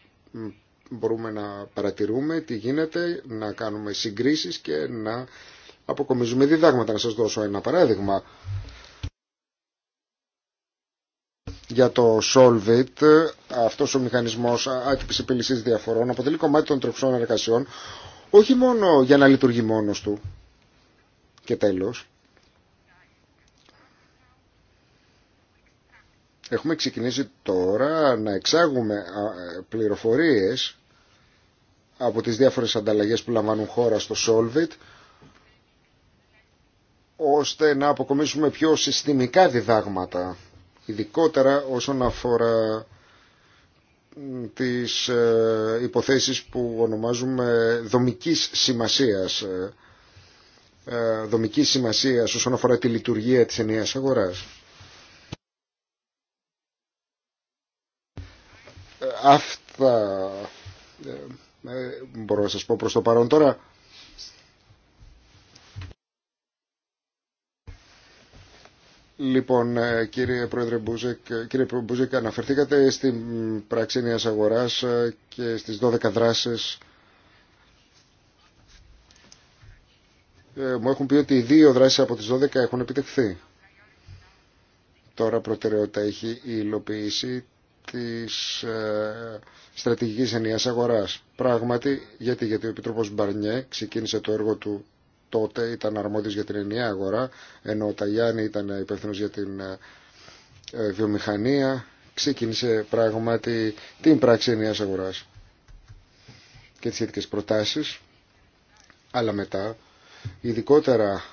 Μπορούμε να παρατηρούμε τι γίνεται, να κάνουμε συγκρίσεις και να αποκομίζουμε διδάγματα. Να σας δώσω ένα παράδειγμα. Για το Solvit, αυτός ο μηχανισμός άτυπης επίλυσης διαφορών αποτελεί κομμάτι των τροχών εργασιών, όχι μόνο για να λειτουργεί μόνος του. Και τέλος, έχουμε ξεκινήσει τώρα να εξάγουμε ε, πληροφορίες από τις διάφορες ανταλλαγές που λαμβάνουν χώρα στο Solvit ώστε να αποκομίσουμε πιο συστημικά διδάγματα ειδικότερα όσον αφορά τις ε, υποθέσεις που ονομάζουμε δομικής σημασίας ε, δομικής σημασίας όσον αφορά τη λειτουργία της ενιαίας αγοράς. Αυτά ε, ε, μπορώ να σας πω προς το παρόν τώρα. Λοιπόν, ε, κύριε Πρόεδρε Μπούζεκ, κύριε Μπούζεκ, αναφερθήκατε στην πράξη νέας αγοράς και στις 12 δράσεις. Μου έχουν πει ότι οι δύο δράσεις από τις 12 έχουν επιτευχθεί. Τώρα προτεραιότητα έχει η υλοποίηση της ε, στρατηγικής ενιαίας αγοράς. Πράγματι, γιατί, γιατί ο Επιτρόπος Μπαρνιέ ξεκίνησε το έργο του τότε, ήταν αρμόδιος για την ενιαία αγορά, ενώ ο Ταγιάννη ήταν υπεύθυνο για την ε, ε, βιομηχανία, ξεκίνησε πράγματι την πράξη ενιαίας αγοράς και τις σχετικές προτάσεις, αλλά μετά, ειδικότερα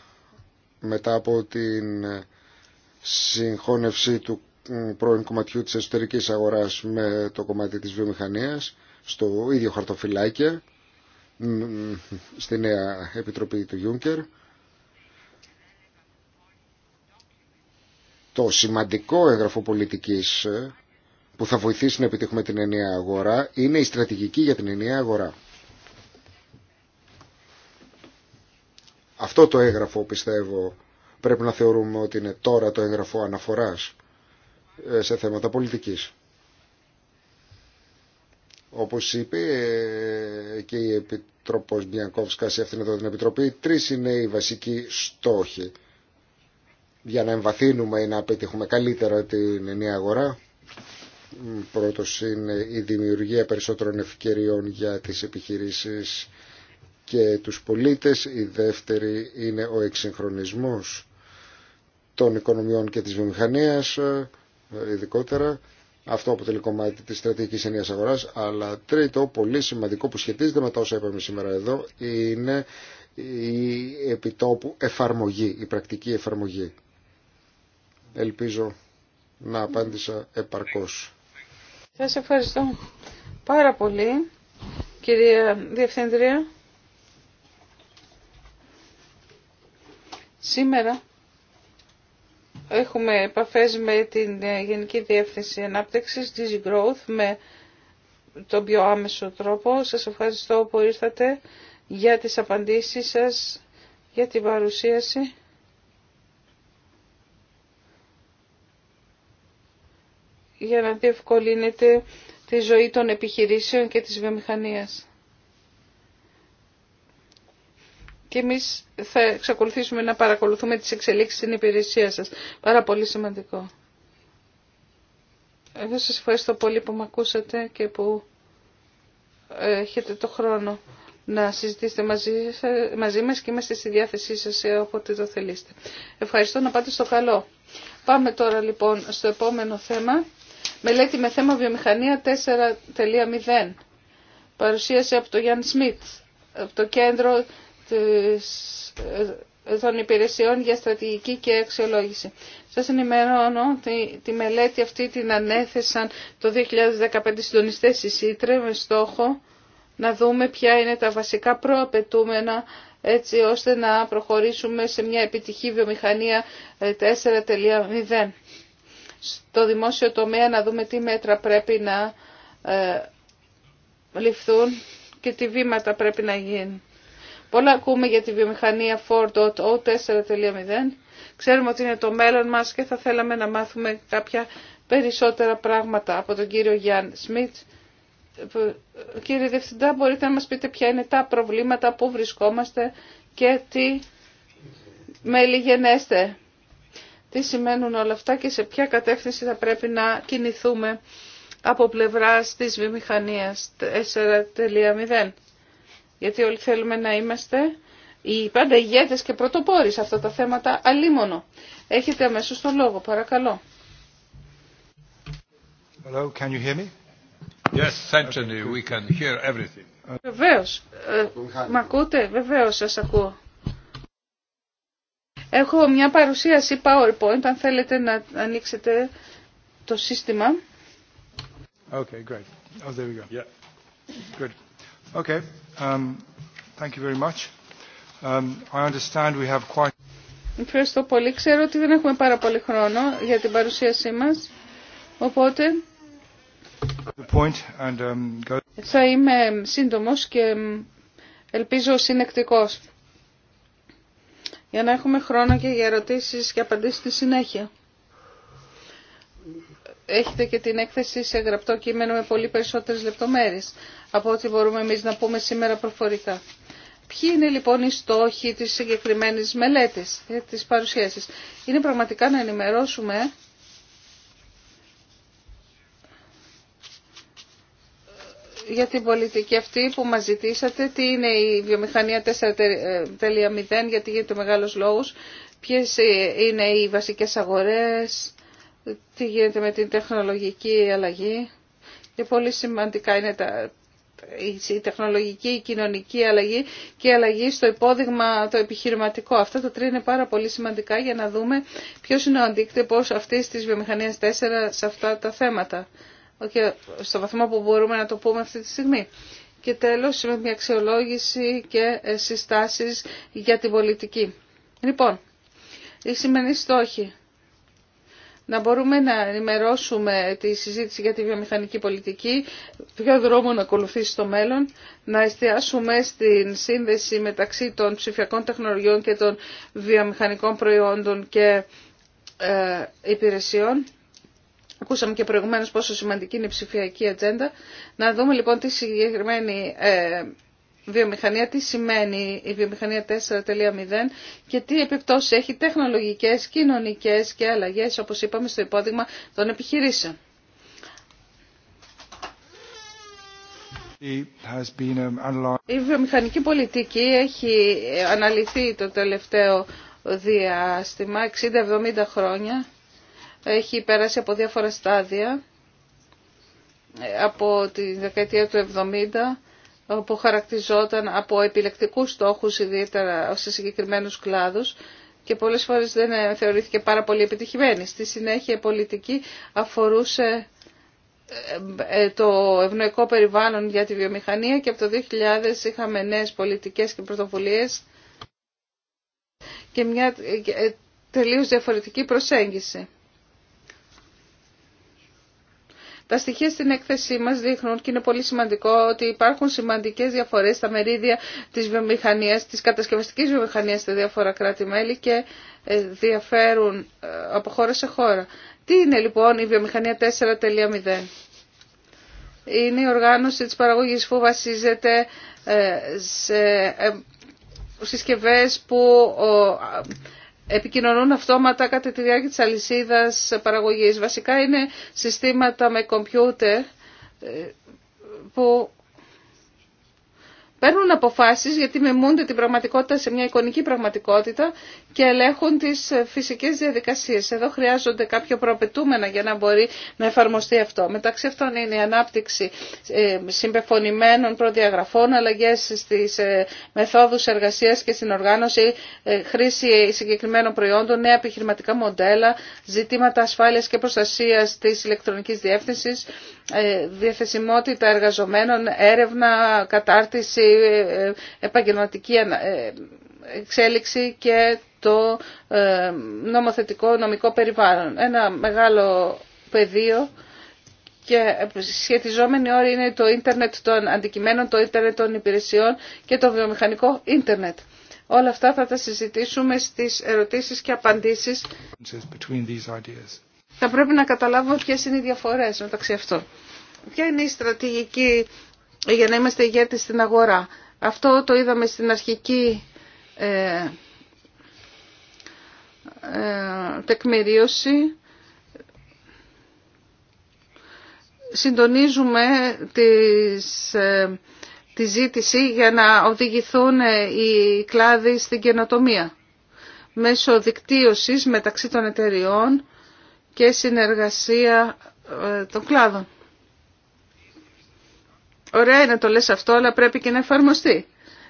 μετά από την ε, συγχώνευση του πρώην κομματιού της εσωτερικής αγοράς με το κομμάτι της βιομηχανίας στο ίδιο χαρτοφυλάκια στη νέα επιτροπή του Γιούνκερ. Το σημαντικό έγγραφο πολιτικής ε, που θα βοηθήσει να επιτύχουμε την ενιαία αγορά είναι η στρατηγική για την ενιαία αγορά. Αυτό το έγγραφο πιστεύω πρέπει να θεωρούμε ότι είναι τώρα το έγγραφο αναφοράς ε, σε θέματα πολιτικής. Όπως είπε ε, και η Επιτροπός Μπιανκόφσκα σε αυτήν εδώ την Επιτροπή, τρεις είναι οι βασικοί στόχοι για να εμβαθύνουμε ή να πετύχουμε καλύτερα την ενιαία αγορά. Πρώτος είναι η δημιουργία περισσότερων ευκαιριών για τις επιχειρήσεις και τους πολίτες. Η δεύτερη είναι ο εξυγχρονισμός των οικονομιών και της βιομηχανίας ειδικότερα. Αυτό αποτελεί κομμάτι τη στρατηγική ενίας αγορά. Αλλά τρίτο, πολύ σημαντικό που σχετίζεται με τα όσα είπαμε σήμερα εδώ, είναι η επιτόπου εφαρμογή, η πρακτική εφαρμογή. Ελπίζω να απάντησα επαρκώς. Σας ευχαριστώ πάρα πολύ, κυρία Διευθύντρια. Σήμερα Έχουμε επαφές με την ε, Γενική Διεύθυνση Ανάπτυξης, Digi Growth, με τον πιο άμεσο τρόπο. Σας ευχαριστώ που ήρθατε για τις απαντήσεις σας, για την παρουσίαση. για να διευκολύνετε τη ζωή των επιχειρήσεων και της βιομηχανίας. και εμείς θα εξακολουθήσουμε να παρακολουθούμε τις εξελίξεις στην υπηρεσία σας. Πάρα πολύ σημαντικό. Εγώ σας ευχαριστώ πολύ που με ακούσατε και που ε, έχετε το χρόνο να συζητήσετε μαζί, μαζί μας και είμαστε στη διάθεσή σας όποτε το θελήσετε. Ευχαριστώ να πάτε στο καλό. Πάμε τώρα λοιπόν στο επόμενο θέμα. Μελέτη με θέμα βιομηχανία 4.0. Παρουσίαση από το Γιάννη Σμιτ, από το κέντρο ε, των υπηρεσιών για στρατηγική και αξιολόγηση. Σας ενημερώνω ότι τη μελέτη αυτή την ανέθεσαν το 2015 συντονιστές στη Ήτρε με στόχο να δούμε ποια είναι τα βασικά προαπαιτούμενα έτσι ώστε να προχωρήσουμε σε μια επιτυχή βιομηχανία 4.0. Ε, Στο δημόσιο τομέα να δούμε τι μέτρα πρέπει να ε, ληφθούν και τι βήματα πρέπει να γίνουν. Πολλά ακούμε για τη βιομηχανία 4.0, 4.0. Ξέρουμε ότι είναι το μέλλον μας και θα θέλαμε να μάθουμε κάποια περισσότερα πράγματα από τον κύριο Γιάνν Σμιτ. Κύριε Διευθυντά, μπορείτε να μας πείτε ποια είναι τα προβλήματα, πού βρισκόμαστε και τι μελιγενέστε. Τι σημαίνουν όλα αυτά και σε ποια κατεύθυνση θα πρέπει να κινηθούμε από πλευράς της βιομηχανίας 4.0 γιατί όλοι θέλουμε να είμαστε οι πάντα ηγέτες και πρωτοπόροι σε αυτά τα θέματα αλίμονο. Έχετε αμέσως τον λόγο, παρακαλώ. Hello, can you hear me? Yes, certainly we can hear everything. Βεβαίως. Ε, μ' ακούτε? Βεβαίως σας ακούω. Έχω μια παρουσίαση PowerPoint, αν θέλετε να ανοίξετε το σύστημα. Okay, great. Oh, there we go. Yeah. Good. Okay. Ευχαριστώ πολύ. Ξέρω ότι δεν έχουμε πάρα πολύ χρόνο για την παρουσίασή μας, οπότε um, θα είμαι σύντομος και ελπίζω συνεκτικός για να έχουμε χρόνο και για ερωτήσεις και απαντήσεις στη συνέχεια. Έχετε και την έκθεση σε γραπτό κείμενο με πολύ περισσότερες λεπτομέρειες από ό,τι μπορούμε εμείς να πούμε σήμερα προφορικά. Ποιοι είναι λοιπόν οι στόχοι της συγκεκριμένης μελέτης, ε, της παρουσίασης. Είναι πραγματικά να ενημερώσουμε για την πολιτική αυτή που μας ζητήσατε, τι είναι η βιομηχανία 4.0, γιατί γίνεται μεγάλος λόγος, ποιες ε, είναι οι βασικές αγορές, τι γίνεται με την τεχνολογική αλλαγή. Και πολύ σημαντικά είναι τα η τεχνολογική, η κοινωνική αλλαγή και η αλλαγή στο υπόδειγμα το επιχειρηματικό. Αυτά τα τρία είναι πάρα πολύ σημαντικά για να δούμε ποιο είναι ο αντίκτυπο αυτή τη βιομηχανία 4 σε αυτά τα θέματα. Okay, στο βαθμό που μπορούμε να το πούμε αυτή τη στιγμή. Και τέλος με μια αξιολόγηση και ε, συστάσεις για την πολιτική. Λοιπόν, οι σημερινοί στόχοι να μπορούμε να ενημερώσουμε τη συζήτηση για τη βιομηχανική πολιτική, ποιο δρόμο να ακολουθήσει στο μέλλον, να εστιάσουμε στην σύνδεση μεταξύ των ψηφιακών τεχνολογιών και των βιομηχανικών προϊόντων και ε, υπηρεσιών. Ακούσαμε και προηγουμένως πόσο σημαντική είναι η ψηφιακή ατζέντα. Να δούμε λοιπόν τι συγκεκριμένη ε, βιομηχανία, τι σημαίνει η βιομηχανία 4.0 και τι επιπτώσεις έχει τεχνολογικές, κοινωνικές και αλλαγές, όπως είπαμε στο υπόδειγμα των επιχειρήσεων. Η βιομηχανική πολιτική έχει αναλυθεί το τελευταίο διάστημα, 60-70 χρόνια. Έχει περάσει από διάφορα στάδια, ε, από τη δεκαετία του 70 που χαρακτηριζόταν από επιλεκτικούς στόχους ιδιαίτερα σε συγκεκριμένους κλάδους και πολλές φορές δεν ε, θεωρήθηκε πάρα πολύ επιτυχημένη. Στη συνέχεια η πολιτική αφορούσε ε, ε, το ευνοϊκό περιβάλλον για τη βιομηχανία και από το 2000 είχαμε νέες πολιτικές και πρωτοβουλίες και μια τελείως διαφορετική προσέγγιση. Τα στοιχεία στην έκθεσή μας δείχνουν και είναι πολύ σημαντικό ότι υπάρχουν σημαντικές διαφορές στα μερίδια της βιομηχανίας, της κατασκευαστικής βιομηχανίας στα διάφορα κράτη-μέλη και ε, διαφέρουν ε, από χώρα σε χώρα. Τι είναι λοιπόν η βιομηχανία 4.0? Είναι η οργάνωση της παραγωγής που βασίζεται ε, σε συσκευές που επικοινωνούν αυτόματα κατά τη διάρκεια της αλυσίδας παραγωγής. Βασικά είναι συστήματα με κομπιούτερ ε, που παίρνουν αποφάσεις γιατί μεμούνται την πραγματικότητα σε μια εικονική πραγματικότητα και ελέγχουν τις φυσικές διαδικασίες. Εδώ χρειάζονται κάποια προπετούμενα για να μπορεί να εφαρμοστεί αυτό. Μεταξύ αυτών είναι η ανάπτυξη ε, συμπεφωνημένων προδιαγραφών, αλλαγές στις ε, μεθόδους εργασίας και στην οργάνωση, ε, χρήση συγκεκριμένων προϊόντων, νέα επιχειρηματικά μοντέλα, ζητήματα ασφάλειας και προστασίας της ηλεκτρονικής διεύθυνση. Ε, διαθεσιμότητα εργαζομένων, έρευνα, κατάρτιση, ε, επαγγελματική ε, εξέλιξη και το νομοθετικό νομικό περιβάλλον. Ένα μεγάλο πεδίο και σχετιζόμενοι όροι είναι το ίντερνετ των αντικειμένων, το ίντερνετ των υπηρεσιών και το βιομηχανικό ίντερνετ. Όλα αυτά θα τα συζητήσουμε στις ερωτήσεις και απαντήσεις. Θα πρέπει να καταλάβουμε ποιε είναι οι διαφορέ μεταξύ αυτών. Ποια είναι η στρατηγική για να είμαστε ηγέτες στην αγορά. Αυτό το είδαμε στην αρχική ε, ε τεκμηρίωση. Συντονίζουμε τις, ε, τη ζήτηση για να οδηγηθούν ε, οι κλάδοι στην καινοτομία μέσω δικτύωσης μεταξύ των εταιριών και συνεργασία ε, των κλάδων. Ωραία είναι το λες αυτό, αλλά πρέπει και να εφαρμοστεί.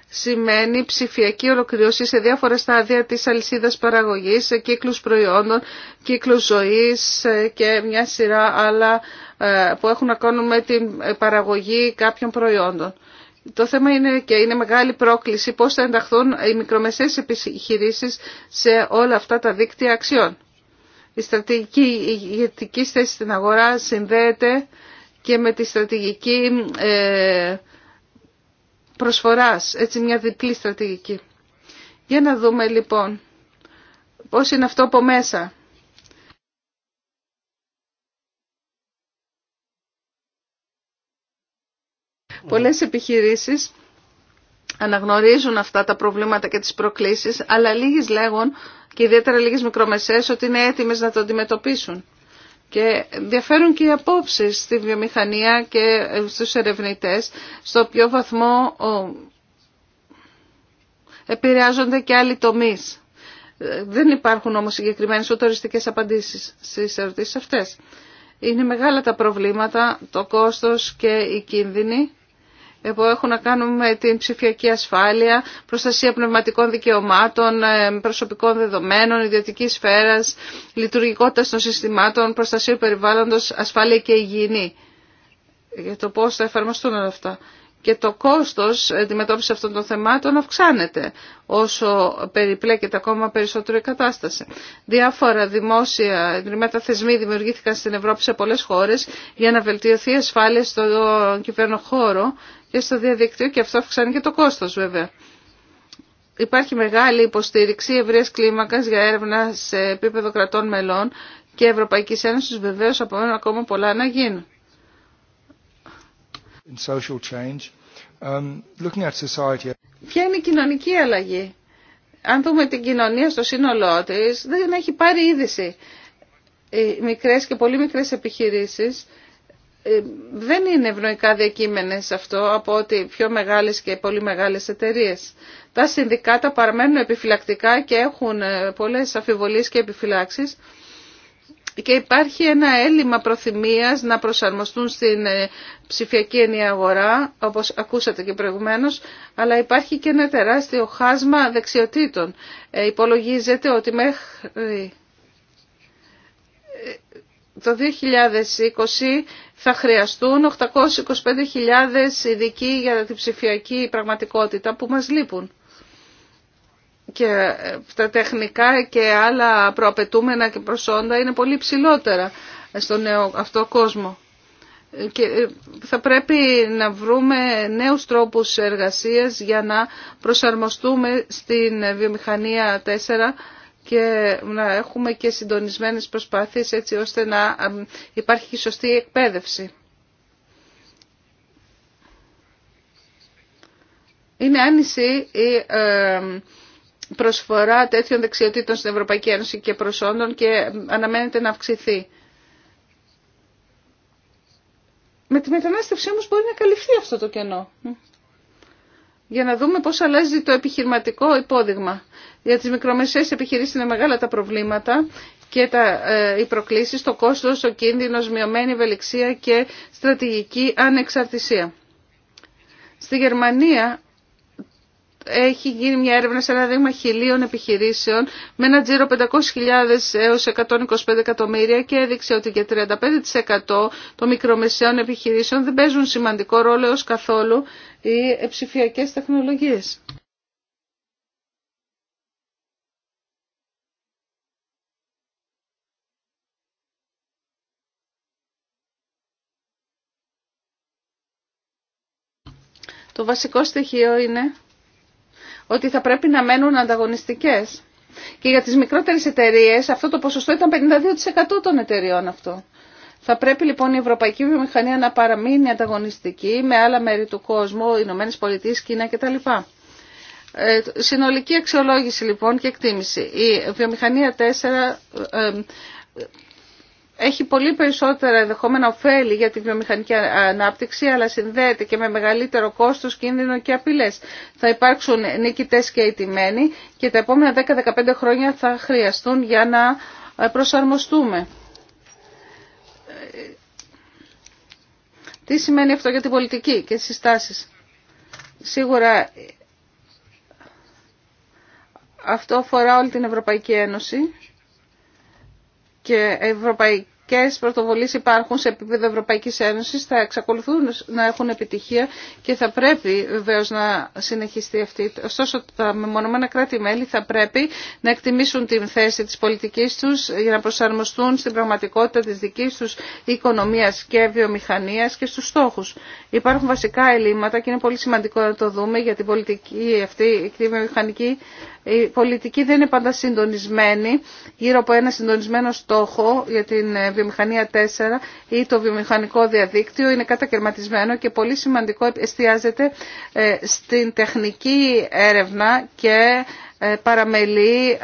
Σημαίνει ψηφιακή ολοκληρώση σε διάφορα στάδια της αλυσίδας παραγωγής, σε κύκλους προϊόντων, κύκλους ζωής ε, και μια σειρά άλλα ε, που έχουν να κάνουν με την παραγωγή κάποιων προϊόντων. Το θέμα είναι και είναι μεγάλη πρόκληση πώς θα ενταχθούν οι μικρομεσαίες επιχειρήσεις σε όλα αυτά τα δίκτυα αξιών. Η στρατηγική ηγετική θέση στην αγορά συνδέεται και με τη στρατηγική ε, προσφοράς, έτσι μια διπλή στρατηγική. Για να δούμε λοιπόν πώς είναι αυτό από μέσα. Πολλές επιχειρήσεις αναγνωρίζουν αυτά τα προβλήματα και τις προκλήσεις, αλλά λίγες λέγουν και ιδιαίτερα λίγες μικρομεσαίες ότι είναι έτοιμες να το αντιμετωπίσουν. Και διαφέρουν και οι απόψεις στη βιομηχανία και ε, στους ερευνητές στο ποιο βαθμό επηρεάζονται και άλλοι τομείς. Ε, δεν υπάρχουν όμως συγκεκριμένες ούτε απαντήσεις στις ερωτήσεις αυτές. Είναι μεγάλα τα προβλήματα, το κόστος και οι κίνδυνοι που έχουν να κάνουν με την ψηφιακή ασφάλεια, προστασία πνευματικών δικαιωμάτων, ε, προσωπικών δεδομένων, ιδιωτική σφαίρα, λειτουργικότητα των συστημάτων, προστασία περιβάλλοντο, ασφάλεια και υγιεινή. Για το πώ θα εφαρμοστούν όλα αυτά. Και το κόστος αντιμετώπιση αυτών των θεμάτων αυξάνεται όσο περιπλέκεται ακόμα περισσότερο η κατάσταση. Διάφορα δημόσια ιδρυμάτα θεσμοί δημιουργήθηκαν στην Ευρώπη σε πολλέ χώρε για να βελτιωθεί η ασφάλεια στον κυβέρνο χώρο ε, στο διαδίκτυο και αυτό αυξάνει και το κόστος βέβαια. Υπάρχει μεγάλη υποστήριξη ευρεία κλίμακα για έρευνα σε επίπεδο κρατών μελών και Ευρωπαϊκής Ένωσης από απομένουν ακόμα πολλά να γίνουν. Um, Ποια είναι η κοινωνική αλλαγή. Αν δούμε την κοινωνία στο σύνολό τη, δεν έχει πάρει είδηση. Οι μικρές και πολύ μικρές επιχειρήσεις ε, δεν είναι ευνοϊκά διακείμενες αυτό από ότι πιο μεγάλες και πολύ μεγάλες εταιρείες. Τα συνδικάτα παραμένουν επιφυλακτικά και έχουν ε, πολλές αφιβολίες και επιφυλάξεις και υπάρχει ένα έλλειμμα προθυμίας να προσαρμοστούν στην ε, ψηφιακή ενιαία αγορά, όπως ακούσατε και προηγουμένως, αλλά υπάρχει και ένα τεράστιο χάσμα δεξιοτήτων. υπολογίζεται ότι μέχρι το 2020 θα χρειαστούν 825.000 ειδικοί για την ψηφιακή πραγματικότητα που μας λείπουν. Και ε, τα τεχνικά και άλλα προαπαιτούμενα και προσόντα είναι πολύ ψηλότερα στον νέο αυτό κόσμο. Και ε, θα πρέπει να βρούμε νέους τρόπους εργασίας για να προσαρμοστούμε στην βιομηχανία 4 και να έχουμε και συντονισμένες προσπάθειες έτσι ώστε να υπάρχει σωστή εκπαίδευση. Είναι άνηση η προσφορά τέτοιων δεξιοτήτων στην Ευρωπαϊκή Ένωση και προσόντων και αναμένεται να αυξηθεί. Με τη μετανάστευση όμως μπορεί να καλυφθεί αυτό το κενό για να δούμε πώς αλλάζει το επιχειρηματικό υπόδειγμα. Για τις μικρομεσαίες επιχειρήσεις είναι μεγάλα τα προβλήματα και τα, ε, οι προκλήσεις, το κόστος, ο κίνδυνος, μειωμένη ευελιξία και στρατηγική ανεξαρτησία. Στη Γερμανία έχει γίνει μια έρευνα σε ένα δείγμα χιλίων επιχειρήσεων με ένα τζίρο 500.000 έως 125 εκατομμύρια και έδειξε ότι και 35% των μικρομεσαίων επιχειρήσεων δεν παίζουν σημαντικό ρόλο έως καθόλου οι ψηφιακέ τεχνολογίες. Το βασικό στοιχείο είναι ότι θα πρέπει να μένουν ανταγωνιστικές. Και για τις μικρότερες εταιρείες αυτό το ποσοστό ήταν 52% των εταιριών αυτό. Θα πρέπει λοιπόν η ευρωπαϊκή βιομηχανία να παραμείνει ανταγωνιστική με άλλα μέρη του κόσμου, Ηνωμένε Πολιτείε, Κίνα κτλ. Ε, συνολική αξιολόγηση λοιπόν και εκτίμηση. Η βιομηχανία 4 ε, ε, έχει πολύ περισσότερα ενδεχόμενα ωφέλη για τη βιομηχανική ανάπτυξη, αλλά συνδέεται και με μεγαλύτερο κόστο, κίνδυνο και απειλέ. Θα υπάρξουν νικητέ και ειτημένοι και τα επόμενα 10-15 χρόνια θα χρειαστούν για να προσαρμοστούμε τι σημαίνει αυτό για την πολιτική και τις συστάσεις. Σίγουρα αυτό αφορά όλη την Ευρωπαϊκή Ένωση και η Ευρωπαϊκή και πρωτοβολίε υπάρχουν σε επίπεδο Ευρωπαϊκής Ένωσης θα εξακολουθούν να έχουν επιτυχία και θα πρέπει βεβαίω να συνεχιστεί αυτή. Ωστόσο τα μεμονωμένα κράτη-μέλη θα πρέπει να εκτιμήσουν την θέση της πολιτικής τους για να προσαρμοστούν στην πραγματικότητα της δικής τους οικονομίας και βιομηχανίας και στους στόχους. Υπάρχουν βασικά ελλείμματα και είναι πολύ σημαντικό να το δούμε για την πολιτική αυτή, η βιομηχανική η πολιτική δεν είναι πάντα συντονισμένη γύρω από ένα συντονισμένο στόχο για την βιομηχανία 4 ή το βιομηχανικό διαδίκτυο είναι κατακαιρματισμένο και πολύ σημαντικό εστιάζεται ε, στην τεχνική έρευνα και ε, παραμελεί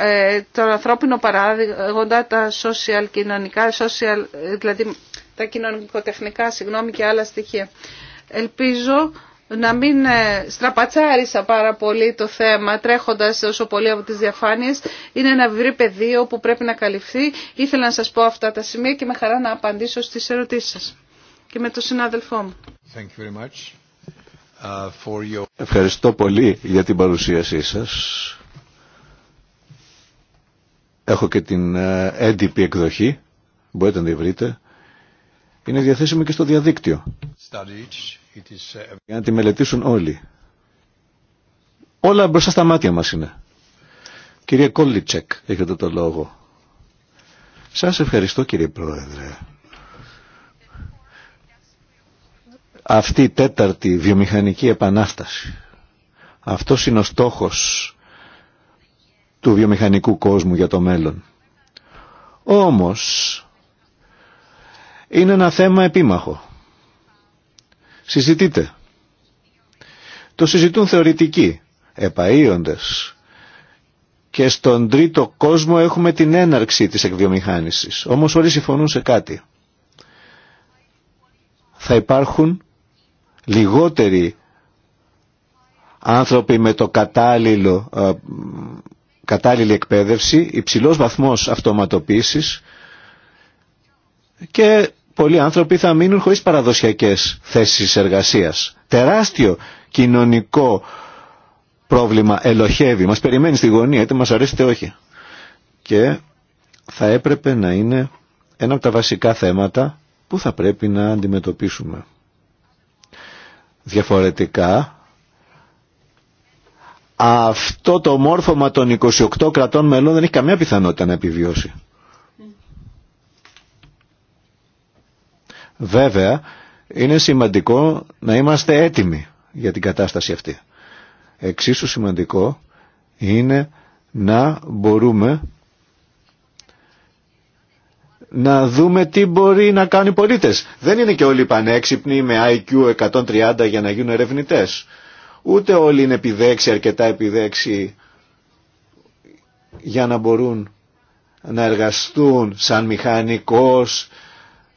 τον ανθρώπινο παράδειγμα, τα social κοινωνικά, social, δηλαδή τα κοινωνικοτεχνικά συγγνώμη και άλλα στοιχεία. Ελπίζω να μην ε, στραπατσάρισα πάρα πολύ το θέμα τρέχοντας όσο πολύ από τις διαφάνειες. Είναι ένα βρύ πεδίο που πρέπει να καλυφθεί. Ήθελα να σας πω αυτά τα σημεία και με χαρά να απαντήσω στις ερωτήσεις σας και με τον συνάδελφό μου. Thank you very much uh, for your... Ευχαριστώ πολύ για την παρουσίασή σας. Έχω και την ε, έντυπη εκδοχή, μπορείτε να τη βρείτε. Είναι διαθέσιμη και στο διαδίκτυο. Uh, για να τη μελετήσουν όλοι. Όλα μπροστά στα μάτια μας είναι. Κύριε Κόλλιτσεκ, έχετε το λόγο. Σας ευχαριστώ κύριε Πρόεδρε. Αυτή η τέταρτη βιομηχανική επανάσταση, αυτός είναι ο στόχος του βιομηχανικού κόσμου για το μέλλον. Όμως, είναι ένα θέμα επίμαχο. Συζητείτε. Το συζητούν θεωρητικοί, επαΐοντες. Και στον τρίτο κόσμο έχουμε την έναρξη της εκβιομηχάνησης. Όμως όλοι συμφωνούν σε κάτι. Θα υπάρχουν λιγότεροι άνθρωποι με το κατάλληλο, ε, κατάλληλη εκπαίδευση, υψηλός βαθμός αυτοματοποίησης και πολλοί άνθρωποι θα μείνουν χωρίς παραδοσιακές θέσεις εργασίας. Τεράστιο κοινωνικό πρόβλημα ελοχεύει. Μας περιμένει στη γωνία, είτε μας αρέσει είτε όχι. Και θα έπρεπε να είναι ένα από τα βασικά θέματα που θα πρέπει να αντιμετωπίσουμε. Διαφορετικά, αυτό το μόρφωμα των 28 κρατών μελών δεν έχει καμία πιθανότητα να επιβιώσει. Βέβαια, είναι σημαντικό να είμαστε έτοιμοι για την κατάσταση αυτή. Εξίσου σημαντικό είναι να μπορούμε να δούμε τι μπορεί να κάνει οι πολίτες. Δεν είναι και όλοι πανέξυπνοι με IQ 130 για να γίνουν ερευνητές. Ούτε όλοι είναι αρκετά επιδέξιοι για να μπορούν να εργαστούν σαν μηχανικός,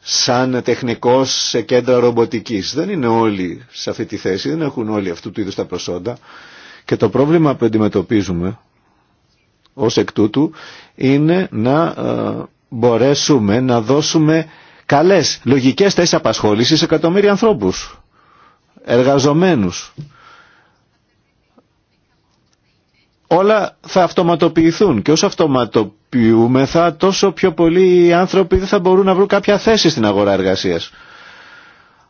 σαν τεχνικός σε κέντρα ρομποτικής. Δεν είναι όλοι σε αυτή τη θέση, δεν έχουν όλοι αυτού του είδους τα προσόντα. Και το πρόβλημα που αντιμετωπίζουμε ως εκ τούτου είναι να ε, μπορέσουμε να δώσουμε καλές λογικές θέσεις απασχόλησης σε εκατομμύρια ανθρώπους, εργαζομένους όλα θα αυτοματοποιηθούν και όσο αυτοματοποιούμεθα τόσο πιο πολλοί άνθρωποι δεν θα μπορούν να βρουν κάποια θέση στην αγορά εργασίας.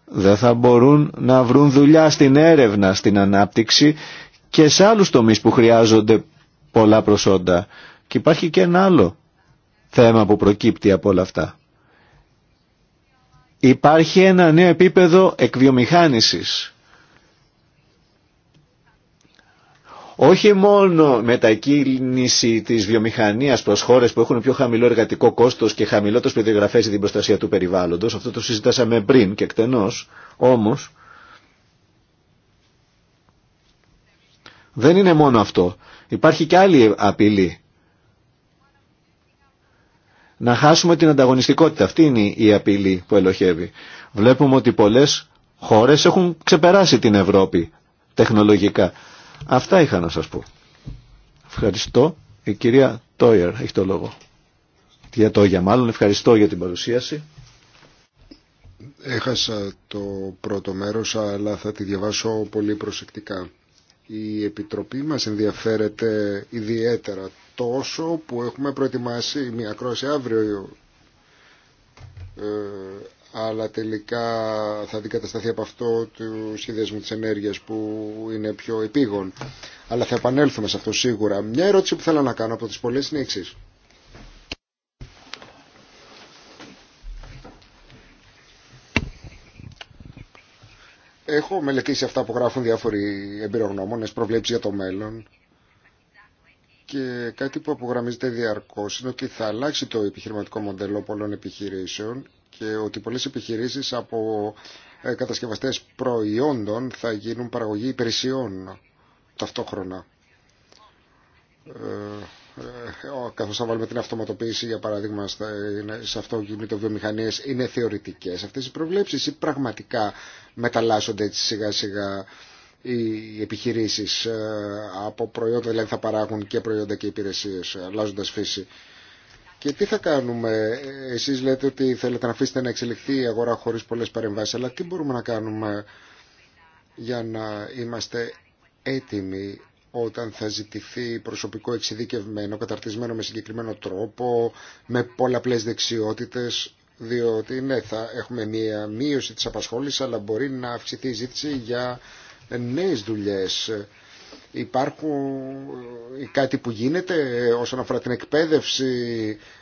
Δεν θα μπορούν να βρουν δουλειά στην έρευνα, στην ανάπτυξη και σε άλλους τομείς που χρειάζονται πολλά προσόντα. Και υπάρχει και ένα άλλο θέμα που προκύπτει από όλα αυτά. Υπάρχει ένα νέο επίπεδο εκβιομηχάνησης όχι μόνο μετακίνηση της βιομηχανίας προς χώρες που έχουν πιο χαμηλό εργατικό κόστος και χαμηλότερες περιγραφές για την προστασία του περιβάλλοντος, αυτό το συζητάσαμε πριν και εκτενώς, όμως δεν είναι μόνο αυτό. Υπάρχει και άλλη απειλή. Να χάσουμε την ανταγωνιστικότητα. Αυτή είναι η απειλή που ελοχεύει. Βλέπουμε ότι πολλές χώρες έχουν ξεπεράσει την Ευρώπη τεχνολογικά. Αυτά είχα να σας πω. Ευχαριστώ. Η κυρία Τόιερ έχει το λόγο. Κυρία Τόγια μάλλον, ευχαριστώ για την παρουσίαση. Έχασα το πρώτο μέρος, αλλά θα τη διαβάσω πολύ προσεκτικά. Η Επιτροπή μας ενδιαφέρεται ιδιαίτερα τόσο που έχουμε προετοιμάσει μια κρόση αύριο ε, αλλά τελικά θα αντικατασταθεί από αυτό του σχεδιασμού της ενέργειας που είναι πιο επίγον. Αλλά θα επανέλθουμε σε αυτό σίγουρα. Μια ερώτηση που θέλω να κάνω από τις πολλές είναι Έχω μελετήσει αυτά που γράφουν διάφοροι εμπειρογνώμονες, προβλέψεις για το μέλλον και κάτι που απογραμμίζεται διαρκώς είναι ότι θα αλλάξει το επιχειρηματικό μοντέλο πολλών επιχειρήσεων και ότι πολλές επιχειρήσεις από ε, κατασκευαστές προϊόντων θα γίνουν παραγωγή υπηρεσιών ταυτόχρονα. Ε, ε καθώς θα βάλουμε την αυτοματοποίηση για παράδειγμα σε αυτό το βιομηχανίες είναι θεωρητικές αυτές οι προβλέψεις ή πραγματικά μεταλλάσσονται έτσι σιγά σιγά οι επιχειρήσεις ε, από προϊόντα δηλαδή θα παράγουν και προϊόντα και υπηρεσίες αλλάζοντας φύση και τι θα κάνουμε, εσείς λέτε ότι θέλετε να αφήσετε να εξελιχθεί η αγορά χωρίς πολλές παρεμβάσεις, αλλά τι μπορούμε να κάνουμε για να είμαστε έτοιμοι όταν θα ζητηθεί προσωπικό εξειδικευμένο, καταρτισμένο με συγκεκριμένο τρόπο, με πολλαπλές δεξιότητες, διότι ναι, θα έχουμε μία μείωση της απασχόλησης, αλλά μπορεί να αυξηθεί η ζήτηση για νέες δουλειές Υπάρχουν ε, κάτι που γίνεται ε, όσον αφορά την εκπαίδευση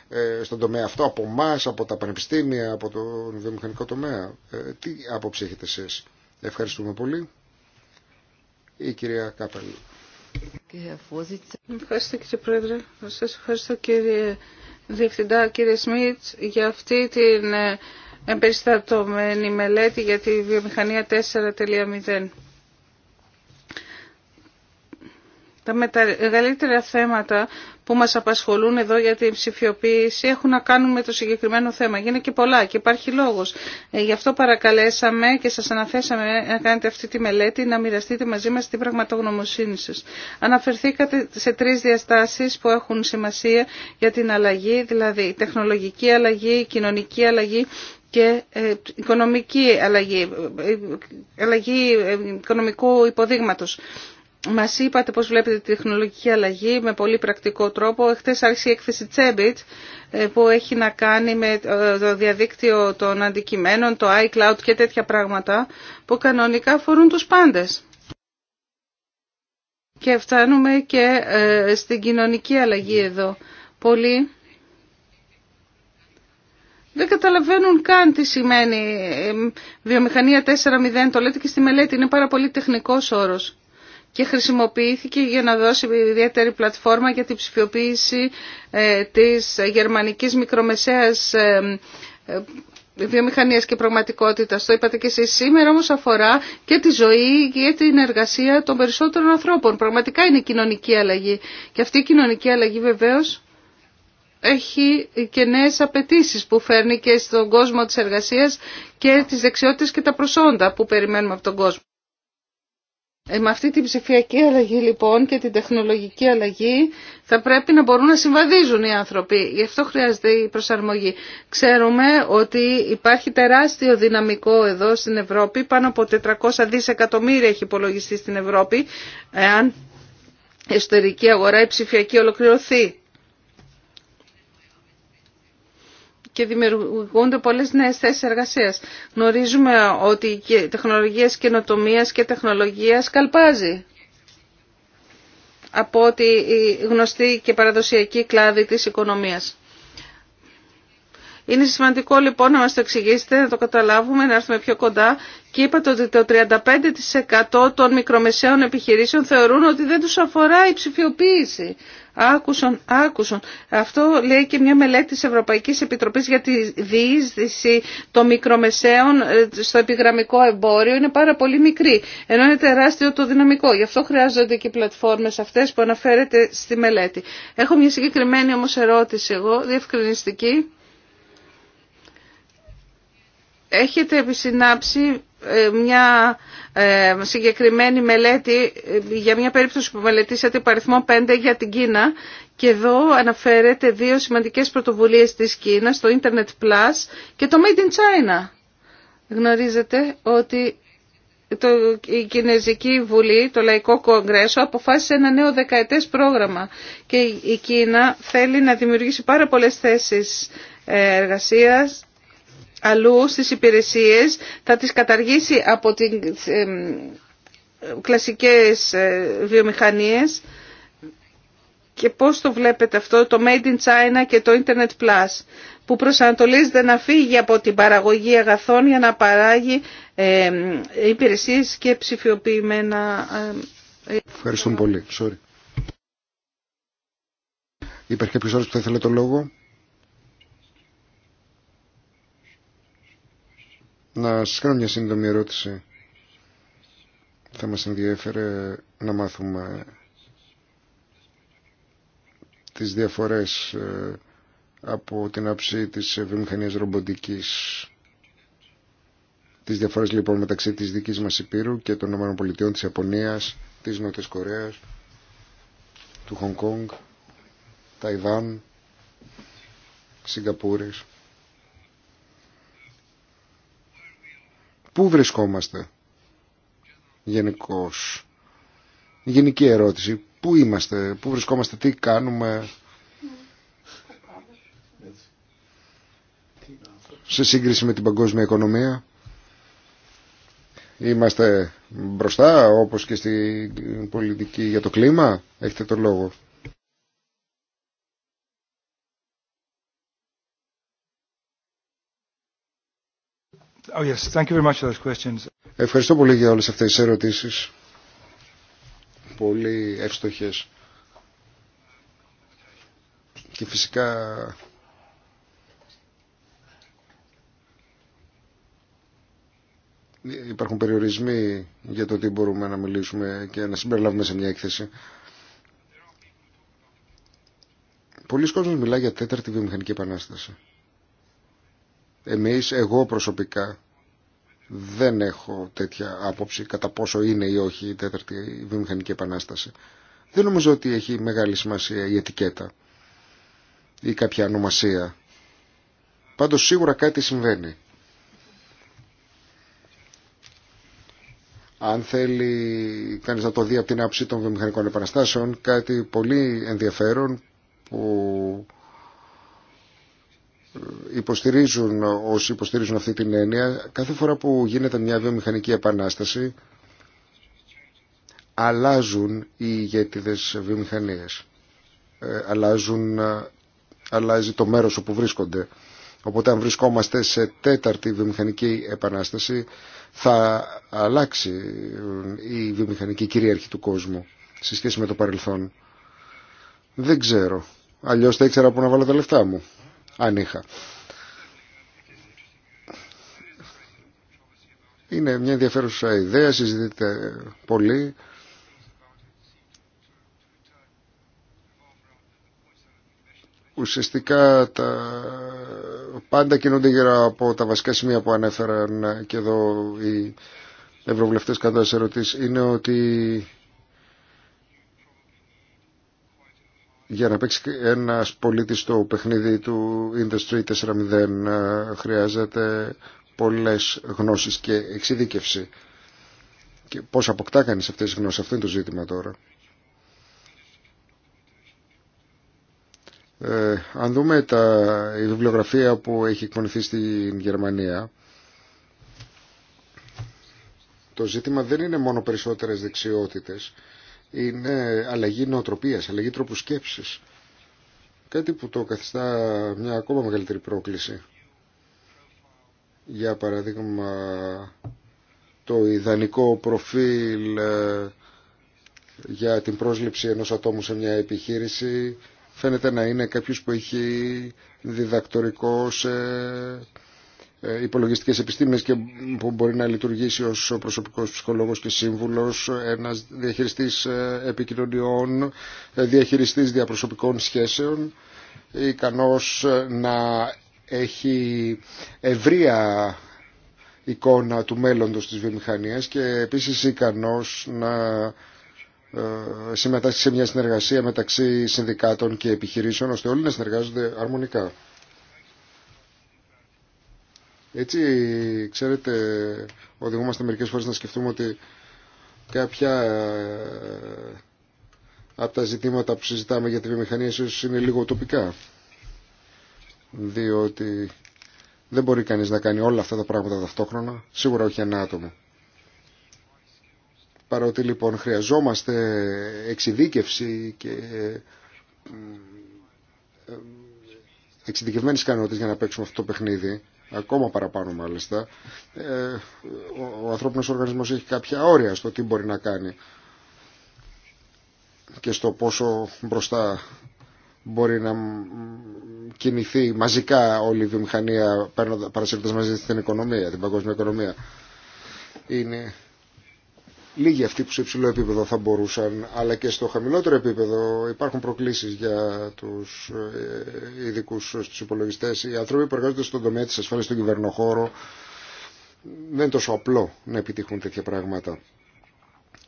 ε, στον τομέα αυτό από εμά, από τα πανεπιστήμια, από τον βιομηχανικό τομέα. Τι άποψη έχετε εσεί. Ευχαριστούμε πολύ. Η κυρία Κάπαλη. Ευχαριστώ κύριε Πρόεδρε. Σα ευχαριστώ κύριε Διευθυντά, κύριε Σμιτ για αυτή την εμπεριστατωμένη μελέτη για τη βιομηχανία 4.0. Τα μεγαλύτερα θέματα που μας απασχολούν εδώ για την ψηφιοποίηση έχουν να κάνουν με το συγκεκριμένο θέμα. Γίνεται και πολλά και υπάρχει λόγος. Ε, γι' αυτό παρακαλέσαμε και σας αναθέσαμε να κάνετε αυτή τη μελέτη, να μοιραστείτε μαζί μας την πραγματογνωμοσύνη σας. Αναφερθήκατε σε τρεις διαστάσεις που έχουν σημασία για την αλλαγή, δηλαδή η τεχνολογική αλλαγή, η κοινωνική αλλαγή και ε, οικονομική αλλαγή, ε, αλλαγή οικονομικού υποδείγματος. Μας είπατε πώς βλέπετε τη τεχνολογική αλλαγή με πολύ πρακτικό τρόπο. Χθες άρχισε η έκθεση Τσέμπιτ ε, που έχει να κάνει με ε, το διαδίκτυο των αντικειμένων, το iCloud και τέτοια πράγματα που κανονικά αφορούν τους πάντες. Και φτάνουμε και ε, στην κοινωνική αλλαγή εδώ. Πολλοί δεν καταλαβαίνουν καν τι σημαίνει βιομηχανία 4.0. Το λέτε και στη μελέτη, είναι πάρα πολύ τεχνικός όρος και χρησιμοποιήθηκε για να δώσει ιδιαίτερη πλατφόρμα για την ψηφιοποίηση ε, της γερμανικής μικρομεσαίας ε, ε, βιομηχανίας και πραγματικότητας. Το είπατε και εσείς σήμερα όμως αφορά και τη ζωή και την εργασία των περισσότερων ανθρώπων. Πραγματικά είναι κοινωνική αλλαγή και αυτή η κοινωνική αλλαγή βεβαίως έχει και νέες απαιτήσει που φέρνει και στον κόσμο της εργασίας και τις δεξιότητες και τα προσόντα που περιμένουμε από τον κόσμο. Ε, με αυτή την ψηφιακή αλλαγή λοιπόν και την τεχνολογική αλλαγή θα πρέπει να μπορούν να συμβαδίζουν οι άνθρωποι. Γι' αυτό χρειάζεται η προσαρμογή. Ξέρουμε ότι υπάρχει τεράστιο δυναμικό εδώ στην Ευρώπη. Πάνω από 400 δισεκατομμύρια έχει υπολογιστεί στην Ευρώπη εάν η εσωτερική αγορά η ψηφιακή ολοκληρωθεί. και δημιουργούνται πολλές νέες θέσεις εργασίας. Γνωρίζουμε ότι τεχνολογία τεχνολογίες καινοτομίας και τεχνολογίας καλπάζει από ότι γνωστή και παραδοσιακή κλάδη της οικονομίας. Είναι σημαντικό λοιπόν να μας το εξηγήσετε, να το καταλάβουμε, να έρθουμε πιο κοντά. Και είπατε ότι το 35% των μικρομεσαίων επιχειρήσεων θεωρούν ότι δεν τους αφορά η ψηφιοποίηση. Άκουσαν, άκουσαν. Αυτό λέει και μια μελέτη της Ευρωπαϊκής Επιτροπής για τη διείσδυση των μικρομεσαίων ε, στο επιγραμμικό εμπόριο. Είναι πάρα πολύ μικρή, ενώ είναι τεράστιο το δυναμικό. Γι' αυτό χρειάζονται και οι πλατφόρμες αυτές που αναφέρεται στη μελέτη. Έχω μια συγκεκριμένη όμως ερώτηση εγώ, διευκρινιστική έχετε επισυνάψει ε, μια ε, συγκεκριμένη μελέτη ε, για μια περίπτωση που μελετήσατε αριθμό 5 για την Κίνα και εδώ αναφέρετε δύο σημαντικές πρωτοβουλίες της Κίνας, το Internet Plus και το Made in China. Γνωρίζετε ότι το, η Κινέζικη Βουλή, το Λαϊκό Κογκρέσο, αποφάσισε ένα νέο δεκαετές πρόγραμμα και η Κίνα θέλει να δημιουργήσει πάρα πολλές θέσεις εργασίας αλλού στις υπηρεσίες, θα τις καταργήσει από τις κλασικές ε, βιομηχανίες και πώς το βλέπετε αυτό το Made in China και το Internet Plus που προσανατολίζεται να φύγει από την παραγωγή αγαθών για να παράγει ε, υπηρεσίες και ψηφιοποιημένα. Ε, Ευχαριστούμε πολύ. Sorry. Υπάρχει κάποιος άλλος που θα ήθελε το λόγο. Να σας κάνω μια σύντομη ερώτηση. Θα μας ενδιέφερε να μάθουμε τις διαφορές ε, από την άψη της βιομηχανίας ρομποτικής. Τις διαφορές λοιπόν μεταξύ της δικής μας Υπήρου και των πολιτείων της Ιαπωνίας, της Νότιας Κορέας, του Χονγκ Κόνγκ, Ταϊβάν, Σιγκαπούρης. Πού βρισκόμαστε γενικώ. Γενική ερώτηση. Πού είμαστε, πού βρισκόμαστε, τι κάνουμε. Σε σύγκριση με την παγκόσμια οικονομία. Είμαστε μπροστά όπως και στην πολιτική για το κλίμα. Έχετε το λόγο. Oh, Ευχαριστώ πολύ για όλες αυτές τις ερωτήσεις. Πολύ εύστοχες. Και φυσικά υπάρχουν περιορισμοί για το τι μπορούμε να μιλήσουμε και να συμπεριλάβουμε σε μια έκθεση. Πολλοί κόσμοι μιλάει για τέταρτη βιομηχανική επανάσταση. Εμείς, εγώ προσωπικά, δεν έχω τέτοια άποψη κατά πόσο είναι ή όχι η τέταρτη βιομηχανική επανάσταση. Δεν νομίζω ότι έχει μεγάλη σημασία η ετικέτα ή κάποια ονομασία. Πάντως σίγουρα κάτι συμβαίνει. Αν θέλει κανείς να το δει από την άψη των βιομηχανικών επαναστάσεων, κάτι πολύ ενδιαφέρον που υποστηρίζουν όσοι υποστηρίζουν αυτή την έννοια κάθε φορά που γίνεται μια βιομηχανική επανάσταση αλλάζουν οι ηγέτιδες βιομηχανίες ε, αλλάζουν, ε, αλλάζει το μέρος όπου βρίσκονται οπότε αν βρισκόμαστε σε τέταρτη βιομηχανική επανάσταση θα αλλάξει ε, η βιομηχανική κυρίαρχη του κόσμου σε σχέση με το παρελθόν δεν ξέρω αλλιώς θα ήξερα που να βάλω τα λεφτά μου αν Είναι μια ενδιαφέρουσα ιδέα, συζητείται πολύ. Ουσιαστικά τα πάντα κινούνται γύρω από τα βασικά σημεία που ανέφεραν και εδώ οι ευρωβουλευτές κατά ερωτήσεις. Είναι ότι για να παίξει ένας πολίτης το παιχνίδι του Industry 4.0 ε, χρειάζεται πολλές γνώσεις και εξειδίκευση. Και πώς αποκτά κανείς αυτές τις γνώσεις, αυτό είναι το ζήτημα τώρα. Ε, αν δούμε τα, η βιβλιογραφία που έχει εκπονηθεί στην Γερμανία, το ζήτημα δεν είναι μόνο περισσότερες δεξιότητες, είναι αλλαγή νοοτροπίας, αλλαγή τρόπου σκέψης. Κάτι που το καθιστά μια ακόμα μεγαλύτερη πρόκληση. Για παραδείγμα, το ιδανικό προφίλ ε, για την πρόσληψη ενός ατόμου σε μια επιχείρηση φαίνεται να είναι κάποιος που έχει διδακτορικό σε ε, υπολογιστικές επιστήμες και που μπορεί να λειτουργήσει ως προσωπικός ψυχολόγος και σύμβουλος, ένας διαχειριστής ε, επικοινωνιών, ε, διαχειριστής διαπροσωπικών σχέσεων, ικανός να έχει ευρεία εικόνα του μέλλοντος της βιομηχανίας και επίσης ικανός να συμμετάσχει σε μια συνεργασία μεταξύ συνδικάτων και επιχειρήσεων ώστε όλοι να συνεργάζονται αρμονικά. Έτσι, ξέρετε, οδηγούμαστε μερικές φορές να σκεφτούμε ότι κάποια ε, από τα ζητήματα που συζητάμε για τη βιομηχανία ίσως είναι λίγο τοπικά. Διότι δεν μπορεί κανείς να κάνει όλα αυτά τα πράγματα ταυτόχρονα, σίγουρα όχι ένα άτομο. Παρότι λοιπόν χρειαζόμαστε εξειδίκευση και ε, ε, εξειδικευμένες ικανότητες για να παίξουμε αυτό το παιχνίδι, ακόμα παραπάνω μάλιστα. Ε, ο, ο ανθρώπινος οργανισμός έχει κάποια όρια στο τι μπορεί να κάνει και στο πόσο μπροστά μπορεί να κινηθεί μαζικά όλη η βιομηχανία παρασύρτητας μαζί στην οικονομία, την παγκόσμια οικονομία. Είναι λίγοι αυτοί που σε υψηλό επίπεδο θα μπορούσαν, αλλά και στο χαμηλότερο επίπεδο υπάρχουν προκλήσεις για τους ε, ειδικού ε, στους υπολογιστές. Οι άνθρωποι που εργάζονται στον τομέα της ασφάλειας στον κυβερνοχώρο δεν είναι τόσο απλό να επιτύχουν τέτοια πράγματα.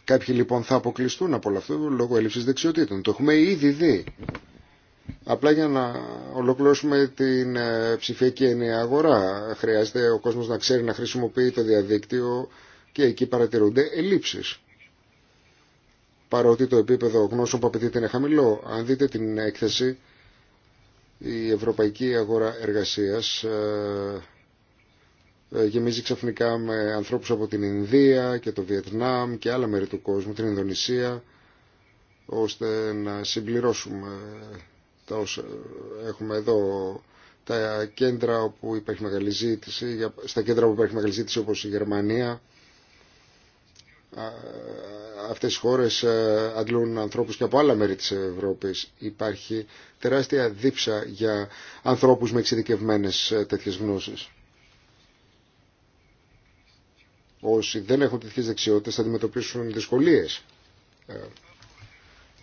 Κάποιοι λοιπόν θα αποκλειστούν από όλο αυτό λόγω έλλειψης δεξιοτήτων. Το έχουμε ήδη δει. Απλά για να ολοκληρώσουμε την ε, ψηφιακή ενιαία αγορά. Χρειάζεται ο κόσμος να ξέρει να χρησιμοποιεί το διαδίκτυο, και εκεί παρατηρούνται ελλείψεις. Παρότι το επίπεδο γνώσεων που απαιτείται είναι χαμηλό, αν δείτε την έκθεση, η ευρωπαϊκή αγορά εργασίας ε, ε, γεμίζει ξαφνικά με ανθρώπους από την Ινδία και το Βιετνάμ και άλλα μέρη του κόσμου, την Ινδονησία, ώστε να συμπληρώσουμε τα έχουμε εδώ τα κέντρα όπου υπάρχει μεγάλη ζήτηση, στα κέντρα όπου υπάρχει μεγάλη ζήτηση όπως η Γερμανία αυτές οι χώρες ε, αντλούν ανθρώπους και από άλλα μέρη της Ευρώπης. Υπάρχει τεράστια δίψα για ανθρώπους με εξειδικευμένες ε, τέτοιες γνώσεις. Όσοι δεν έχουν τέτοιες δεξιότητες θα αντιμετωπίσουν δυσκολίες ε,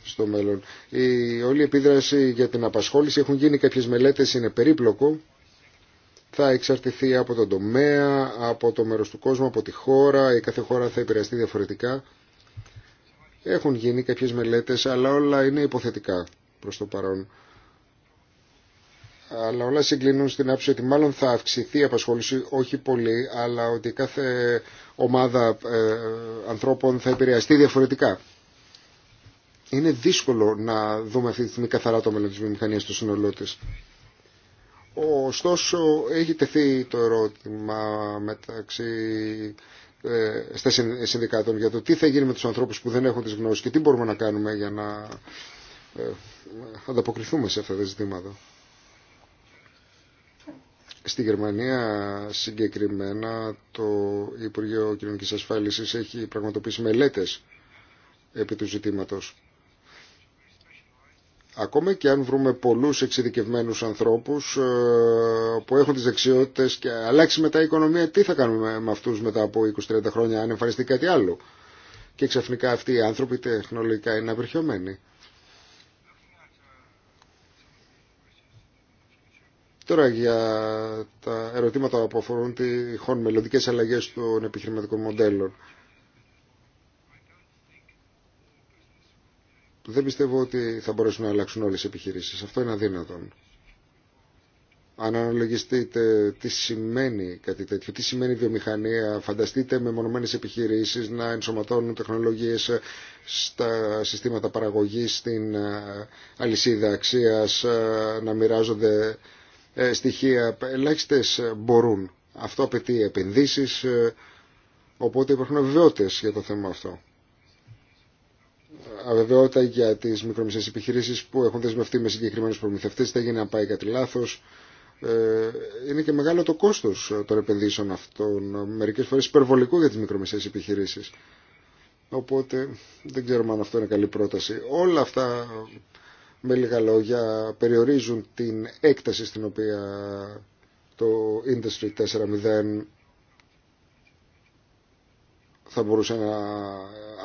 στο μέλλον. Η όλη επίδραση για την απασχόληση έχουν γίνει κάποιες μελέτες, είναι περίπλοκο θα εξαρτηθεί από τον τομέα, από το μέρος του κόσμου, από τη χώρα. Η κάθε χώρα θα επηρεαστεί διαφορετικά. Έχουν γίνει κάποιες μελέτες, αλλά όλα είναι υποθετικά προς το παρόν. Αλλά όλα συγκλίνουν στην άψη ότι μάλλον θα αυξηθεί η απασχόληση, όχι πολύ, αλλά ότι κάθε ομάδα ε, ανθρώπων θα επηρεαστεί διαφορετικά. Είναι δύσκολο να δούμε αυτή τη στιγμή καθαρά το μέλλον της βιομηχανίας στο σύνολό της. Ωστόσο, έχει τεθεί το ερώτημα μεταξύ ε, στα συνδικάτων για το τι θα γίνει με τους ανθρώπους που δεν έχουν τις γνώσεις και τι μπορούμε να κάνουμε για να ε, ανταποκριθούμε σε αυτά τα ζητήματα. Στη Γερμανία συγκεκριμένα το Υπουργείο Κοινωνικής Ασφάλισης έχει πραγματοποιήσει μελέτες επί του ζητήματος Ακόμα και αν βρούμε πολλούς εξειδικευμένους ανθρώπους ε, που έχουν τις δεξιότητες και αλλάξει μετά η οικονομία, τι θα κάνουμε με αυτούς μετά από 20-30 χρόνια αν εμφανιστεί κάτι άλλο. Και ξαφνικά αυτοί οι άνθρωποι τεχνολογικά είναι απερχιωμένοι. Τώρα για τα ερωτήματα που αφορούν τυχόν μελλοντικέ αλλαγέ των επιχειρηματικών μοντέλων. δεν πιστεύω ότι θα μπορέσουν να αλλάξουν όλες οι επιχειρήσεις. Αυτό είναι αδύνατον. Αν αναλογιστείτε τι σημαίνει κάτι τέτοιο, τι σημαίνει βιομηχανία, φανταστείτε με μονομένες επιχειρήσεις να ενσωματώνουν τεχνολογίες στα συστήματα παραγωγής, στην ε, αλυσίδα αξίας, ε, να μοιράζονται ε, στοιχεία. Ελάχιστες μπορούν. Αυτό απαιτεί επενδύσεις, οπότε υπάρχουν βεβαιότητες για το θέμα αυτό αβεβαιότητα για τις μικρομεσαίες επιχειρήσεις που έχουν δεσμευτεί με συγκεκριμένους προμηθευτές, θα γίνει να πάει κάτι λάθο. Ε, είναι και μεγάλο το κόστος των επενδύσεων αυτών, μερικές φορές υπερβολικό για τις μικρομεσαίες επιχειρήσεις. Οπότε δεν ξέρουμε αν αυτό είναι καλή πρόταση. Όλα αυτά με λίγα λόγια περιορίζουν την έκταση στην οποία το Industry 4.0 θα μπορούσε να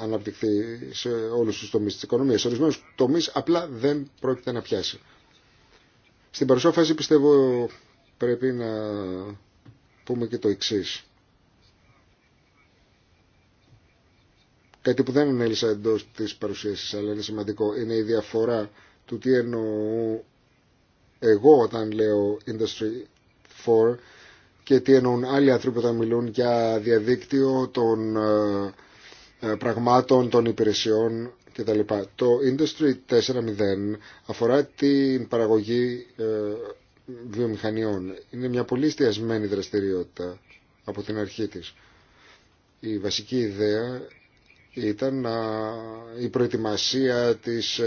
αναπτυχθεί σε όλου του τομείς της οικονομίας. Σε ορισμένου τομεί απλά δεν πρόκειται να πιάσει. Στην παρουσία φάση πιστεύω πρέπει να πούμε και το εξή. Κάτι που δεν ανέλησα εντό τη παρουσίαση, αλλά είναι σημαντικό, είναι η διαφορά του τι εννοώ εγώ όταν λέω Industry 4 και τι εννοούν άλλοι άνθρωποι όταν μιλούν για διαδίκτυο των ε, ε, πραγμάτων, των υπηρεσιών κτλ. Το Industry 4.0 αφορά την παραγωγή ε, βιομηχανιών. Είναι μια πολύ εστιασμένη δραστηριότητα από την αρχή της. Η βασική ιδέα ήταν η προετοιμασία της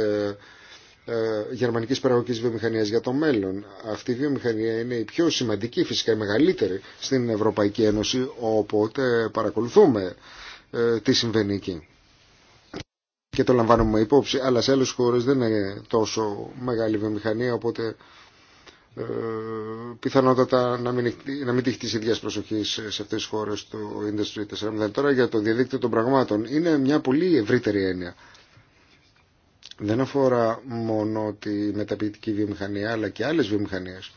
ε, γερμανικής παραγωγικής βιομηχανίας για το μέλλον. Αυτή η βιομηχανία είναι η πιο σημαντική, φυσικά η μεγαλύτερη στην Ευρωπαϊκή Ένωση, οπότε παρακολουθούμε ε, τι συμβαίνει εκεί. Και το λαμβάνουμε υπόψη, αλλά σε άλλες χώρες δεν είναι τόσο μεγάλη βιομηχανία, οπότε ε, πιθανότατα να μην, να μην τύχει τη ίδια προσοχή σε αυτέ τι χώρε του Industry 4.0. Τώρα για το διαδίκτυο των πραγμάτων. Είναι μια πολύ ευρύτερη έννοια δεν αφορά μόνο τη μεταποιητική βιομηχανία αλλά και άλλες βιομηχανίες.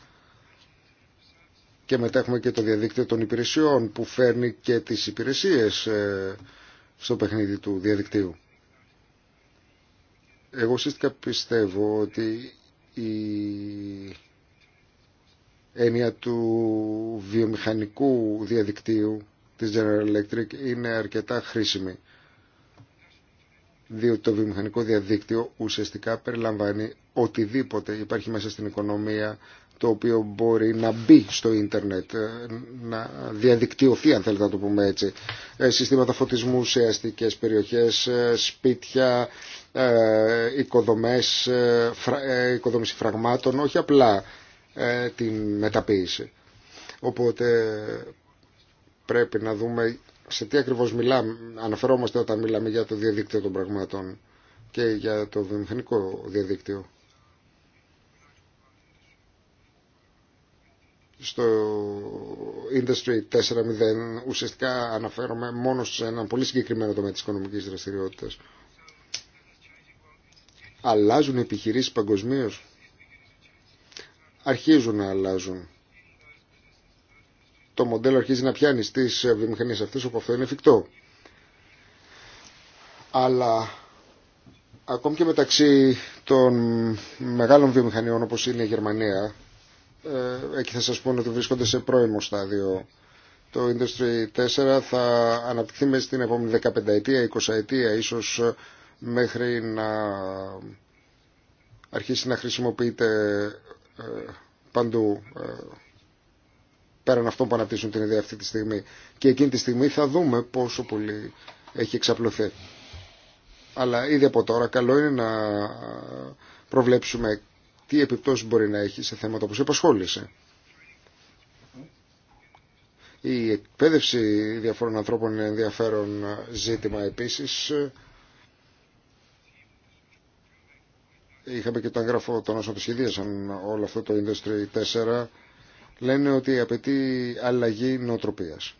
Και μετά έχουμε και το διαδίκτυο των υπηρεσιών που φέρνει και τις υπηρεσίες ε, στο παιχνίδι του διαδικτύου. Εγώ σύστηκα πιστεύω ότι η έννοια του βιομηχανικού διαδικτύου της General Electric είναι αρκετά χρήσιμη διότι το βιομηχανικό διαδίκτυο ουσιαστικά περιλαμβάνει οτιδήποτε υπάρχει μέσα στην οικονομία το οποίο μπορεί να μπει στο ίντερνετ, ε, να διαδικτυωθεί αν θέλετε να το πούμε έτσι. Ε, συστήματα φωτισμού σε αστικές περιοχές, ε, σπίτια, οικοδομές, οικοδόμηση φραγμάτων, όχι απλά την μεταποίηση. Οπότε πρέπει να δούμε σε τι ακριβώς μιλάμε, αναφερόμαστε όταν μιλάμε για το διαδίκτυο των πραγμάτων και για το βιομηχανικό διαδίκτυο. Στο Industry 4.0 ουσιαστικά αναφέρομαι μόνο σε έναν πολύ συγκεκριμένο τομέα της οικονομικής δραστηριότητας. Αλλάζουν οι επιχειρήσεις παγκοσμίως. Αρχίζουν να αλλάζουν το μοντέλο αρχίζει να πιάνει στις βιομηχανίες αυτές όπου αυτό είναι εφικτό. Αλλά ακόμη και μεταξύ των μεγάλων βιομηχανιών όπως είναι η Γερμανία, ε, εκεί θα σας πω ότι βρίσκονται σε πρώιμο στάδιο το Industry 4 θα αναπτυχθεί μέσα στην επόμενη 15 ετία, 20 ετία ίσως μέχρι να αρχίσει να χρησιμοποιείται ε, παντού ε, πέραν αυτών που αναπτύσσουν την ιδέα αυτή τη στιγμή. Και εκείνη τη στιγμή θα δούμε πόσο πολύ έχει εξαπλωθεί. Αλλά ήδη από τώρα καλό είναι να προβλέψουμε τι επιπτώσεις μπορεί να έχει σε θέματα όπως η απασχόληση. Η εκπαίδευση διαφόρων ανθρώπων είναι ενδιαφέρον ζήτημα επίσης. Είχαμε και το έγγραφο των όσων το σχεδίασαν όλο αυτό το Industry 4 λένε ότι απαιτεί αλλαγή νοοτροπίας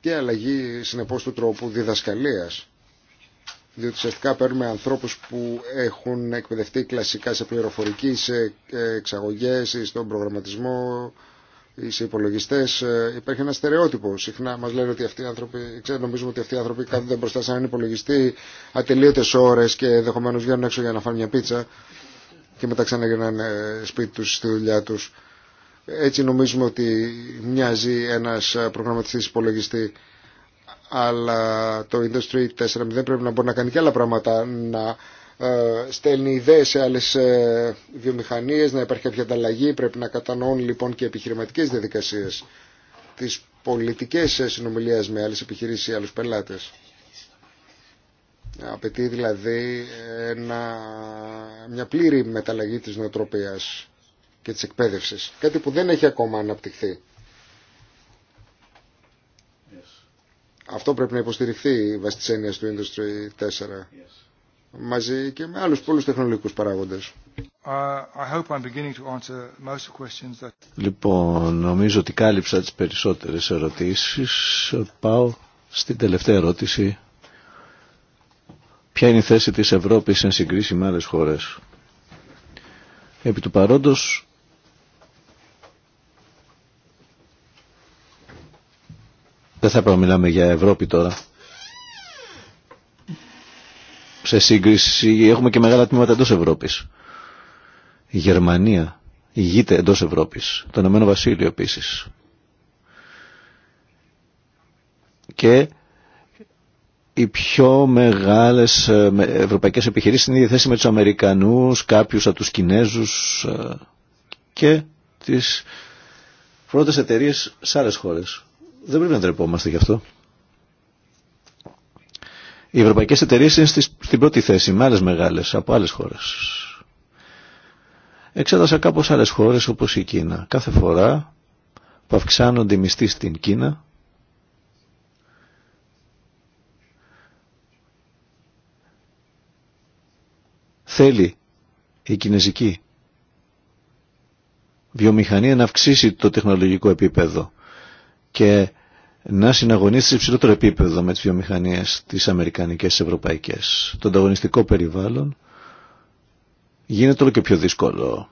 και αλλαγή συνεπώς του τρόπου διδασκαλίας διότι ουσιαστικά παίρνουμε ανθρώπους που έχουν εκπαιδευτεί κλασικά σε πληροφορική, σε εξαγωγές, στον προγραμματισμό, ή σε υπολογιστέ ε, υπάρχει ένα στερεότυπο. Συχνά μα λένε ότι αυτοί οι άνθρωποι, ξέρω, νομίζουμε ότι αυτοί οι άνθρωποι κάθονται μπροστά σαν υπολογιστή ατελείωτε ώρε και ενδεχομένω βγαίνουν έξω για να φάνε μια πίτσα και μετά ξαναγυρνάνε σπίτι τους στη δουλειά τους. Έτσι νομίζουμε ότι μοιάζει ένας προγραμματιστής υπολογιστή αλλά το Industry 4.0 πρέπει να μπορεί να κάνει και άλλα πράγματα, να ε, στέλνει ιδέες σε άλλες ε, βιομηχανίες, να υπάρχει κάποια ανταλλαγή, πρέπει να κατανοούν λοιπόν και επιχειρηματικές διαδικασίες, τις πολιτικές συνομιλίες με άλλες επιχειρήσεις ή άλλους πελάτες. Απαιτεί δηλαδή μια πλήρη μεταλλαγή της νοοτροπίας και της εκπαίδευσης. Κάτι που δεν έχει ακόμα αναπτυχθεί. Yes. Αυτό πρέπει να υποστηριχθεί η έννοιας του Industry 4. Μαζί και με άλλους πολλούς τεχνολογικούς παράγοντες. Uh, λοιπόν, νομίζω ότι κάλυψα τις περισσότερες ερωτήσεις. Πάω στην τελευταία ερώτηση Ποια είναι η θέση της Ευρώπης σε συγκρίση με άλλες χώρες. Επί του παρόντος δεν θα πρέπει να μιλάμε για Ευρώπη τώρα. Σε σύγκριση έχουμε και μεγάλα τμήματα εντός Ευρώπης. Η Γερμανία ηγείται εντός Ευρώπης. Το Ηνωμένο Βασίλειο επίσης. Και οι πιο μεγάλες ε, ευρωπαϊκές επιχειρήσεις είναι η θέση με τους Αμερικανούς, κάποιους από τους Κινέζους ε, και τις πρώτες εταιρείες σε άλλες χώρες. Δεν πρέπει να ντρεπόμαστε γι' αυτό. Οι ευρωπαϊκές εταιρείες είναι στην πρώτη θέση με άλλες μεγάλες από άλλες χώρες. Εξέτασα κάπως άλλες χώρες όπως η Κίνα. Κάθε φορά που αυξάνονται οι μισθοί στην Κίνα θέλει η κινέζικη βιομηχανία να αυξήσει το τεχνολογικό επίπεδο και να συναγωνίσει σε υψηλότερο επίπεδο με τις βιομηχανίες τις αμερικανικές και ευρωπαϊκές. Το ανταγωνιστικό περιβάλλον γίνεται όλο και πιο δύσκολο.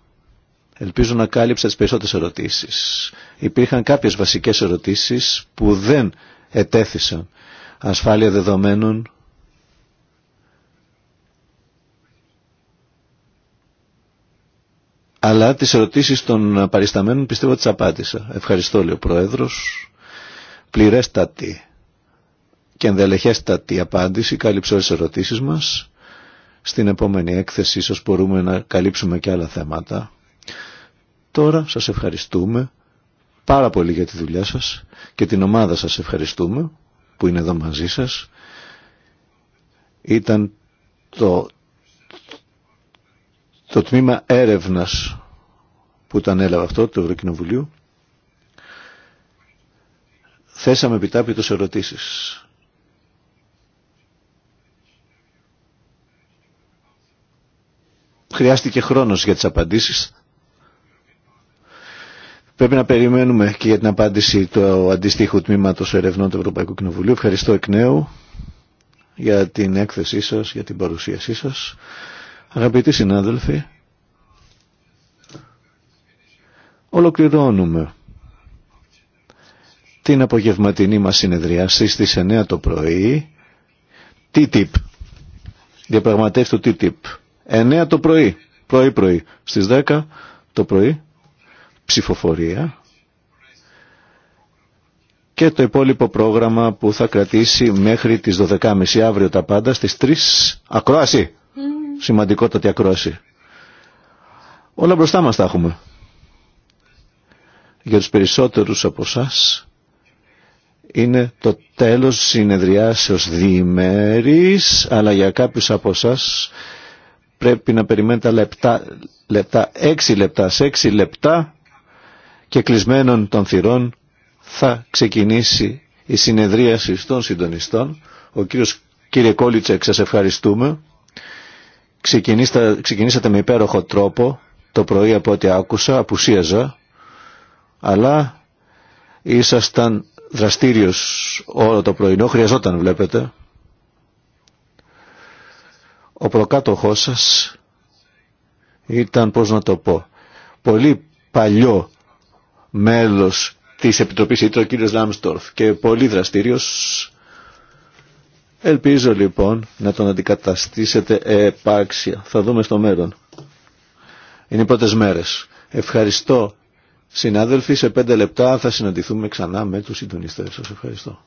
Ελπίζω να κάλυψα τις περισσότερες ερωτήσεις. Υπήρχαν κάποιες βασικές ερωτήσεις που δεν ετέθησαν. Ασφάλεια δεδομένων, αλλά τις ερωτήσεις των παρισταμένων πιστεύω τις απάντησα. Ευχαριστώ, λέει ο Πρόεδρος. Πληρέστατη και ενδελεχέστατη απάντηση κάλυψε όλες τις ερωτήσεις μας. Στην επόμενη έκθεση ίσως μπορούμε να καλύψουμε και άλλα θέματα. Τώρα σας ευχαριστούμε πάρα πολύ για τη δουλειά σας και την ομάδα σας ευχαριστούμε που είναι εδώ μαζί σας. Ήταν το το τμήμα έρευνας που ήταν έλαβε αυτό του Ευρωκοινοβουλίου θέσαμε επιτάπητος ερωτήσεις. Χρειάστηκε χρόνος για τις απαντήσεις. Πρέπει να περιμένουμε και για την απάντηση του αντίστοιχου τμήματος ερευνών του Ευρωπαϊκού Κοινοβουλίου. Ευχαριστώ εκ νέου για την έκθεσή σας, για την παρουσίασή σας. Αγαπητοί συνάδελφοι, ολοκληρώνουμε την απογευματινή μας συνεδρίαση στις 9 το πρωί TTIP διαπραγματεύσει του TTIP 9 το πρωί πρωί πρωί στις 10 το πρωί ψηφοφορία και το υπόλοιπο πρόγραμμα που θα κρατήσει μέχρι τις 12.30 αύριο τα πάντα στις 3 ακρόαση mm σημαντικότατη ακρόαση. Όλα μπροστά μας τα έχουμε. Για τους περισσότερους από εσά είναι το τέλος συνεδριάσεως διημέρης, αλλά για κάποιους από εσά πρέπει να περιμένετε λεπτά, λεπτά, έξι λεπτά, σε λεπτά και κλεισμένων των θυρών θα ξεκινήσει η συνεδρίαση των συντονιστών. Ο κύριος κύριε Κόλιτσεκ, σας ευχαριστούμε. Ξεκινήσατε με υπέροχο τρόπο το πρωί από ό,τι άκουσα, απουσίαζα, αλλά ήσασταν δραστήριος όλο το πρωινό, χρειαζόταν βλέπετε. Ο προκάτοχός σας ήταν, πώς να το πω, πολύ παλιό μέλος της Επιτροπής Ήτρο, ο κύριος Λάμστορφ και πολύ δραστήριος Ελπίζω λοιπόν να τον αντικαταστήσετε επάξια. Θα δούμε στο μέλλον. Είναι οι πρώτες μέρες. Ευχαριστώ συνάδελφοι. Σε πέντε λεπτά θα συναντηθούμε ξανά με τους συντονιστές. Σας ευχαριστώ.